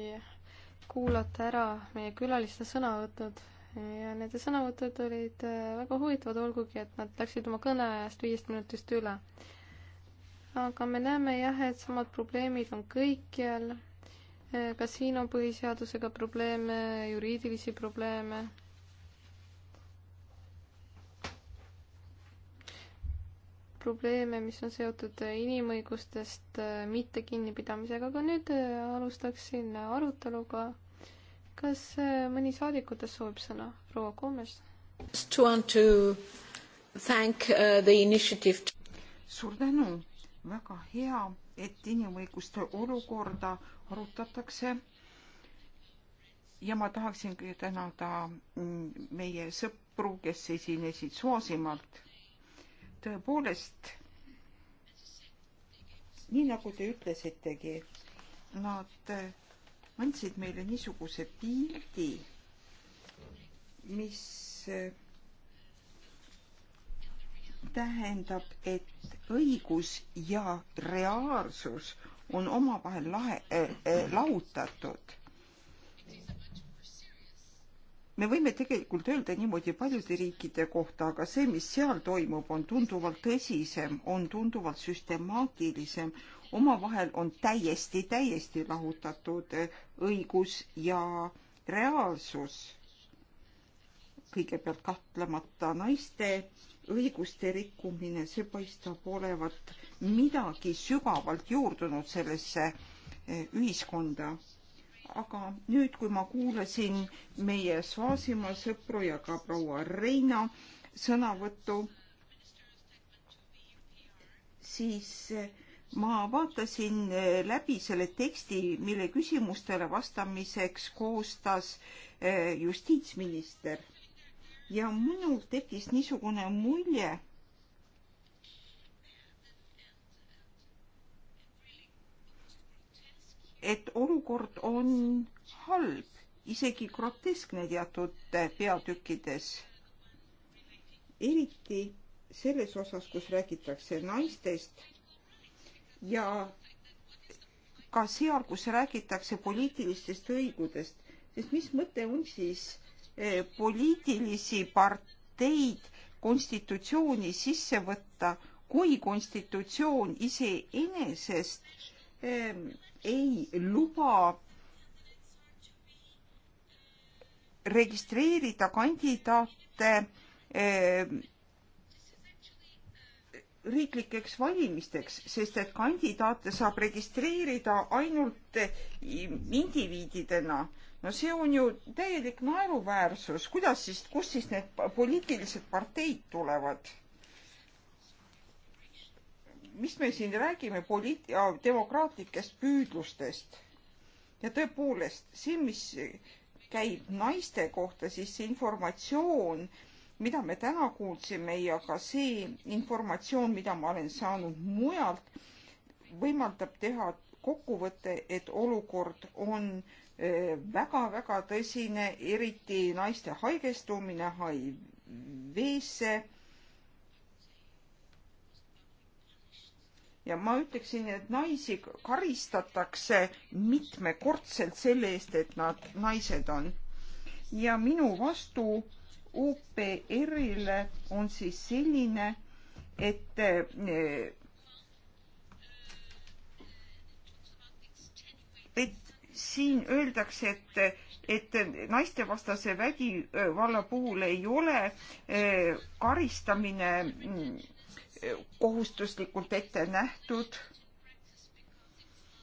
kuulata ära meie külaliste sõnavõtud ja nende sõnavõtud olid äh, väga huvitavad, olgugi et nad läksid oma kõneajast viiest minutist üle. aga me näeme jah, et samad probleemid on kõikjal. Äh, ka siin on põhiseadusega probleeme, juriidilisi probleeme probleeme, mis on seotud inimõigustest äh, mitte kinnipidamisega, aga nüüd äh, alustaksin aruteluga. kas äh, mõni saadikutest soovib sõna? proua Koomes. suur tänu, väga hea, et inimõiguste olukorda arutatakse ja ma tahaksin tänada mm, meie sõpru, kes esinesid Soosimaalt tõepoolest, nii nagu te ütlesitegi, nad andsid meile niisuguse pildi, mis tähendab, et õigus ja reaalsus on omavahel lahe äh,, äh, lahutatud me võime tegelikult öelda niimoodi paljude riikide kohta, aga see, mis seal toimub, on tunduvalt tõsisem, on tunduvalt süstemaatilisem, omavahel on täiesti, täiesti lahutatud õigus ja reaalsus. kõigepealt kahtlemata naiste õiguste rikkumine, see paistab olevat midagi sügavalt juurdunud sellesse ühiskonda aga nüüd, kui ma kuulasin meie Svaasimaa sõpru ja ka proua Reina sõnavõttu, siis eh, ma vaatasin eh, läbi selle teksti, mille küsimustele vastamiseks koostas eh, justiitsminister ja minul tekkis niisugune mulje et olukord on halb, isegi groteskne teatud peatükkides. eriti selles osas, kus räägitakse naistest ja ka seal, kus räägitakse poliitilistest õigudest, sest mis mõte on siis eh, poliitilisi parteid konstitutsiooni sisse võtta, kui konstitutsioon iseenesest ei luba registreerida kandidaate riiklikeks valimisteks, sest et kandidaate saab registreerida ainult indiviididena. no see on ju täielik naeruväärsus, kuidas siis, kust siis need poliitilised parteid tulevad? mis me siin räägime poliit- ja demokraatlikest püüdlustest ja tõepoolest see, mis käib naiste kohta, siis see informatsioon, mida me täna kuulsime ja ka see informatsioon, mida ma olen saanud mujalt, võimaldab teha kokkuvõte, et olukord on väga-väga tõsine, eriti naiste haigestumine HIV-sse ja ma ütleksin, et naisi karistatakse mitmekordselt selle eest, et nad naised on. ja minu vastu UPR-ile on siis selline, et eh, et siin öeldakse, et, et naistevastase vägivalla puhul ei ole eh, karistamine mm, kohustuslikult ette nähtud.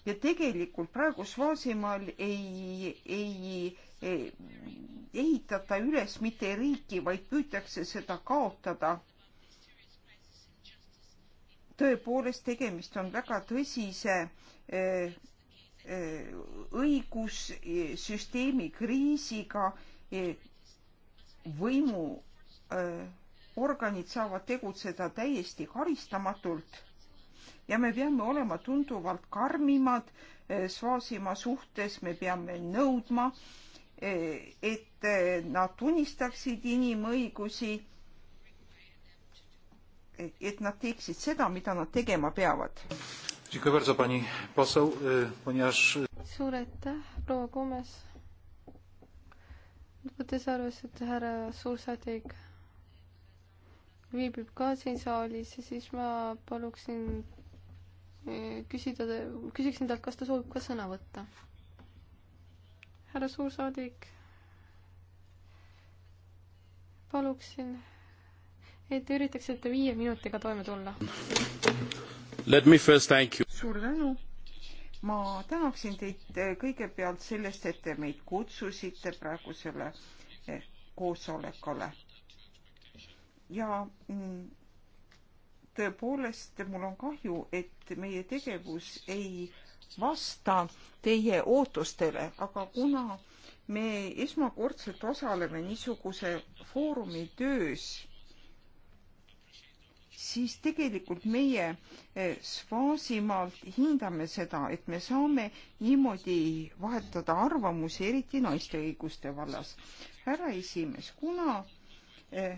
ja tegelikult praegu Svaasimaal ei, ei, ei ehitata üles mitte riiki, vaid püütakse seda kaotada. tõepoolest, tegemist on väga tõsise e, e, õigussüsteemi kriisiga, e, võimu organid saavad tegutseda täiesti karistamatult ja me peame olema tunduvalt karmimad eh, Svaasimaa suhtes, me peame nõudma, eh, et eh, nad tunnistaksid inimõigusi, et nad teeksid seda, mida nad tegema peavad. suur aitäh, proua Kumes. võttes arvesse, et härra suursaadik viibib ka siin saalis ja siis ma paluksin eh, küsida, küsiksin talt, kas ta soovib ka sõna võtta. härra suursaadik, paluksin, et te üritaksite viie minutiga toime tulla. suur tänu ma tänaksin teid eh, kõigepealt sellest, et te meid kutsusite praegusele eh, koosolekule ja mm, tõepoolest mul on kahju, et meie tegevus ei vasta teie ootustele, aga kuna me esmakordselt osaleme niisuguse foorumi töös, siis tegelikult meie eh, Svaasimaalt hindame seda, et me saame niimoodi vahetada arvamusi, eriti naiste õiguste vallas. härra esimees, kuna eh,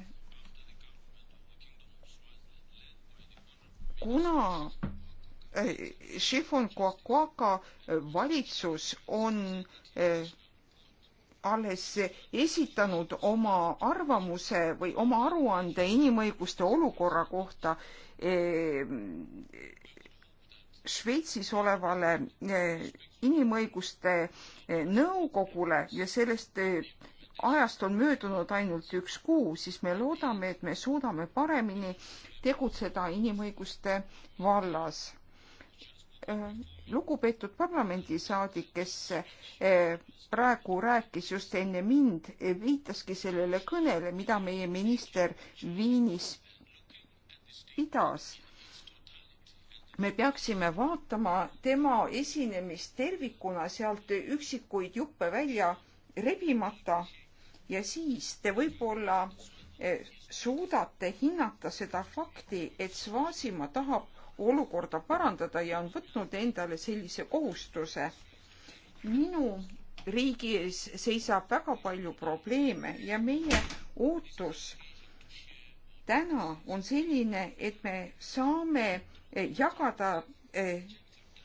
kuna Šifon eh, Koakoaka eh, valitsus on eh, alles esitanud oma arvamuse või oma aruande inimõiguste olukorra kohta Šveitsis olevale inimõiguste nõukogule ja sellest ajast on möödunud ainult üks kuu, siis me loodame, et me suudame paremini tegutseda inimõiguste vallas. Äh, lugupeetud parlamendisaadik, kes äh, praegu rääkis just enne mind, äh, viitaski sellele kõnele, mida meie minister Viinis pidas me peaksime vaatama tema esinemist tervikuna sealt üksikuid juppe välja rebimata ja siis te võib-olla eh, suudate hinnata seda fakti, et Svaasimaa tahab olukorda parandada ja on võtnud endale sellise kohustuse. minu riigis seisab väga palju probleeme ja meie ootus täna on selline, et me saame eh, jagada eh,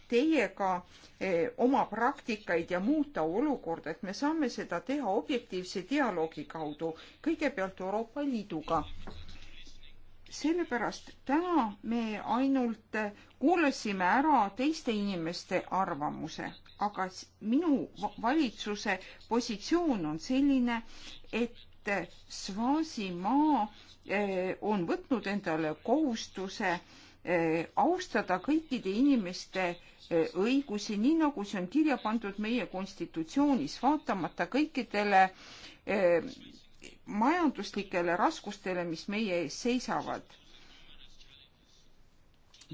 teiega eh, oma praktikaid ja muuta olukorda, et me saame seda teha objektiivse dialoogi kaudu, kõigepealt Euroopa Liiduga. sellepärast täna me ainult eh, kuulasime ära teiste inimeste arvamuse, aga minu valitsuse positsioon on selline, et eh, Svaasimaa on võtnud endale kohustuse austada kõikide inimeste õigusi, nii nagu see on kirja pandud meie konstitutsioonis, vaatamata kõikidele eh, majanduslikele raskustele, mis meie ees seisavad.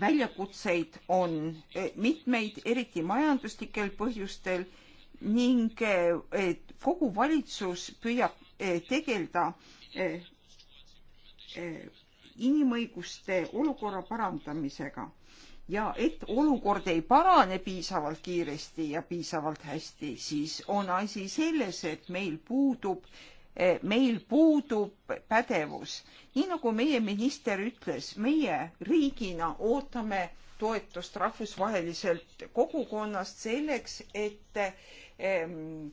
väljakutseid on eh, mitmeid, eriti majanduslikel põhjustel ning eh, kogu valitsus püüab tegeleda inimõiguste olukorra parandamisega ja et olukord ei parane piisavalt kiiresti ja piisavalt hästi, siis on asi selles, et meil puudub, eh, meil puudub pädevus. nii nagu meie minister ütles, meie riigina ootame toetust rahvusvaheliselt kogukonnast selleks, et ähm,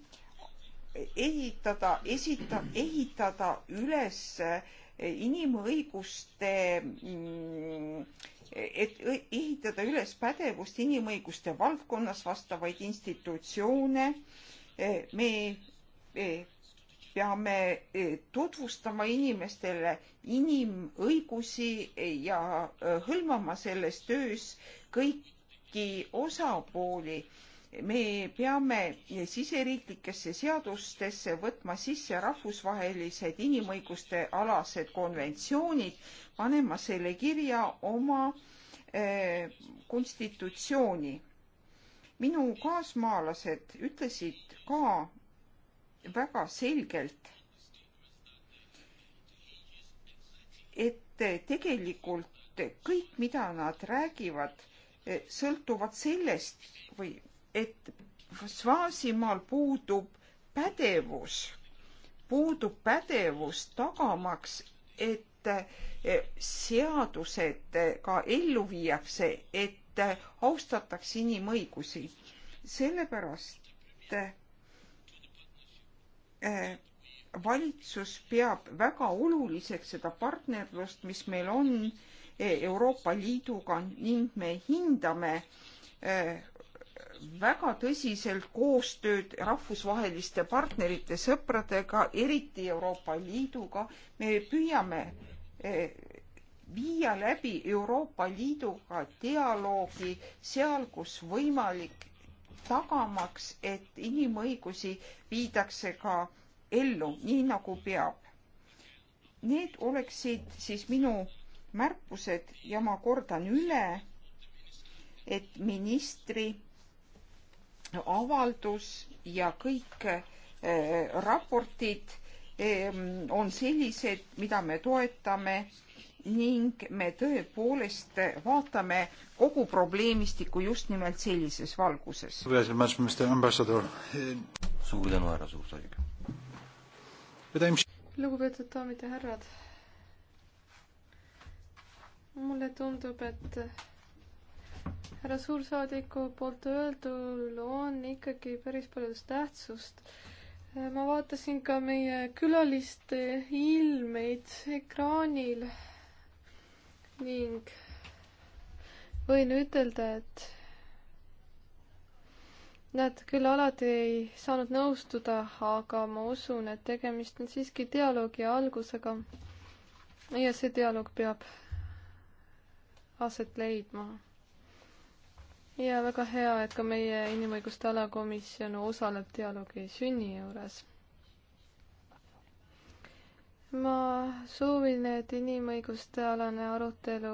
ehitada, esita, ehitada üles eh, inimõiguste mm, et e-, ehitada üles pädevust inimõiguste valdkonnas vastavaid institutsioone. E, me e, peame tutvustama inimestele inimõigusi ja hõlmama selles töös kõiki osapooli me peame siseriiklikesse seadustesse võtma sisse rahvusvahelised inimõiguste alased konventsioonid, panema selle kirja oma äh, konstitutsiooni. minu kaasmaalased ütlesid ka väga selgelt, et tegelikult kõik, mida nad räägivad, eh, sõltuvad sellest või et Svaasimaal puudub pädevus, puudub pädevus tagamaks, et eh, seadused eh, ka ellu viiakse, et eh, austatakse inimõigusi. sellepärast valitsus peab väga oluliseks seda partnerlust, mis meil on Euroopa Liiduga ning me hindame väga tõsiselt koostööd rahvusvaheliste partnerite, sõpradega, eriti Euroopa Liiduga. me püüame eh, viia läbi Euroopa Liiduga dialoogi seal, kus võimalik, tagamaks, et inimõigusi viidakse ka ellu, nii nagu peab. Need oleksid siis minu märkused ja ma kordan üle, et ministri avaldus ja kõik eh, raportid eh, on sellised, mida me toetame ning me tõepoolest vaatame kogu probleemistikku just nimelt sellises valguses. suur tänu, härra suursaadik. lugupeetud daamid ja härrad. mulle tundub, et härra suursaadiku poolt öeldul on ikkagi päris palju tähtsust. ma vaatasin ka meie külaliste ilmeid ekraanil ning võin ütelda, et nad küll alati ei saanud nõustuda, aga ma usun, et tegemist on siiski dialoogi algusega. ja see dialoog peab aset leidma ja väga hea, et ka meie inimõiguste alakomisjon osaleb dialoogi sünni juures ma soovin, et inimõiguste alane arutelu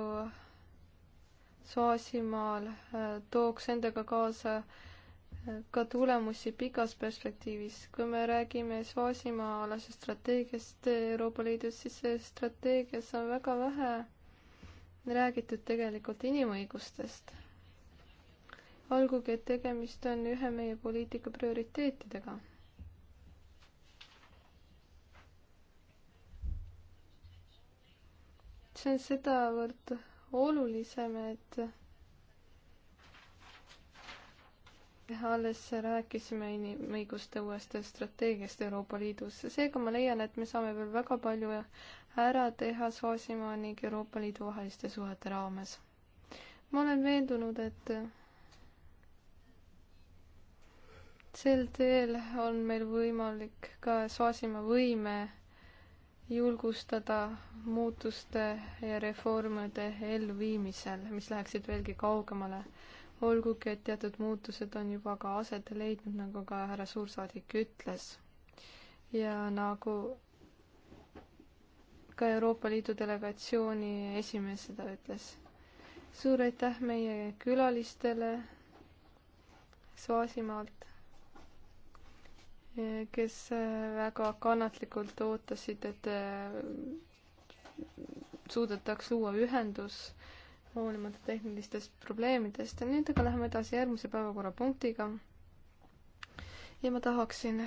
Soasimaal äh, tooks endaga kaasa äh, ka tulemusi pikas perspektiivis. kui me räägime Soasimaa alasest strateegiast Euroopa Liidus, siis strateegias on väga vähe räägitud tegelikult inimõigustest olgugi et tegemist on ühe meie poliitika prioriteetidega. see on sedavõrd olulisem, et alles rääkisime inimõiguste uuest strateegiast Euroopa Liidus, seega ma leian, et me saame veel väga palju ära teha Soosimaa ning Euroopa Liidu vaheliste suhete raames. ma olen veendunud, et sel teel on meil võimalik ka soasima võime julgustada muutuste ja reformide elluviimisel, mis läheksid veelgi kaugemale. olgugi, et teatud muutused on juba ka aset leidnud, nagu ka härra suursaadik ütles. ja nagu ka Euroopa Liidu delegatsiooni esimees seda ütles. suur aitäh meie külalistele Soasimaalt kes äh, väga kannatlikult ootasid, et äh, suudetaks luua ühendus hoolimata tehnilistest probleemidest ja nüüd aga läheme edasi järgmise päevakorrapunktiga. ja ma tahaksin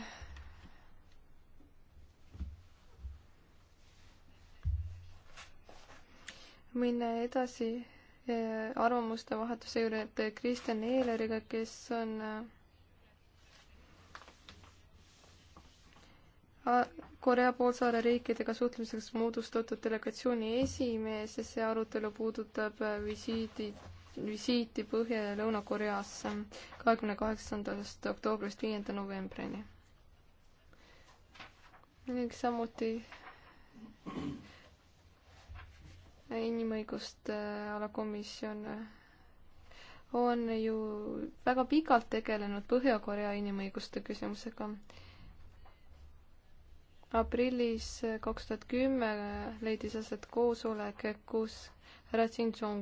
minna edasi äh, arvamuste vahetuse juurde Kristjan Eeleriga, kes on Korea poolsaare riikidega suhtlemiseks moodustatud delegatsiooni esimees ja see arutelu puudutab visiidi, visiiti Põhja- ja Lõuna-Koreasse kahekümne kaheksandast oktoobrist viienda novembrini. ning samuti inimõiguste alakomisjon on ju väga pikalt tegelenud Põhja-Korea inimõiguste küsimusega aprillis kaks tuhat kümme leidis aset koosolek, kus härra Xinjiang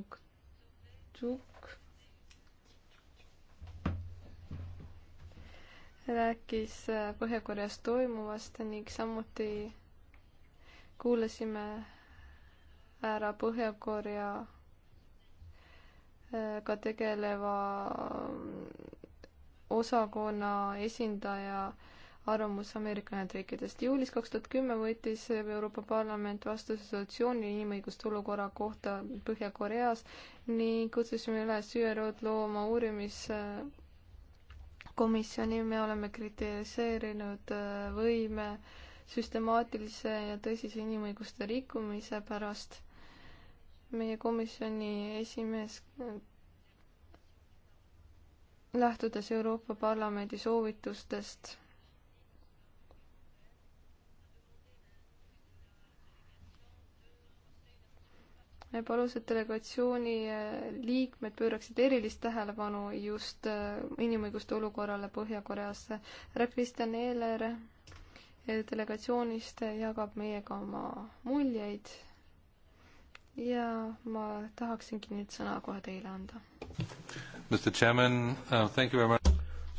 Tuk rääkis Põhja-Koreas toimuvast ning samuti kuulasime ära Põhja-Korea äh, ka tegeleva mm, osakonna esindaja äh, arvamus Ameerika Ühendriikidest. juulis kaks tuhat kümme võttis Euroopa Parlament vastu situatsiooni inimõiguste olukorra kohta Põhja-Koreas ning kutsusime üles ÜRO-d looma uurimiskomisjoni, me oleme kritiseerinud äh, võime süstemaatilise ja tõsise inimõiguste rikkumise pärast. meie komisjoni esimees äh, lähtudes Euroopa Parlamendi soovitustest palus, et delegatsiooni äh, liikmed pööraksid erilist tähelepanu just äh, inimõiguste olukorrale Põhja-Koreas. härra Kristjan Eeler äh, delegatsioonist jagab meiega oma muljeid ja ma tahaksingi nüüd sõna kohe teile anda. Uh,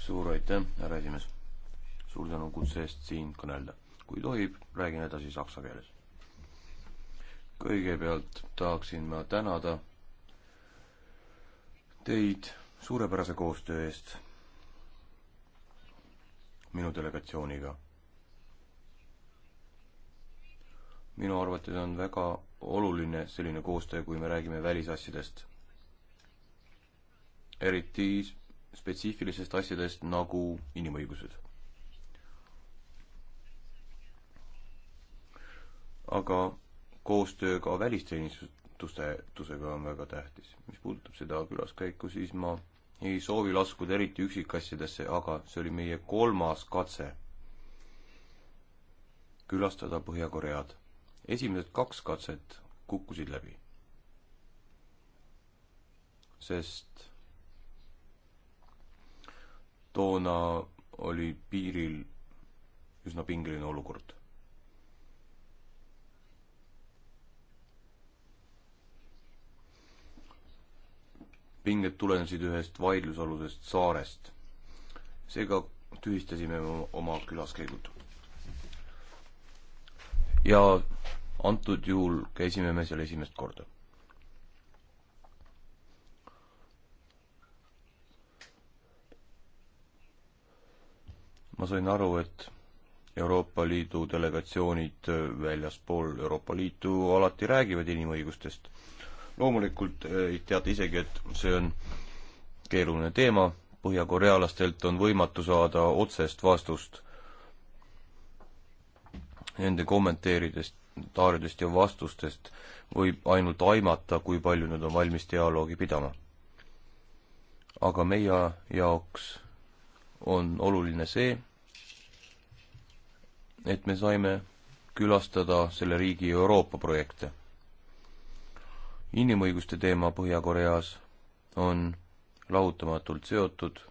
suur aitäh, härra esimees. suur tänu kutse eest siin kõnelda. kui tohib, räägin edasi saksa keeles kõigepealt tahaksin ma tänada teid suurepärase koostöö eest minu delegatsiooniga. minu arvates on väga oluline selline koostöö, kui me räägime välisasjadest. eriti spetsiifilisest asjadest nagu inimõigused. aga koostöö ka välisteenistustusega on väga tähtis. mis puudutab seda külaskäiku, siis ma ei soovi laskuda eriti üksikasjadesse, aga see oli meie kolmas katse külastada Põhja-Koread. esimesed kaks katset kukkusid läbi. sest toona oli piiril üsna pingeline olukord pinged tulenesid ühest vaidlusalusest saarest. seega tühistasime oma külaskäigud. ja antud juhul käisime me seal esimest korda. ma sain aru, et Euroopa Liidu delegatsioonid väljaspool Euroopa Liitu alati räägivad inimõigustest loomulikult eh, teate isegi, et see on keeruline teema, põhjakorealastelt on võimatu saada otsest vastust nende kommenteeridest, taaridest ja vastustest võib ainult aimata, kui palju nad on valmis dialoogi pidama. aga meie jaoks on oluline see, et me saime külastada selle riigi Euroopa projekte inimõiguste teema Põhja-Koreas on lahutamatult seotud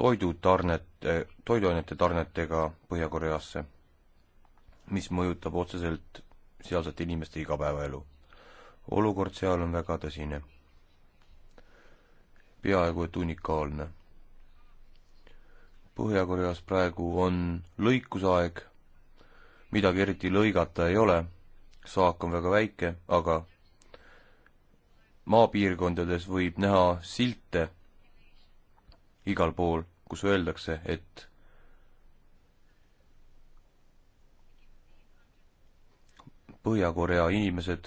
toidutarnete, toiduainete tarnetega Põhja-Koreasse, mis mõjutab otseselt sealsete inimeste igapäevaelu. olukord seal on väga tõsine. peaaegu et unikaalne. Põhja-Koreas praegu on lõikusaeg midagi eriti lõigata ei ole, saak on väga väike, aga maapiirkondades võib näha silte igal pool, kus öeldakse, et Põhja-Korea inimesed,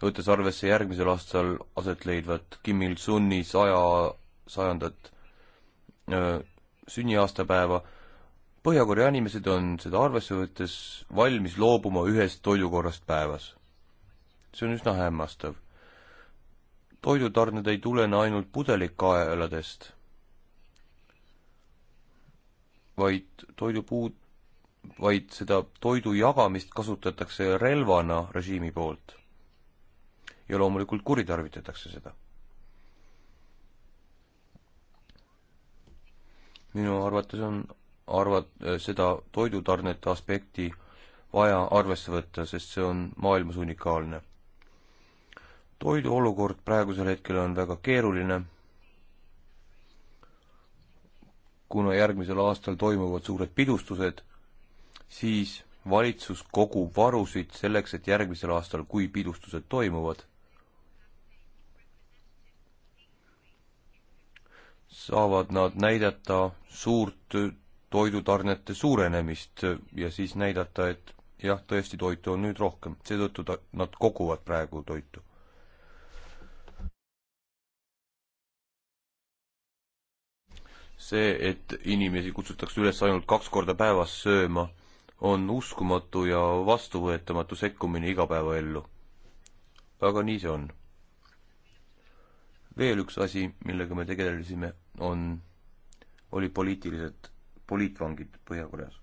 võttes arvesse järgmisel aastal aset leidvat Kim Il-sunni saja, sajandat sünniaastapäeva. Põhja-Korea inimesed on seda arvesse võttes valmis loobuma ühest toidukorrast päevas. see on üsna hämmastav. toidutarned ei tulene ainult pudelikaeladest, vaid toidupuud, vaid seda toidu jagamist kasutatakse relvana režiimi poolt. ja loomulikult kuritarvitatakse seda minu arvates on arvat-, seda toidutarnete aspekti vaja arvesse võtta, sest see on maailmas unikaalne. toidu olukord praegusel hetkel on väga keeruline, kuna järgmisel aastal toimuvad suured pidustused, siis valitsus kogub varusid selleks, et järgmisel aastal, kui pidustused toimuvad, saavad nad näidata suurt toidutarnete suurenemist ja siis näidata, et jah, tõesti, toitu on nüüd rohkem, seetõttu ta, nad koguvad praegu toitu. see, et inimesi kutsutakse üles ainult kaks korda päevas sööma, on uskumatu ja vastuvõetamatu sekkumine igapäevaellu. aga nii see on veel üks asi, millega me tegelesime, on, oli poliitilised, poliitvangid Põhja-Koreas.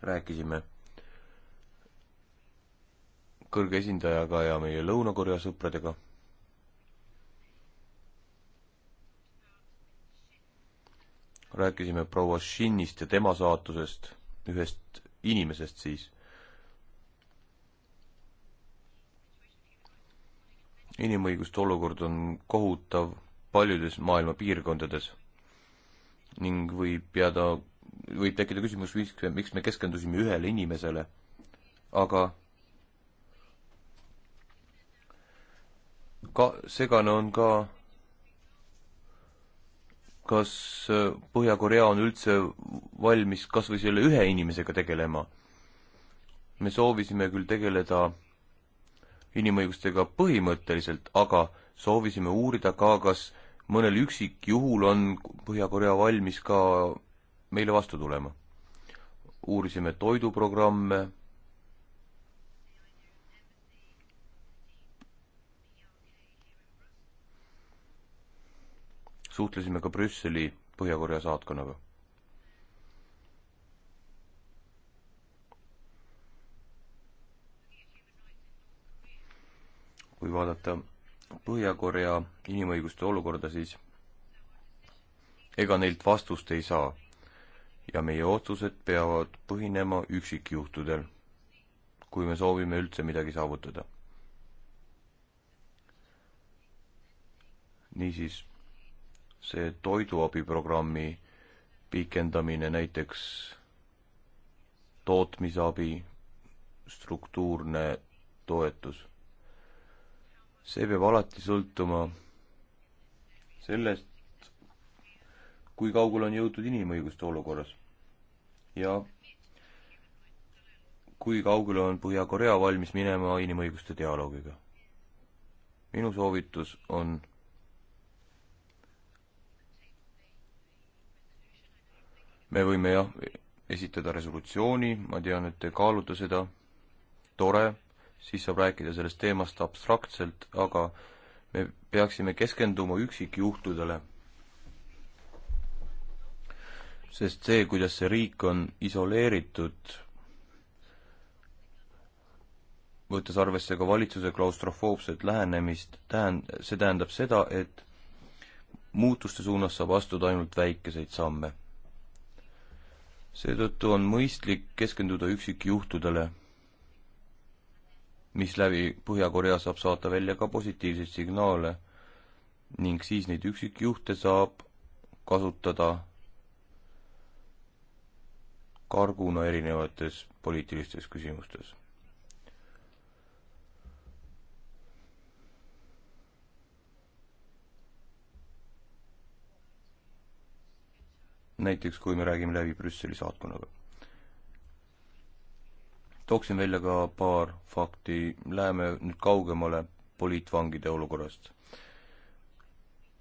rääkisime kõrge esindajaga ja meie Lõuna-Korea sõpradega rääkisime proua Shinist ja tema saatusest, ühest inimesest siis. inimõiguste olukord on kohutav paljudes maailma piirkondades ning võib jääda, võib tekkida küsimus, miks me keskendusime ühele inimesele, aga ka segane on ka, kas Põhja-Korea on üldse valmis kas või selle ühe inimesega tegelema. me soovisime küll tegeleda inimõigustega põhimõtteliselt, aga soovisime uurida ka, kas mõnel üksikjuhul on Põhja-Korea valmis ka meile vastu tulema. uurisime toiduprogramme, suhtlesime ka Brüsseli Põhja-Korea saatkonnaga kui vaadata Põhja-Korea inimõiguste olukorda, siis ega neilt vastust ei saa. ja meie otsused peavad põhinema üksikjuhtudel, kui me soovime üldse midagi saavutada. niisiis, see toiduabiprogrammi pikendamine näiteks tootmisabi struktuurne toetus see peab alati sõltuma sellest, kui kaugele on jõutud inimõiguste olukorras ja kui kaugele on Põhja-Korea valmis minema inimõiguste dialoogiga. minu soovitus on me võime jah, esitada resolutsiooni, ma tean, et te kaalute seda, tore siis saab rääkida sellest teemast abstraktselt, aga me peaksime keskenduma üksikjuhtudele. sest see, kuidas see riik on isoleeritud, võttes arvesse ka valitsuse klaustrofoobset lähenemist, tähend-, see tähendab seda, et muutuste suunas saab astuda ainult väikeseid samme. seetõttu on mõistlik keskenduda üksikjuhtudele misläbi Põhja-Korea saab saata välja ka positiivseid signaale ning siis neid üksikjuhte saab kasutada karguna erinevates poliitilistes küsimustes. näiteks kui me räägime läbi Brüsseli saatkonnaga tooksin välja ka paar fakti, läheme nüüd kaugemale poliitvangide olukorrast.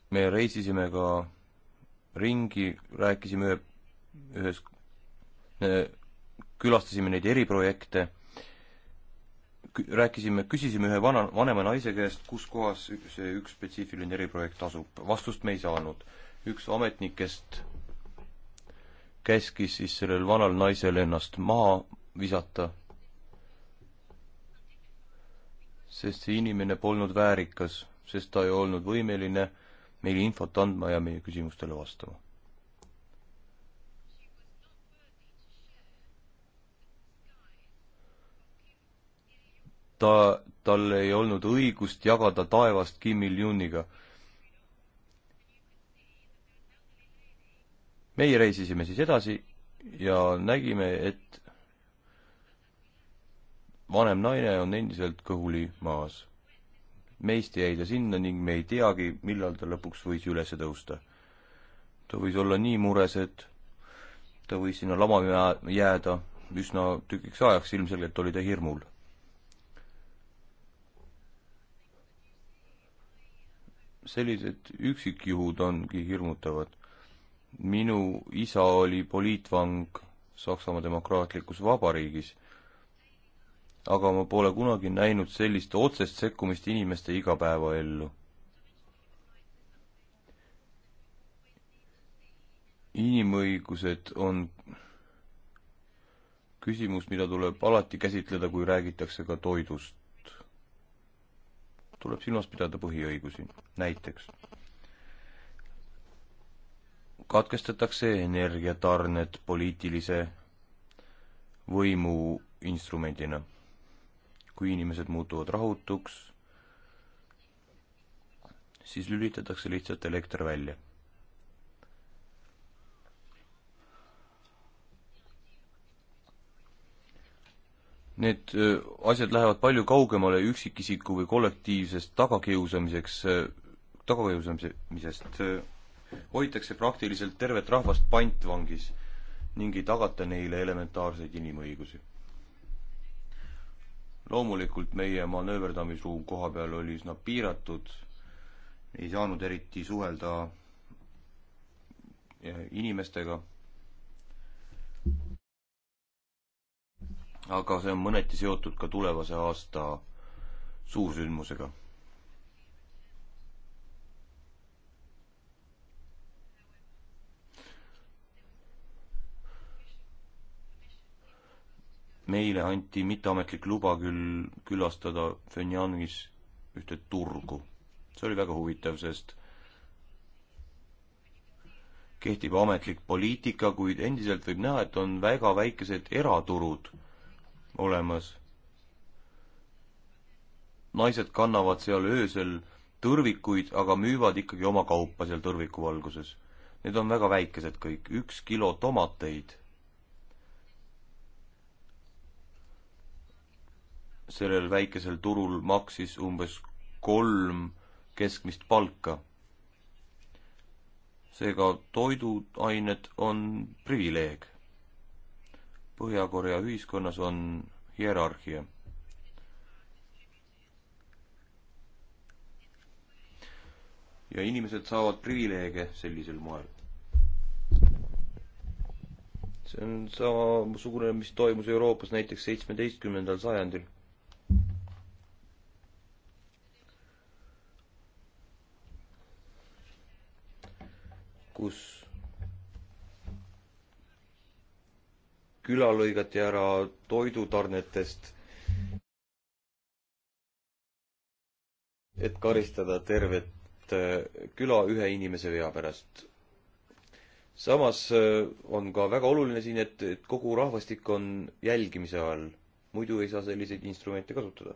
me reisisime ka ringi, rääkisime ühe, ühes, külastasime neid eriprojekte, rääkisime, küsisime ühe vana, vanema naise käest, kus kohas see üks spetsiifiline eriprojekt asub. vastust me ei saanud. üks ametnikest käskis siis sellel vanal naisel ennast maha visata sest see inimene polnud väärikas, sest ta ei olnud võimeline meile infot andma ja meie küsimustele vastama. ta, tal ei olnud õigust jagada taevast Kim Il-juniga. meie reisisime siis edasi ja nägime, et vanem naine on endiselt kõhuli maas. meist jäi ta sinna ning me ei teagi, millal ta lõpuks võis üles tõusta. ta võis olla nii mures, et ta võis sinna lama jääda üsna tükiks ajaks, ilmselgelt oli ta hirmul. sellised üksikjuhud ongi hirmutavad. minu isa oli poliitvang Saksamaa Demokraatlikus Vabariigis aga ma pole kunagi näinud sellist otsest sekkumist inimeste igapäevaellu. inimõigused on küsimus, mida tuleb alati käsitleda, kui räägitakse ka toidust. tuleb silmas pidada põhiõigusi, näiteks katkestatakse energiatarned poliitilise võimu instrumendina kui inimesed muutuvad rahutuks, siis lülitatakse lihtsalt elekter välja. Need asjad lähevad palju kaugemale üksikisiku või kollektiivsest tagakiusamiseks, tagakiusamisest. hoitakse praktiliselt tervet rahvast pantvangis ning ei tagata neile elementaarseid inimõigusi loomulikult meie manööverdamisruum koha peal oli üsna piiratud, ei saanud eriti suhelda eh, inimestega. aga see on mõneti seotud ka tulevase aasta suursündmusega meile anti mitteametlik luba küll külastada Fenjangis ühte turgu. see oli väga huvitav, sest kehtib ametlik poliitika, kuid endiselt võib näha, et on väga väikesed eraturud olemas. naised kannavad seal öösel tõrvikuid, aga müüvad ikkagi oma kaupa seal tõrviku valguses. Need on väga väikesed kõik, üks kilo tomateid sellel väikesel turul maksis umbes kolm keskmist palka. seega toiduained on privileeg. Põhja-Korea ühiskonnas on hierarhia. ja inimesed saavad privileege sellisel moel. see on samasugune, mis toimus Euroopas näiteks seitsmeteistkümnendal sajandil kus küla lõigati ära toidutarnetest, et karistada tervet äh, küla ühe inimese vea pärast. samas äh, on ka väga oluline siin, et, et kogu rahvastik on jälgimise all muidu ei saa selliseid instrumente kasutada.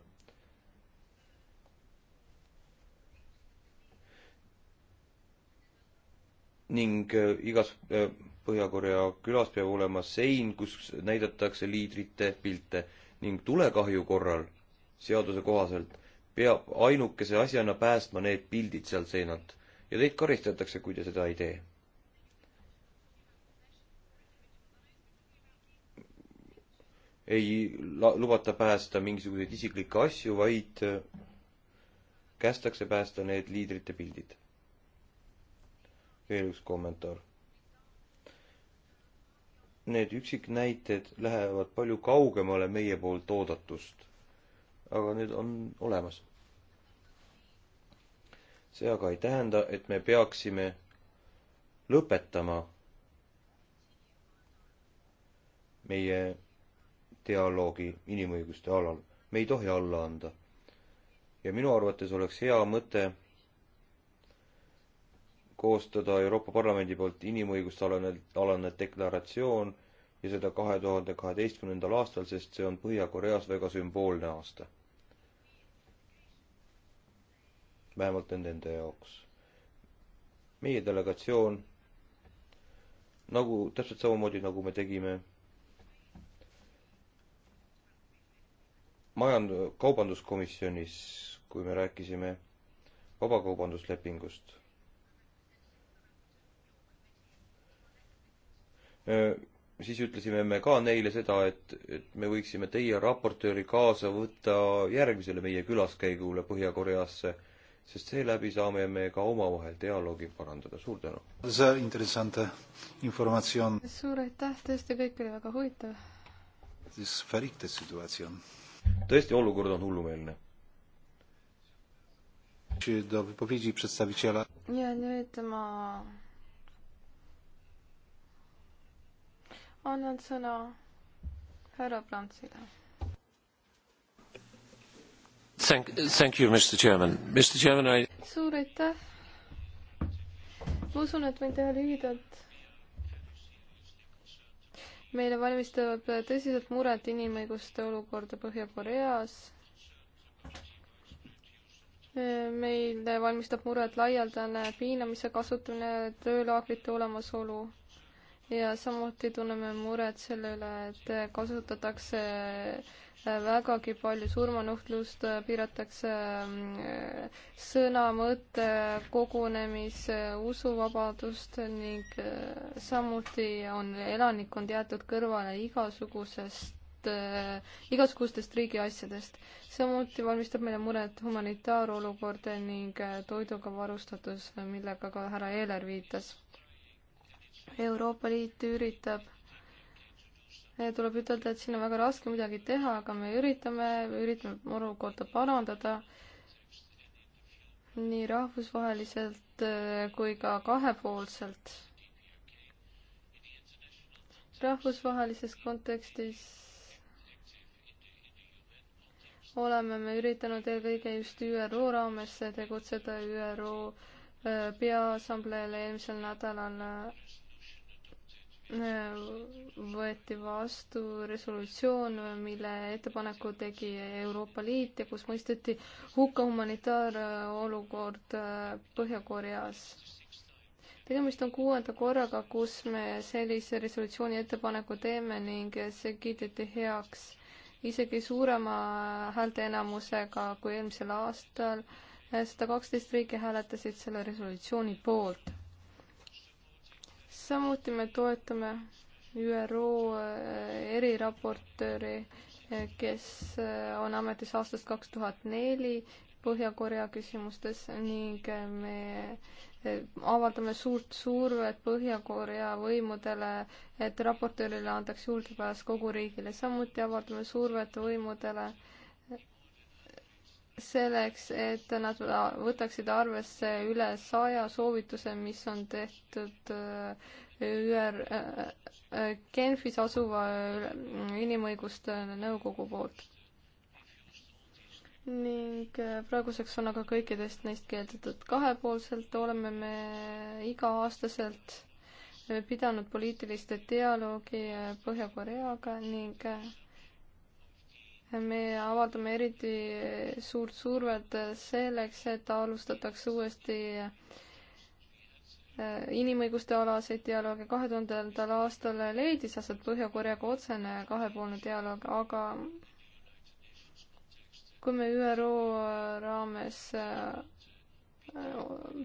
ning äh, igas äh, Põhja-Korea külas peab olema sein, kus näidatakse liidrite pilte ning tulekahju korral seaduse kohaselt peab ainukese asjana päästma need pildid sealt seinalt ja teid karistatakse, kui te seda ei tee ei la-, lubata päästa mingisuguseid isiklikke asju, vaid äh, kästakse päästa need liidrite pildid. veel üks kommentaar. Need üksiknäited lähevad palju kaugemale meie poolt oodatust. aga need on olemas. see aga ei tähenda, et me peaksime lõpetama meie dialoogi inimõiguste alal. me ei tohi alla anda. ja minu arvates oleks hea mõte koostada Euroopa Parlamendi poolt inimõiguste alane, alane deklaratsioon ja seda kahe tuhande kaheteistkümnendal aastal, sest see on Põhja-Koreas väga sümboolne aasta. vähemalt on nende jaoks. meie delegatsioon nagu, täpselt samamoodi, nagu me tegime majand-, kaubanduskomisjonis, kui me rääkisime vabakaubanduslepingust. siis ütlesime me ka neile seda, et, et me võiksime teie raportööri kaasa võtta järgmisele meie külaskäigule Põhja-Koreasse, sest seeläbi saame me ka omavahel dialoogi parandada. suur tänu! suur aitäh, tõesti kõik oli väga huvitav tõesti, olukord on hullumeelne. ja nüüd ma annan sõna härra Prantsile. Thank, thank you, Mr Chairman. Mr Chairman, I suur aitäh! ma usun, et võin teha lühidalt meile valmistavad tõsiselt muret inimõiguste olukorda Põhja-Koreas. meile valmistab muret laialdane piinamise kasutamine, töölaagrite olemasolu ja samuti tunneme muret selle üle, et kasutatakse vägagi palju surmanuhtlust, äh, piiratakse äh, sõna, mõtte, kogunemis, äh, usuvabadust ning samuti on elanikkond jäetud kõrvale igasugusest igasugustest riigiasjadest. samuti valmistab meile muret humanitaarolukord ning toiduga varustatus, millega ka härra Eeler viitas. Euroopa Liit üritab Eh, tuleb ütelda, et siin on väga raske midagi teha, aga me üritame, üritame olukorda parandada nii rahvusvaheliselt eh, kui ka kahepoolselt. rahvusvahelises kontekstis oleme me üritanud eelkõige just ÜRO raames tegutseda, ÜRO eh, Peaassambleel eelmisel nädalal võeti vastu resolutsioon, mille ettepaneku tegi Euroopa Liit ja kus mõisteti hukka humanitaarolukord äh, Põhja-Koreas. tegemist on kuuenda korraga, kus me sellise resolutsiooni ettepaneku teeme ning see kiideti heaks isegi suurema häälteenamusega kui eelmisel aastal. Äh, sada kaksteist riiki hääletasid selle resolutsiooni poolt samuti me toetame ÜRO äh, eriraportööri, äh, kes äh, on ametis aastast kaks tuhat neli Põhja-Korea küsimustes ning me avaldame suurt survet Põhja-Korea võimudele, et raportöörile antaks juurdepääs kogu riigile, samuti avaldame survet võimudele äh, selleks, et nad võtaksid arvesse üle saja soovituse, mis on tehtud äh, ÜR äh, äh, Genfis asuva inimõiguste nõukogu poolt. ning praeguseks on aga kõikidest neist keeldutud kahepoolselt, oleme me iga-aastaselt pidanud poliitilist dialoogi Põhja-Koreaga ning me avaldame eriti suurt survet selleks, et alustatakse uuesti äh, inimõiguste alaseid dialoogi. kahe tuhandendal aastal leidis aset Põhja-Koreaga otsene kahepoolne dialoog, aga kui me ÜRO raames äh,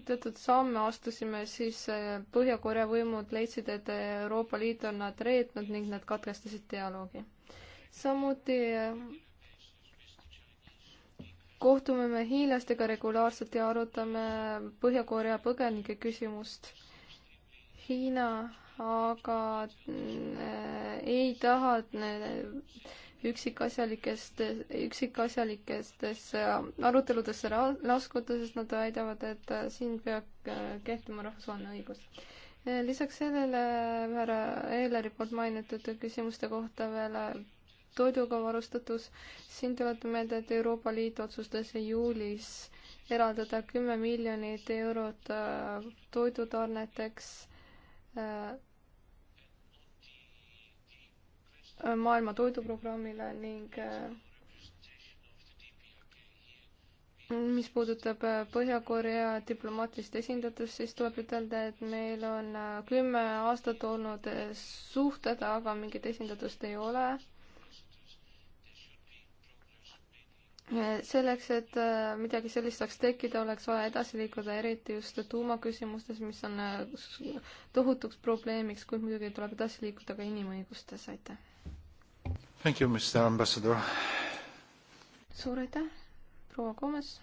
teatud samme astusime, siis äh, Põhja-Korea võimud leidsid, et Euroopa Liit on nad reetnud ning nad katkestasid dialoogi samuti äh, kohtume me hiinlastega regulaarselt ja arutame Põhja-Korea põgenike küsimust. Hiina aga äh, ei taha üksikasjalikest, üksikasjalikestes aruteludesse laskuda, sest nad väidavad, et äh, siin peab kehtima rahvusvaheline õigus. lisaks sellele härra Eeleri poolt mainitud küsimuste kohta veel toiduga varustatus. siin tuletan meelde, et Euroopa Liit otsustas juulis eraldada kümme miljonit eurot äh, toidutarneteks äh, maailma toiduprogrammile ning äh, mis puudutab Põhja-Korea diplomaatilist esindatust, siis tuleb ütelda, et meil on kümme aastat olnud suhted, aga mingit esindatust ei ole. selleks, et äh, midagi sellist saaks tekkida, oleks vaja edasi liikuda, eriti just tuumaküsimustes, mis on äh, tohutuks probleemiks, kuid muidugi tuleb edasi liikuda ka inimõigustes, aitäh. Thank you, Mr Ambassador. suur aitäh, proua Gomes.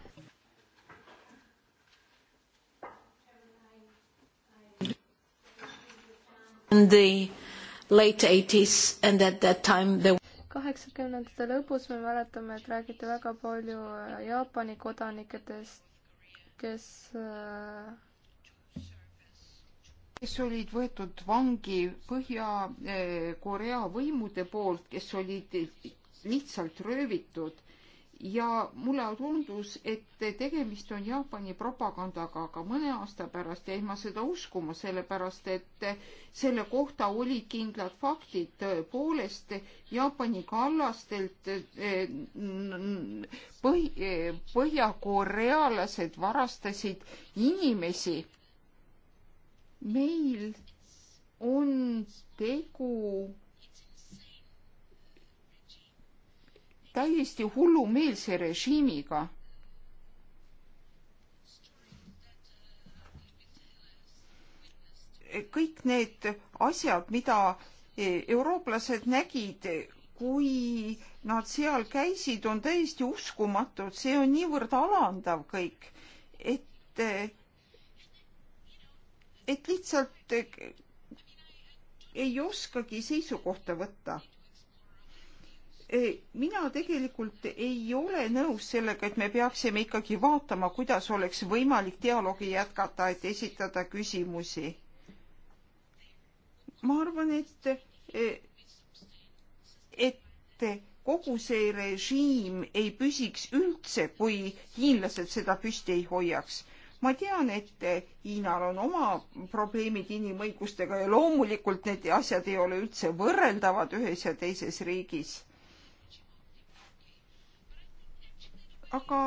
In the late eighties and at that time there kaheksakümnendate lõpus me mäletame, et räägiti väga palju äh, Jaapani kodanikest, kes äh, kes olid võetud vangi Põhja-Korea äh, võimude poolt, kes olid lihtsalt röövitud ja mulle tundus, et tegemist on Jaapani propagandaga, aga mõne aasta pärast jäin ma seda uskuma, sellepärast et selle kohta olid kindlad faktid. tõepoolest Jaapani kallastelt eh, põhi, eh, põhjakorealased varastasid inimesi. meil on tegu täiesti hullumeelse režiimiga. kõik need asjad, mida eurooplased nägid, kui nad seal käisid, on täiesti uskumatud, see on niivõrd alandav kõik, et, et lihtsalt ei oskagi seisukohta võtta mina tegelikult ei ole nõus sellega, et me peaksime ikkagi vaatama, kuidas oleks võimalik dialoogi jätkata, et esitada küsimusi. ma arvan, et, et kogu see režiim ei püsiks üldse, kui hiinlased seda püsti ei hoiaks ma tean, et Hiinal on oma probleemid inimõigustega ja loomulikult need asjad ei ole üldse võrreldavad ühes ja teises riigis aga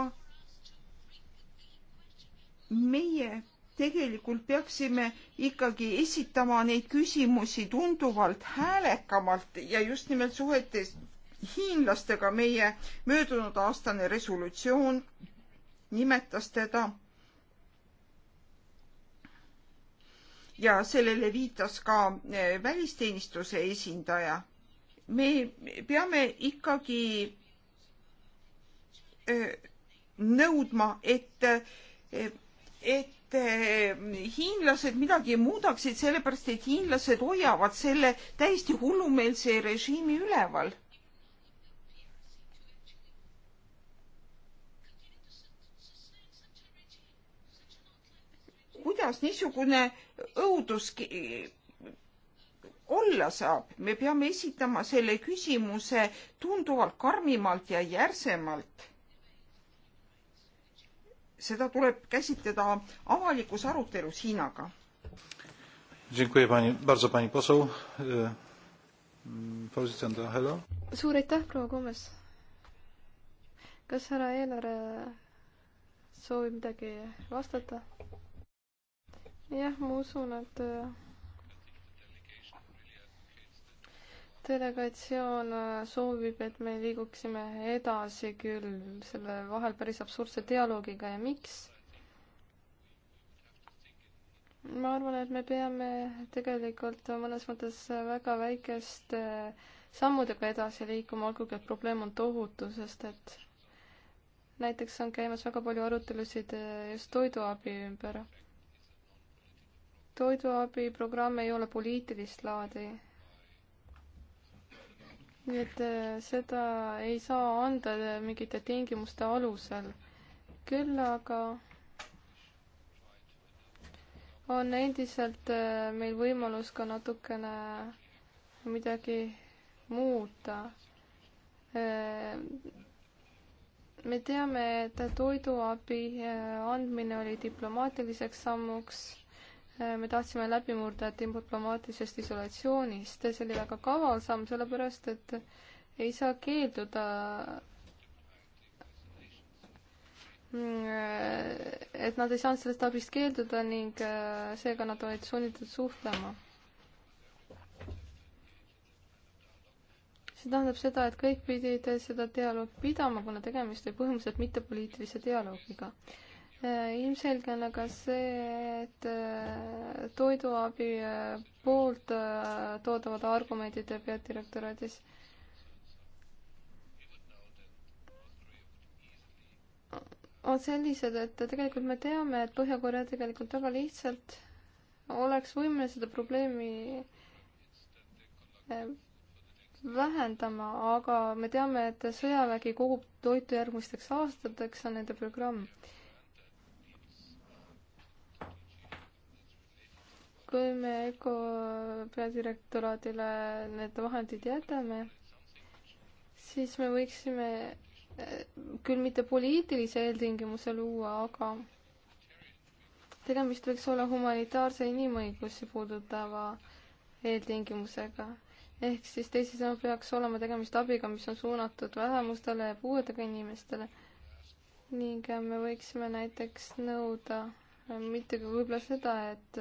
meie tegelikult peaksime ikkagi esitama neid küsimusi tunduvalt häälekamalt ja just nimelt suhetes hiinlastega meie möödunud aastane resolutsioon nimetas teda ja sellele viitas ka eh, välisteenistuse esindaja. me peame ikkagi nõudma, et, et hiinlased midagi muudaksid, sellepärast et hiinlased hoiavad selle täiesti hullumeelse režiimi üleval. kuidas niisugune õudus olla saab, me peame esitama selle küsimuse tunduvalt karmimalt ja järsemalt seda tuleb käsitleda avalikus arutelus Hiinaga. E, suur aitäh, proua Gomes. kas härra Eelar soovib midagi vastata? jah, ma usun, et delegatsioon äh, soovib, et me liiguksime edasi küll selle vahel päris absurdse dialoogiga ja miks? ma arvan, et me peame tegelikult mõnes mõttes väga väikeste sammudega edasi liikuma, olgugi et probleem on tohutu, sest et näiteks on käimas väga palju arutelusid äh, just toiduabi ümber. toiduabiprogramm ei ole poliitilist laadi nii et äh, seda ei saa anda äh, mingite tingimuste alusel. küll aga on endiselt äh, meil võimalus ka natukene midagi muuta. me teame, et toiduabi andmine oli diplomaatiliseks sammuks Äh, me tahtsime läbi murda diplomaatilisest isolatsioonist, see oli väga kaval samm, sellepärast et ei saa keelduda äh, et nad ei saanud sellest abist keelduda ning äh, seega nad olid sunnitud suhtlema. see tähendab seda, et kõik pidid seda dialoogi pidama, kuna tegemist oli põhimõtteliselt mittepoliitilise dialoogiga Äh, ilmselge on aga see, et äh, toiduabi äh, poolt toodavad argumendid peadirektoraadis on sellised, et tegelikult me teame, et Põhja-Korea tegelikult väga lihtsalt oleks võimeline seda probleemi vähendama, aga me teame, et sõjavägi kogub toitu järgmisteks aastateks, on nende programm kui me ECO peadirektoraadile need vahendid jätame, siis me võiksime eh, küll mitte poliitilise eeltingimuse luua, aga tegemist võiks olla humanitaarse inimõigusi puudutava eeltingimusega. ehk siis teisisõnu peaks olema tegemist abiga, mis on suunatud vähemustele ja puuetega inimestele. ning me võiksime näiteks nõuda mitte ka võib-olla seda, et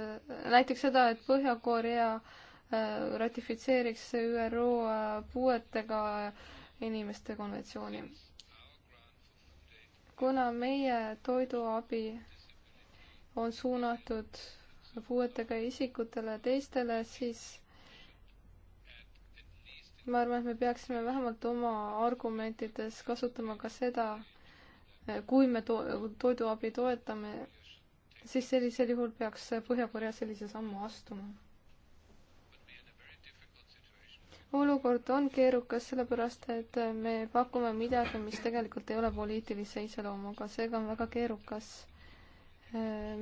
näiteks seda, et Põhja-Korea äh, ratifitseeriks ÜRO äh, puuetega inimeste konventsiooni. kuna meie toiduabi on suunatud puuetega isikutele ja teistele, siis ma arvan, et me peaksime vähemalt oma argumentides kasutama ka seda, kui me to toiduabi toetame, siis sellisel juhul peaks Põhja-Korea sellise sammu astuma. olukord on keerukas, sellepärast et me pakume midagi, mis tegelikult ei ole poliitilise iseloomuga, seega on väga keerukas äh,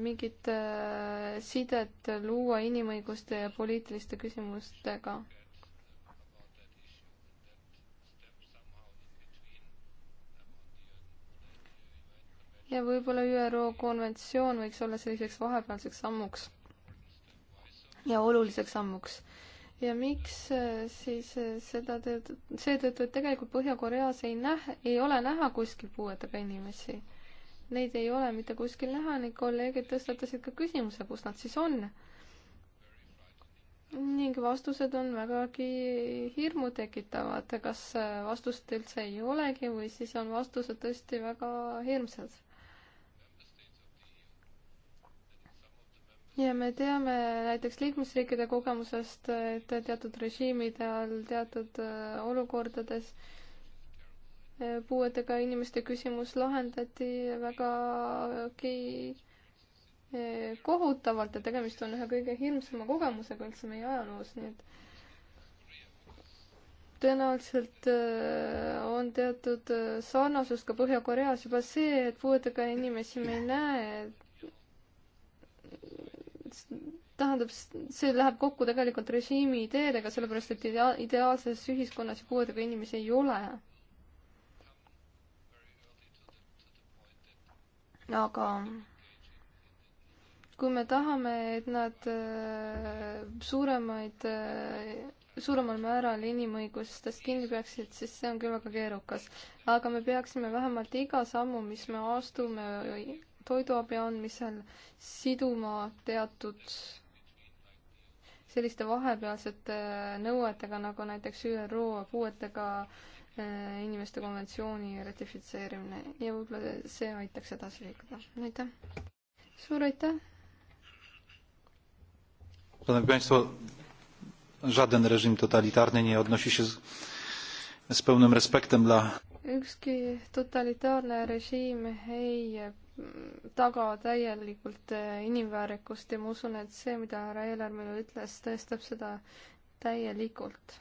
mingit äh, sidet luua inimõiguste ja poliitiliste küsimustega ja võib-olla ÜRO konventsioon võiks olla selliseks vahepealseks sammuks ja oluliseks sammuks. ja miks äh, siis äh, seda tööd, seetõttu, et tegelikult Põhja-Koreas ei näe, ei ole näha kuskil puuetega inimesi. Neid ei ole mitte kuskil näha ning kolleegid tõstatasid ka küsimuse, kus nad siis on. ning vastused on vägagi hirmutekitavad, kas äh, vastust üldse ei olegi või siis on vastused tõesti väga hirmsad ja me teame näiteks liikmesriikide kogemusest, et teatud režiimide all, teatud äh, olukordades äh, puuetega inimeste küsimus lahendati vägagi äh, kohutavalt ja tegemist on ühe kõige hirmsama kogemusega üldse meie ajaloos, nii et tõenäoliselt on teatud sarnasus ka Põhja-Koreas juba see, et puuetega inimesi me ei näe, tähendab, see läheb kokku tegelikult režiimi ideedega, sellepärast et idea-, ideaalses ühiskonnas ju puuetega inimesi ei ole. aga kui me tahame, et nad äh, suuremaid, äh, suuremal määral inimõigustest kinni peaksid, siis see on küll väga keerukas. aga me peaksime vähemalt iga sammu, mis me astume toiduabi andmisel siduma teatud selliste vahepealsete nõuetega, nagu näiteks ÜRO puuetega äh, inimeste konventsiooni ratifitseerimine ja võib-olla see aitaks edasi liikuda. aitäh! suur aitäh! Szanowni Państwo, żaden reżim totalitarny nie odnosi się z, z pełnym respektem dla ükski totalitaarne režiim ei taga täielikult inimväärikust ja ma usun, et see, mida härra Eelar meile ütles, tõestab seda täielikult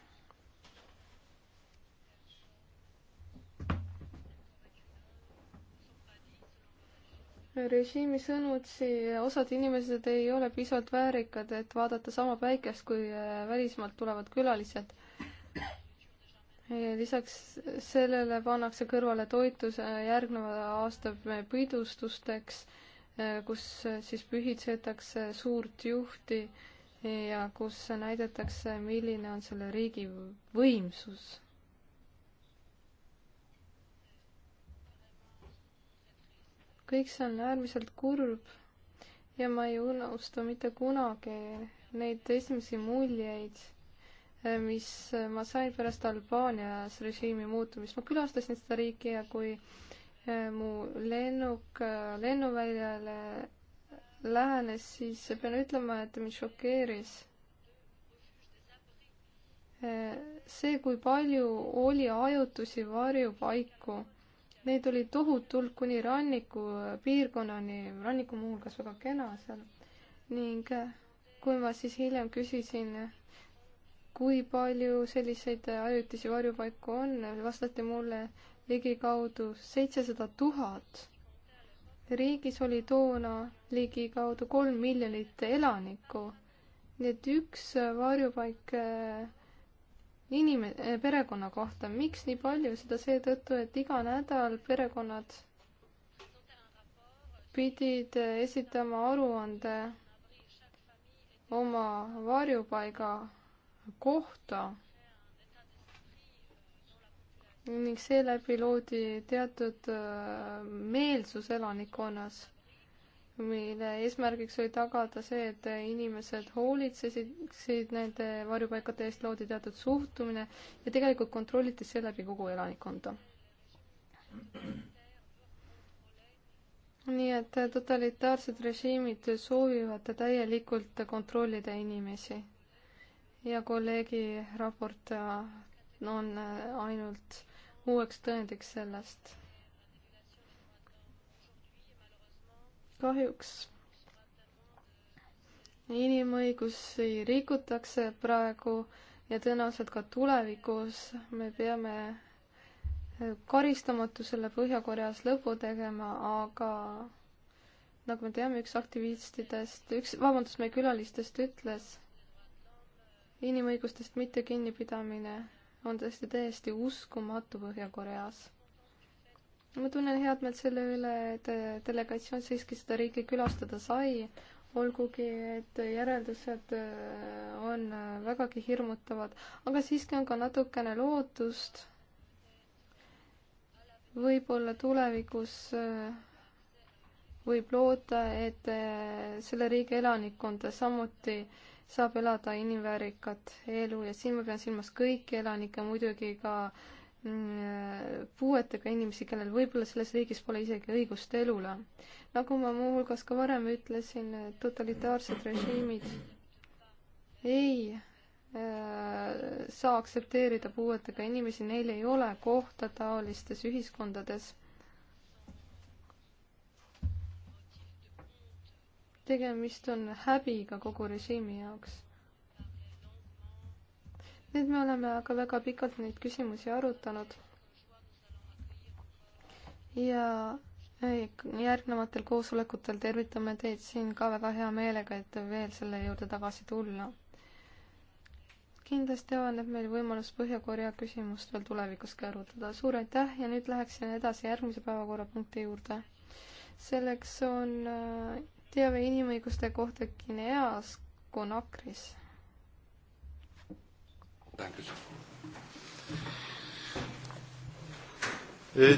režiimi sõnutsi osad inimesed ei ole piisavalt väärikad, et vaadata sama päikest, kui välismaalt tulevad külalised lisaks sellele pannakse kõrvale toituse järgneva aasta pidustusteks, eh, kus siis pühitsetakse suurt juhti ja kus näidatakse, milline on selle riigi võimsus kõik see on äärmiselt kurb ja ma ei unusta mitte kunagi neid esimesi muljeid, Äh, mis äh, ma sain pärast Albaanias režiimi muutumist. ma külastasin seda riiki ja kui äh, mu lennuk lennuväljale lähenes, siis pean ütlema, et mind šokeeris see, kui palju oli ajutusi varjupaiku. Neid oli tohutu hulk kuni rannikupiirkonnani, ranniku muuhulgas väga kena seal. ning kui ma siis hiljem küsisin kui palju selliseid ajutisi varjupaiku on, vastati mulle ligikaudu seitsesada tuhat. riigis oli toona ligikaudu kolm miljonit elanikku. nii et üks varjupaik eh, inime-, eh, perekonna kohta, miks nii palju, seda seetõttu, et iga nädal perekonnad pidid eh, esitama aruande oma varjupaiga kohta ning seeläbi loodi teatud äh, meelsus elanikkonnas, mille eesmärgiks oli tagada see, et inimesed hoolitsesid nende varjupaikade eest, loodi teatud suhtumine ja tegelikult kontrolliti seeläbi kogu elanikkonda. nii et totalitaarsed režiimid soovivad täielikult kontrollida inimesi ja kolleegi raport äh, on äh, ainult uueks tõendiks sellest. kahjuks inimõigusi rikutakse praegu ja tõenäoliselt ka tulevikus me peame äh, karistamatusele Põhja-Koreas lõpu tegema, aga nagu me teame, üks aktivistidest, üks, vabandust, meie külalistest ütles, inimõigustest mitte kinnipidamine on tõesti täiesti uskumatu Põhja-Koreas. ma tunnen head meelt selle üle, et delegatsioon siiski seda riiki külastada sai, olgugi et järeldused äh, on äh, vägagi hirmutavad, aga siiski on ka natukene lootust. võib-olla tulevikus äh, võib loota, et selle riigi elanikkond samuti äh, saab elada inimväärikat elu ja siin ma pean silmas kõiki elanikke, muidugi ka mm, puuetega inimesi, kellel võib-olla selles riigis pole isegi õigust elule. nagu ma muuhulgas ka varem ütlesin, totalitaarsed režiimid ei äh, saa aktsepteerida puuetega inimesi, neil ei ole kohta taolistes ühiskondades tegemist on häbiga kogu režiimi jaoks. nüüd me oleme aga väga pikalt neid küsimusi arutanud. ja e, järgnevatel koosolekutel tervitame teid siin ka väga hea meelega, et veel selle juurde tagasi tulla. kindlasti avaneb meil võimalus Põhja-Korea küsimust veel tulevikus ka arutada. suur aitäh ja nüüd läheksin edasi järgmise päevakorrapunkti juurde. selleks on e, teave inimõiguste kohta Guineas Conakris. tänks. E,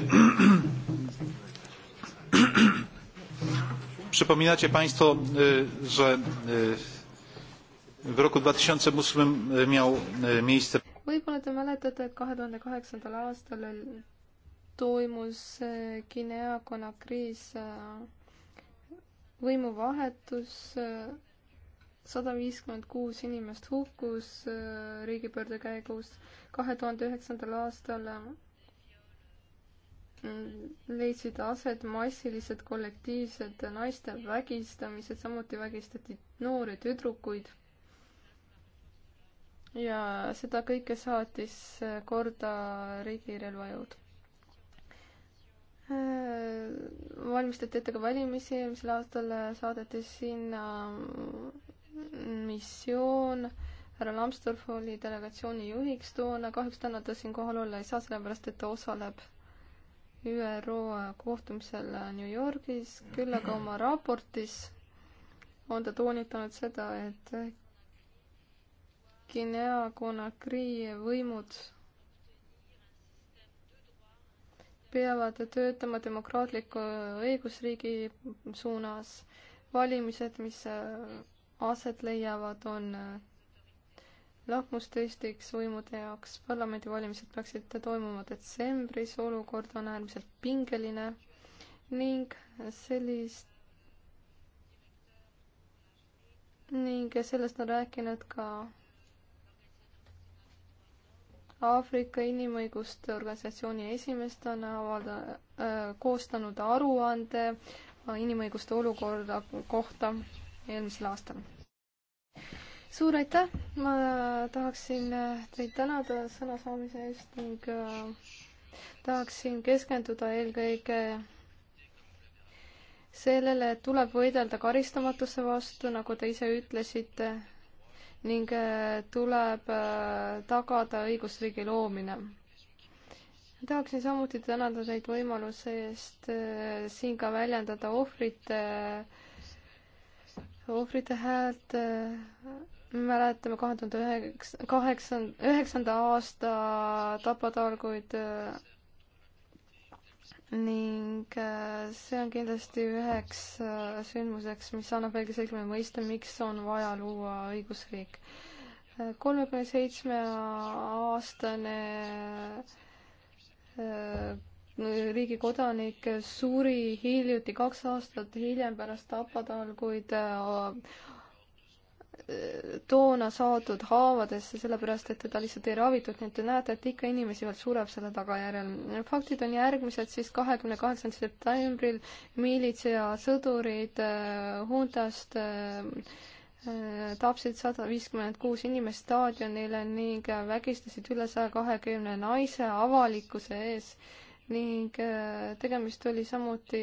przypominacie Państwo, e, że e, w roku 2008 miał miejsce võib-olla te mäletate, et kahe tuhande kaheksandal aastal toimus Guinea-Conakry's võimuvahetus, sada viiskümmend kuus inimest hukkus äh, riigipöörde käigus, kahe tuhande üheksandal aastal äh, leidsid aset massilised kollektiivsed naiste vägistamised, samuti vägistati noori tüdrukuid. ja seda kõike saatis äh, korda riigirelvajõud Äh, valmistati ette ka valimisi, eelmisel aastal äh, saadeti sinna mm, missioon, härra Lambsdorff oli delegatsiooni juhiks toona, kahjuks täna ta siin kohal olla ei saa, sellepärast et ta osaleb ÜRO kohtumisel äh, New Yorgis, küll aga oma raportis on ta toonitanud seda, et Guinea-Conakry võimud peavad töötama demokraatliku õigusriigi suunas. valimised, mis äh, aset leiavad, on äh, lahmustestiks võimude jaoks. parlamendivalimised peaksid toimuma detsembris, olukord on äärmiselt pingeline ning sellist ning sellest on rääkinud ka Aafrika Inimõiguste Organisatsiooni esimees, ta on avalda-, äh, koostanud aruande inimõiguste olukorda kohta eelmisel aastal. suur aitäh, ma tahaksin äh, teid tänada sõna saamise eest ning äh, tahaksin keskenduda eelkõige sellele, et tuleb võidelda karistamatuse vastu, nagu te ise ütlesite ning äh, tuleb äh, tagada õigusriigi loomine. tahaksin samuti tänada teid võimaluse eest äh, siin ka väljendada ohvrite, ohvrite häält. mäletame kahe tuhande üheksa, kaheksanda, üheksanda aasta tapatalguid ning äh, see on kindlasti üheks äh, sündmuseks, mis annab veelgi selgemini mõista, miks on vaja luua õigusriik. Äh, kolmekümne seitsme aastane riigi kodanik suri hiljuti, kaks aastat hiljem pärast tapatal, kuid toona saadud haavadesse, sellepärast et teda lihtsalt ei ravitud, nii et te näete, et ikka inimesi veel sureb selle tagajärjel. faktid on järgmised, siis kahekümne kaheksandal septembril miilitsia sõdurid äh, hundast äh, äh, tapsid sada viiskümmend kuus inimest staadionile ning vägistasid üle saja kahekümne naise avalikkuse ees ning tegemist oli samuti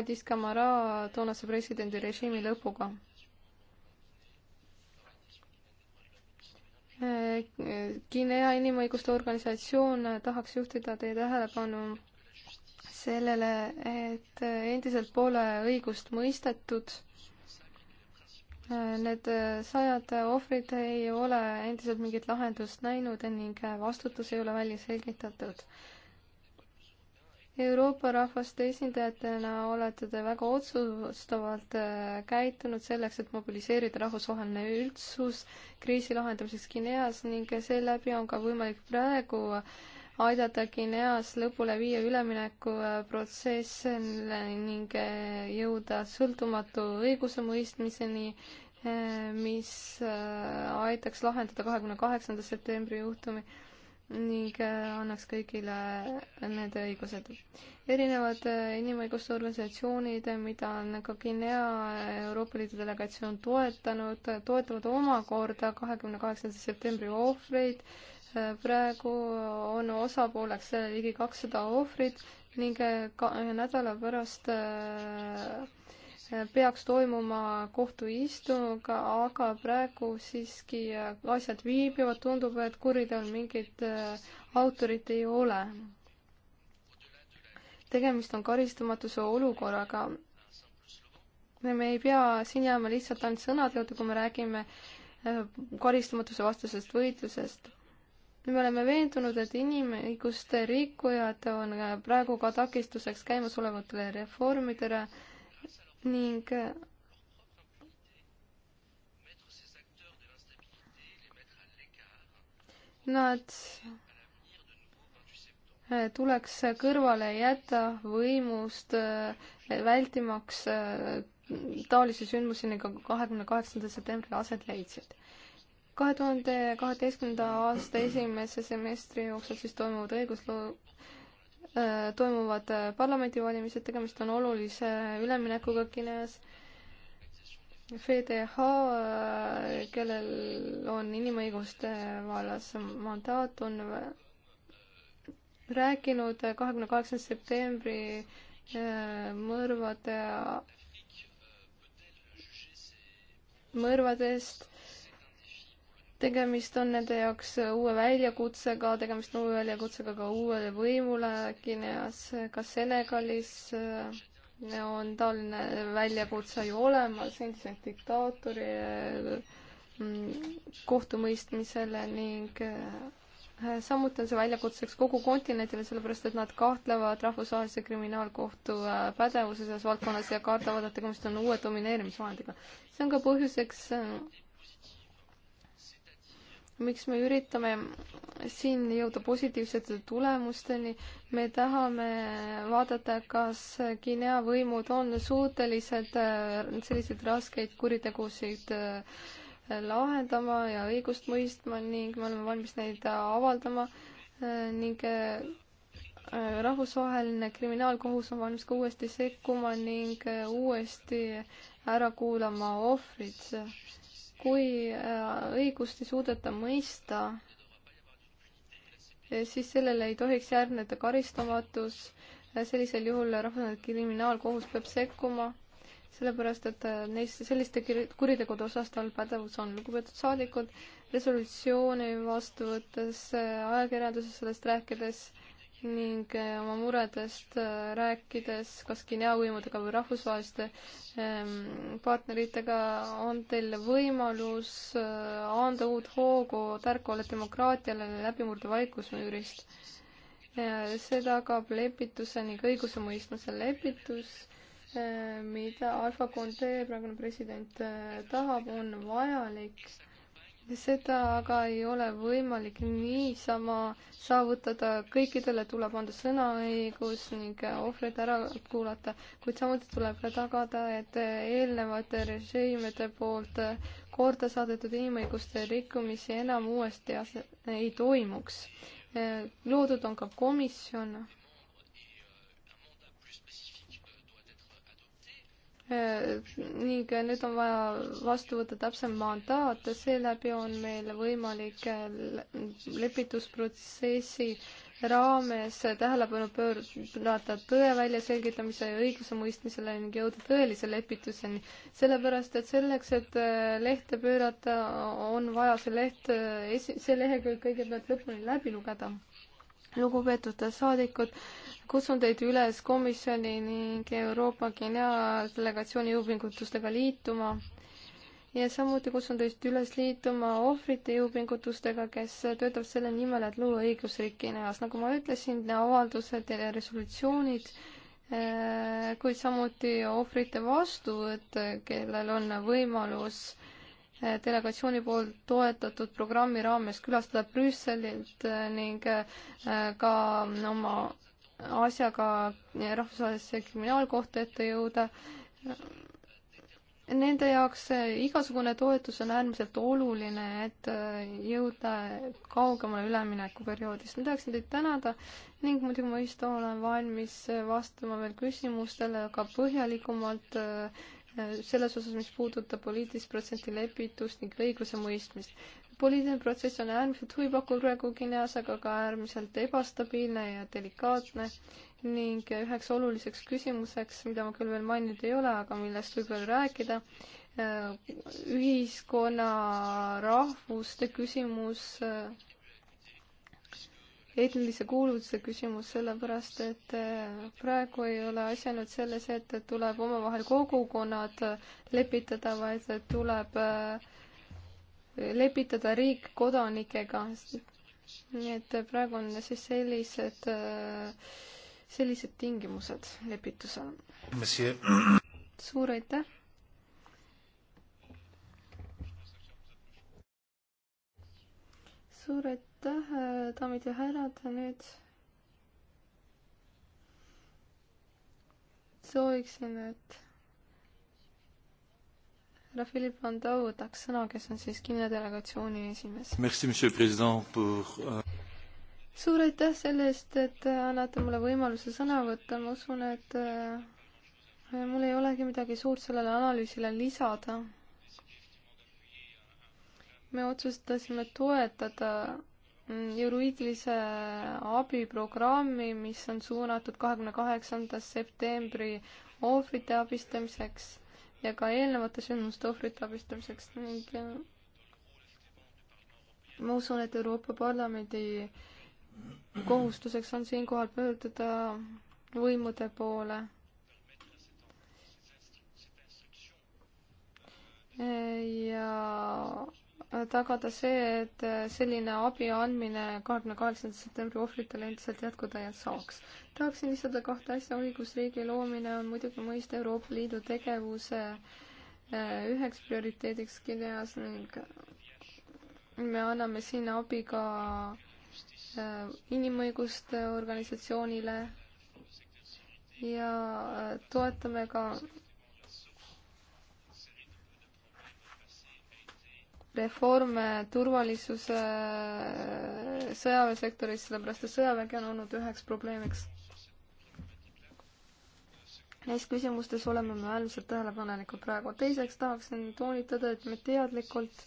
Addis Kamara toonase presidendi režiimi lõpuga Guinea inimõiguste organisatsioon tahaks juhtida teie tähelepanu sellele, et endiselt pole õigust mõistetud. Need sajad ohvrid ei ole endiselt mingit lahendust näinud ning vastutus ei ole välja selgitatud. Euroopa rahvaste esindajatena olete te väga otsustavalt äh, käitunud selleks, et mobiliseerida rahvusvaheline üldsus kriisi lahendamiseks Guineas ning seeläbi on ka võimalik praegu aidata Guineas lõpule viia üleminekuprotsess äh, ning äh, jõuda sõltumatu õigusemõistmiseni, mis aitaks lahendada kahekümne kaheksanda septembri juhtumi ning äh, annaks kõigile need õigused. erinevad äh, inimõiguste organisatsioonid, mida on ka Guinea äh, Euroopa Liidu delegatsioon toetanud, toetavad omakorda kahekümne kaheksanda septembri ohvreid. praegu on osapooleks ligi kakssada ohvrit ning ka ühe nädala pärast äh, peaks toimuma kohtuistung, aga praegu siiski asjad viibivad, tundub, et kuriteol mingit äh, autorit ei ole. tegemist on karistamatuse olukorraga. me ei pea siin jääma lihtsalt ainult sõnade juurde, kui me räägime äh, karistamatuse vastasest võitlusest. me oleme veendunud, et inimõiguste rikkujad on äh, praegu ka takistuseks käimasolevatele reformidele ning nad tuleks kõrvale jätta võimust, eh, vältimaks eh, taolisi sündmusi, nagu kahekümne kaheksandal septembril aset leidsid. kahe tuhande kaheteistkümnenda aasta esimese semestri jooksul siis toimuvad õigusloo-, Äh, toimuvad äh, parlamendivalimised, tegemist on olulise äh, üleminekuga Guineas. FDH, kellel on inimõiguste vallas mandaat, on rääkinud kahekümne kaheksanda septembri mõrvade, mõrvadest tegemist on nende jaoks uue väljakutsega, tegemist on uue väljakutsega ka uuele võimule Guineas, ka Senegalis äh, on taoline väljakutse ju olemas endiselt diktaatori äh, mm, kohtumõistmisele ning äh, samuti on see väljakutseks kogu kontinendile, sellepärast et nad kahtlevad Rahvusvahelise Kriminaalkohtu pädevuses selles valdkonnas ja kardavad, et tegemist on uue domineerimisvahendiga. see on ka põhjuseks miks me üritame siin jõuda positiivsete tulemusteni. me tahame vaadata, kas Guinea võimud on suutelised äh, selliseid raskeid kuritegusid äh, lahendama ja õigust mõistma ning me oleme valmis neid avaldama äh, ning rahvusvaheline kriminaalkohus on valmis ka uuesti sekkuma ning uuesti ära kuulama ohvrid kui äh, õigust ei suudeta mõista, äh, siis sellele ei tohiks järgneda karistamatus, äh, sellisel juhul rahvusvaheline kriminaalkohus peab sekkuma, sellepärast et neis, selliste kuritegude osas tal pädevus on. lugupeetud saadikud, resolutsiooni vastu võttes, ajakirjanduses sellest rääkides ning äh, oma muredest äh, rääkides kas Guinea võimudega või rahvusvaheliste ähm, partneritega on teil võimalus äh, anda uut hoogu tärkvale demokraatiale läbimurde vaikusmüürist. see tagab lepituse ning õigusemõistmise lepitus, mida Alfa Conte, praegune president, tahab, on vajalik seda aga ei ole võimalik niisama saavutada, kõikidele tuleb anda sõnaõigus ning ohvrid ära kuulata, kuid samuti tuleb ka tagada, et eelnevate režiimide poolt korda saadetud inimõiguste rikkumisi enam uuesti ei toimuks. loodud on ka komisjon ning nüüd on vaja vastu võtta täpsem mandaat, seeläbi on meil võimalik lepitusprotsessi raames tähelepanu pöörata tõe väljaselgitamise ja õigusemõistmisele ning jõuda tõelise lepituseni. sellepärast, et selleks, et lehte pöörata, on vaja see leht, see lehekülg kõigepealt lõpuni läbi lugeda lugupeetud saadikud, kutsun teid üles komisjoni ning Euroopa Guinea delegatsiooni jõupingutustega liituma ja samuti kutsun teid üles liituma ohvrite jõupingutustega, kes töötavad selle nimel, et luua õigusriik Guineas. nagu ma ütlesin, avaldused ja resolutsioonid, eh, kuid samuti ohvrite vastuvõtt, kellel on võimalus delegatsiooni poolt toetatud programmi raames külastada Brüsselit äh, ning äh, ka oma asjaga rahvusvahelisse kriminaalkohta ette jõuda. Nende jaoks äh, igasugune toetus on äärmiselt oluline, et jõuda kaugemale üleminekuperioodist. ma tahaksin teid tänada ning muidugi mõista olen valmis vastama veel küsimustele, aga põhjalikumalt äh, selles osas, mis puudutab poliitilist protsenti lepitust ning õigusemõistmist. poliitiline protsess on äärmiselt huvipakkuv praegu Guineas, aga ka äärmiselt ebastabiilne ja delikaatne ning üheks oluliseks küsimuseks, mida ma küll veel maininud ei ole, aga millest võib veel rääkida, äh, ühiskonna rahvuste küsimus äh, etnilise kuuluvuse küsimus, sellepärast et äh, praegu ei ole asi ainult selles, et tuleb omavahel kogukonnad lepitada, vaid tuleb äh, lepitada riik kodanikega. nii et praegu on siis sellised, äh, sellised tingimused lepitusel. suur aitäh! suur aitäh! aitäh, daamid ja härrad, nüüd sooviksin, et härra Philip Landau võtaks sõna, kes on siis Kiina delegatsiooni esimees. Euh, suur aitäh selle eest, et annate mulle võimaluse sõna võtta, ma usun, et äh, mul ei olegi midagi suurt sellele analüüsile lisada. me otsustasime toetada Mm, juriidilise abiprogrammi, mis on suunatud kahekümne kaheksanda septembri ohvrite abistamiseks ja ka eelnevate sündmuste ohvrite abistamiseks ning äh, ma usun, et Euroopa Parlamendi kohustuseks on siinkohal pöörduda võimude poole. Äh, ja tagada see, et äh, selline abi andmine kahekümne kaheksanda septembri ohvritele endiselt jätkuda ja saaks. tahaksin lisada kahte asja, õigusriigi loomine on muidugi mõiste Euroopa Liidu tegevuse äh, üheks prioriteediks kirjas ning me anname siin abi ka äh, inimõiguste organisatsioonile ja toetame ka reforme turvalisuse sõjaväesektoris, sellepärast et sõjavägi on olnud üheks probleemiks. Neis küsimustes oleme me äärmiselt tähelepanelikud praegu. teiseks tahaksin toonitada, et me teadlikult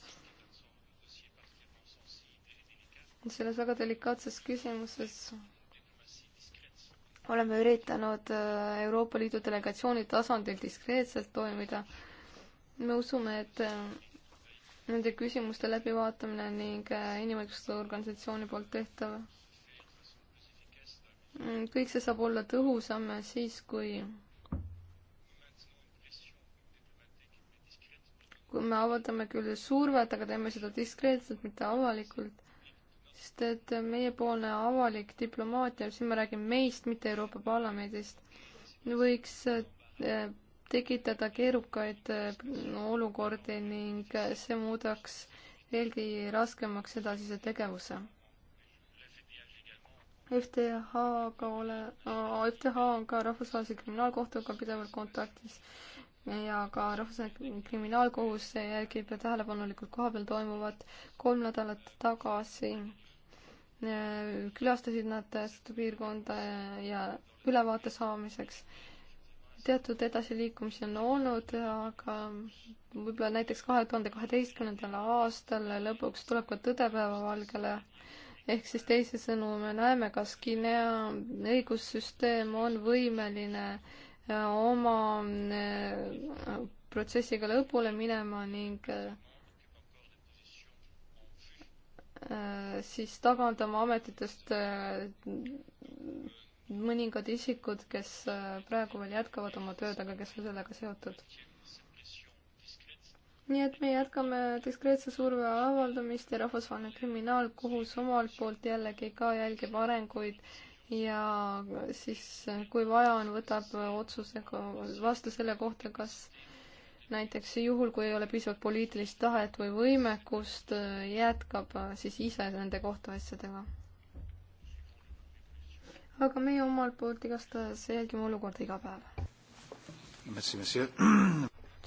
selles väga delikaatses küsimuses oleme üritanud äh, Euroopa Liidu delegatsiooni tasandil diskreetselt toimida. me usume, et äh, nende küsimuste läbivaatamine ning äh, inimõiguste organisatsiooni poolt tehtav. Mm, kõik see saab olla tõhusam siis, kui kui me avaldame küll survet, aga teeme seda diskreetselt, mitte avalikult, sest et meiepoolne avalik diplomaatia, siin ma räägin meist, mitte Euroopa Parlamendist, võiks äh, tekitada keerukaid äh, olukordi ning see muudaks veelgi raskemaks edasise tegevuse. FTH-ga ole, FTH on ka Rahvusvahelise Kriminaalkohtuga pidevalt kontaktis ja ka Rahvusvaheline Kriminaalkohus jälgib tähelepanelikult kohapeal toimuvat. kolm nädalat tagasi äh, külastasid nad seda piirkonda äh, ja ülevaate saamiseks teatud edasiliikumisi on olnud, aga võib-olla näiteks kahe tuhande kaheteistkümnendal aastal lõpuks tuleb ka tõde päevavalgele. ehk siis teisisõnu me näeme, kas Guinea õigussüsteem on võimeline äh, oma äh, protsessiga lõpule minema ning äh, siis tagandama ametitest mõningad isikud, kes äh, praegu veel jätkavad oma tööd, aga kes on sellega seotud. nii et me jätkame diskreetse surve avaldamist ja Rahvusvaheline Kriminaalkohus omalt poolt jällegi ka jälgib arenguid ja siis, kui vaja on, võtab otsuse vastu selle kohta, kas näiteks juhul, kui ei ole piisavalt poliitilist tahet või võimekust, jätkab siis ise nende kohtuasjadega aga meie omalt poolt igastahes jälgime olukorda iga päev.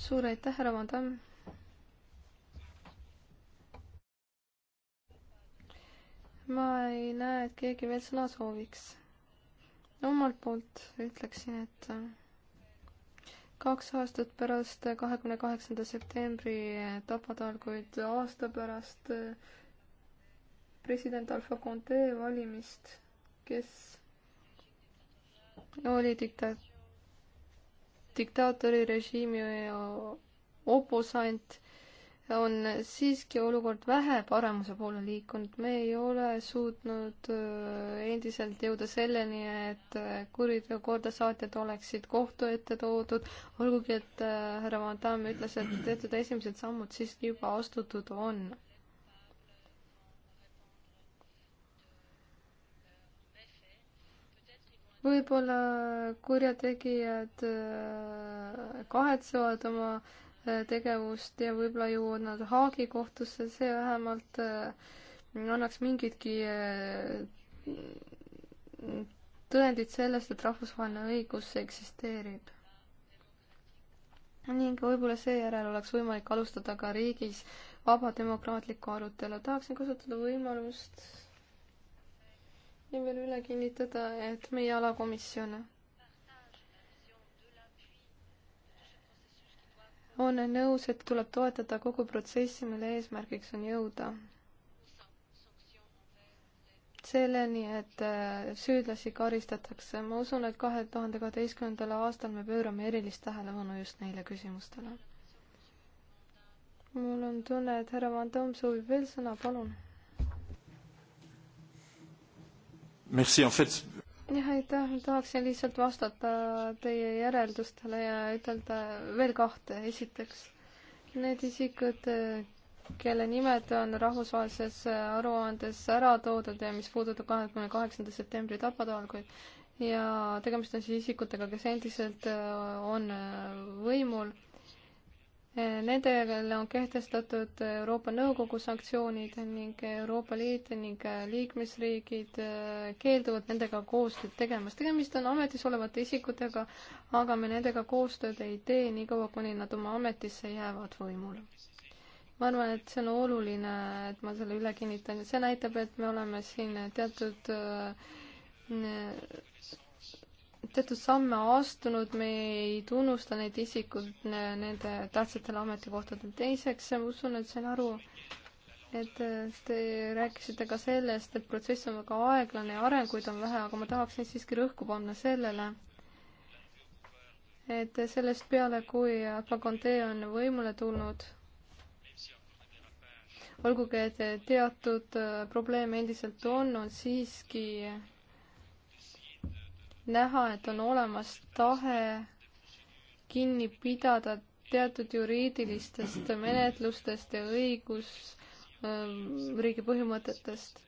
suur aitäh, härra Van Damme. ma ei näe, et keegi veel sõna sooviks. omalt poolt ütleksin, et kaks aastat pärast kahekümne kaheksanda septembri tapatalguid aasta pärast president Alfa Conte valimist, kes oli dikta-, diktaatori režiimi oposant, on siiski olukord vähe paremuse poole liikunud, me ei ole suutnud äh, endiselt jõuda selleni, et äh, kuriteo kordasaatjad oleksid kohtu ette toodud, olgugi et äh, härra Madame ütles, et teatud esimesed sammud siiski juba astutud on võib-olla kurjategijad äh, kahetsevad oma äh, tegevust ja võib-olla jõuavad nad Haagi kohtusse, see vähemalt äh, annaks mingitki tõendid sellest, et rahvusvaheline õigus eksisteerib. ning võib-olla seejärel oleks võimalik alustada ka riigis vaba demokraatlikku arutelu. tahaksin kasutada võimalust ja veel üle kinnitada, et meie alakomisjon on nõus, et tuleb toetada kogu protsessi, mille eesmärgiks on jõuda selleni, et äh, süüdlasi karistatakse. ma usun, et kahe tuhande kaheteistkümnendal aastal me pöörame erilist tähelepanu just neile küsimustele. mul on tunne, et härra Van Toom soovib veel sõna, palun. Merci, en fait. jah, aitäh, tahaksin lihtsalt vastata teie järeldustele ja ütelda veel kahte, esiteks need isikud, kelle nimed on rahvusvahelises aruandes ära toodud ja mis puudutab kahekümne kaheksanda septembri tapatalguid ja tegemist on siis isikutega, kes endiselt äh, on äh, võimul Nendele on kehtestatud Euroopa Nõukogu sanktsioonid ning Euroopa Liit ning liikmesriigid äh, keelduvad nendega koostööd tegemas. tegemist on ametis olevate isikutega, aga me nendega koostööd ei tee niikaua, kuni nad oma ametisse jäävad võimule ma arvan, et see on oluline, et ma selle üle kinnitan, see näitab, et me oleme siin teatud äh, teatud samme astunud, me ei tunnusta neid isikud nende tähtsatele ametikohtadele. teiseks, ma usun, et sain aru, et te rääkisite ka sellest, et protsess on väga aeglane ja arenguid on vähe, aga ma tahaksin siiski rõhku panna sellele, et sellest peale, kui Pagondee on võimule tulnud, olgugi, et teatud probleeme endiselt on, on siiski näha, et on olemas tahe kinni pidada teatud juriidilistest menetlustest ja õigusriigi ähm, põhimõtetest.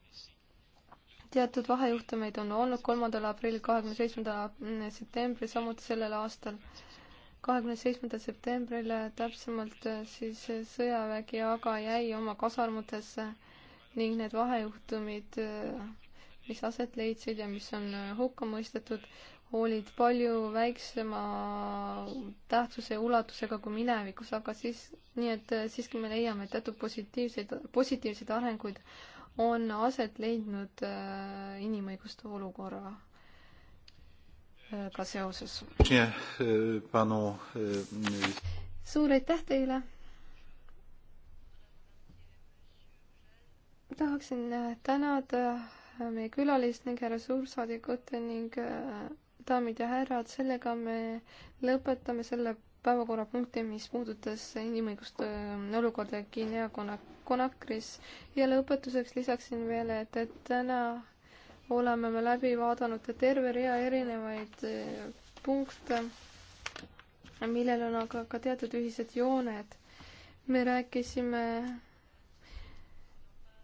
teatud vahejuhtumeid on olnud kolmandal aprillil, kahekümne seitsmendal mm, septembril, samuti sellel aastal. kahekümne seitsmendal septembril täpsemalt äh, siis sõjavägi aga jäi oma kasarmutesse ning need vahejuhtumid äh, mis aset leidsid ja mis on äh, hukka mõistetud, olid palju väiksema tähtsuse ja ulatusega kui minevikus, aga siis, nii et äh, siiski me leiame, et teatud positiivseid, positiivseid arenguid on aset leidnud äh, inimõiguste olukorra ka seoses. E, e, suur aitäh teile! tahaksin tänada meie külalist ning härra suursaadikut ning äh, daamid ja härrad, sellega me lõpetame selle päevakorrapunkti, mis puudutas inimõiguste äh, olukorda Guinea-Conakris ja lõpetuseks lisaksin veel, et, et täna oleme me läbi vaadanud terve rea erinevaid äh, punkte, millel on aga ka teatud ühised jooned. me rääkisime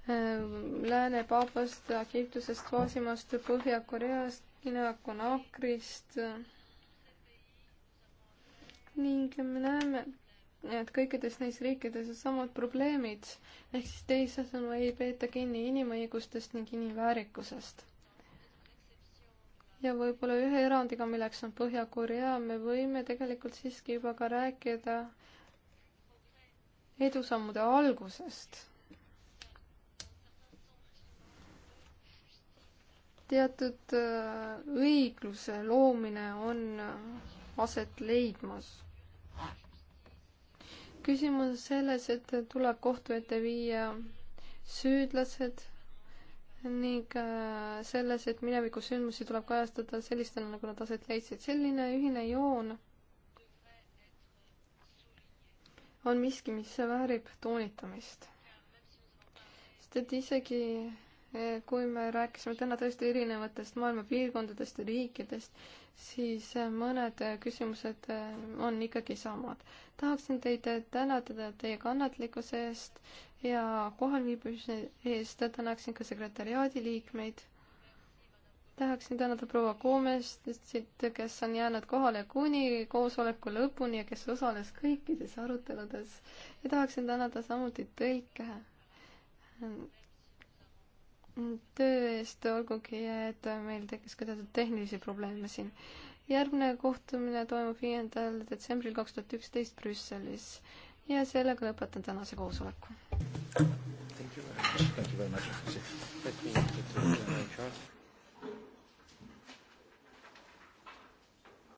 Ehm, Lääne-Paapast, Egiptusest, Vaasimaast, Põhja-Koreast, Guinea-Conakrist. ning me näeme, et kõikides neis riikides on samad probleemid, ehk siis teisisõnu ei peeta kinni inimõigustest ning inimväärikusest. ja võib-olla ühe erandiga, milleks on Põhja-Korea, me võime tegelikult siiski juba ka rääkida edusammude algusest teatud äh, õigluse loomine on aset leidmas. küsimus on selles, et tuleb kohtu ette viia süüdlased ning äh, selles, et minevikus sündmusi tuleb kajastada sellistena, nagu nad aset leidsid. selline ühine joon on miski, mis väärib toonitamist. sest et isegi kui me rääkisime täna tõesti erinevatest maailma piirkondadest ja riikidest, siis äh, mõned äh, küsimused äh, on ikkagi samad. tahaksin teid tänada teie kannatlikkuse eest ja kohalviibimise eest, tänaksin ka sekretäriaadi liikmeid. tahaksin tänada proua Koomest, kes on jäänud kohale kuni koosoleku lõpuni ja kes osales kõikides aruteludes ja tahaksin tänada samuti tõlke töö eest, olgugi et meil tekkis ka teatud tehnilisi probleeme siin. järgmine kohtumine toimub viiendal detsembril kaks tuhat üksteist Brüsselis ja sellega lõpetan tänase koosoleku. Thank you very much, thank you very much. Let me get to the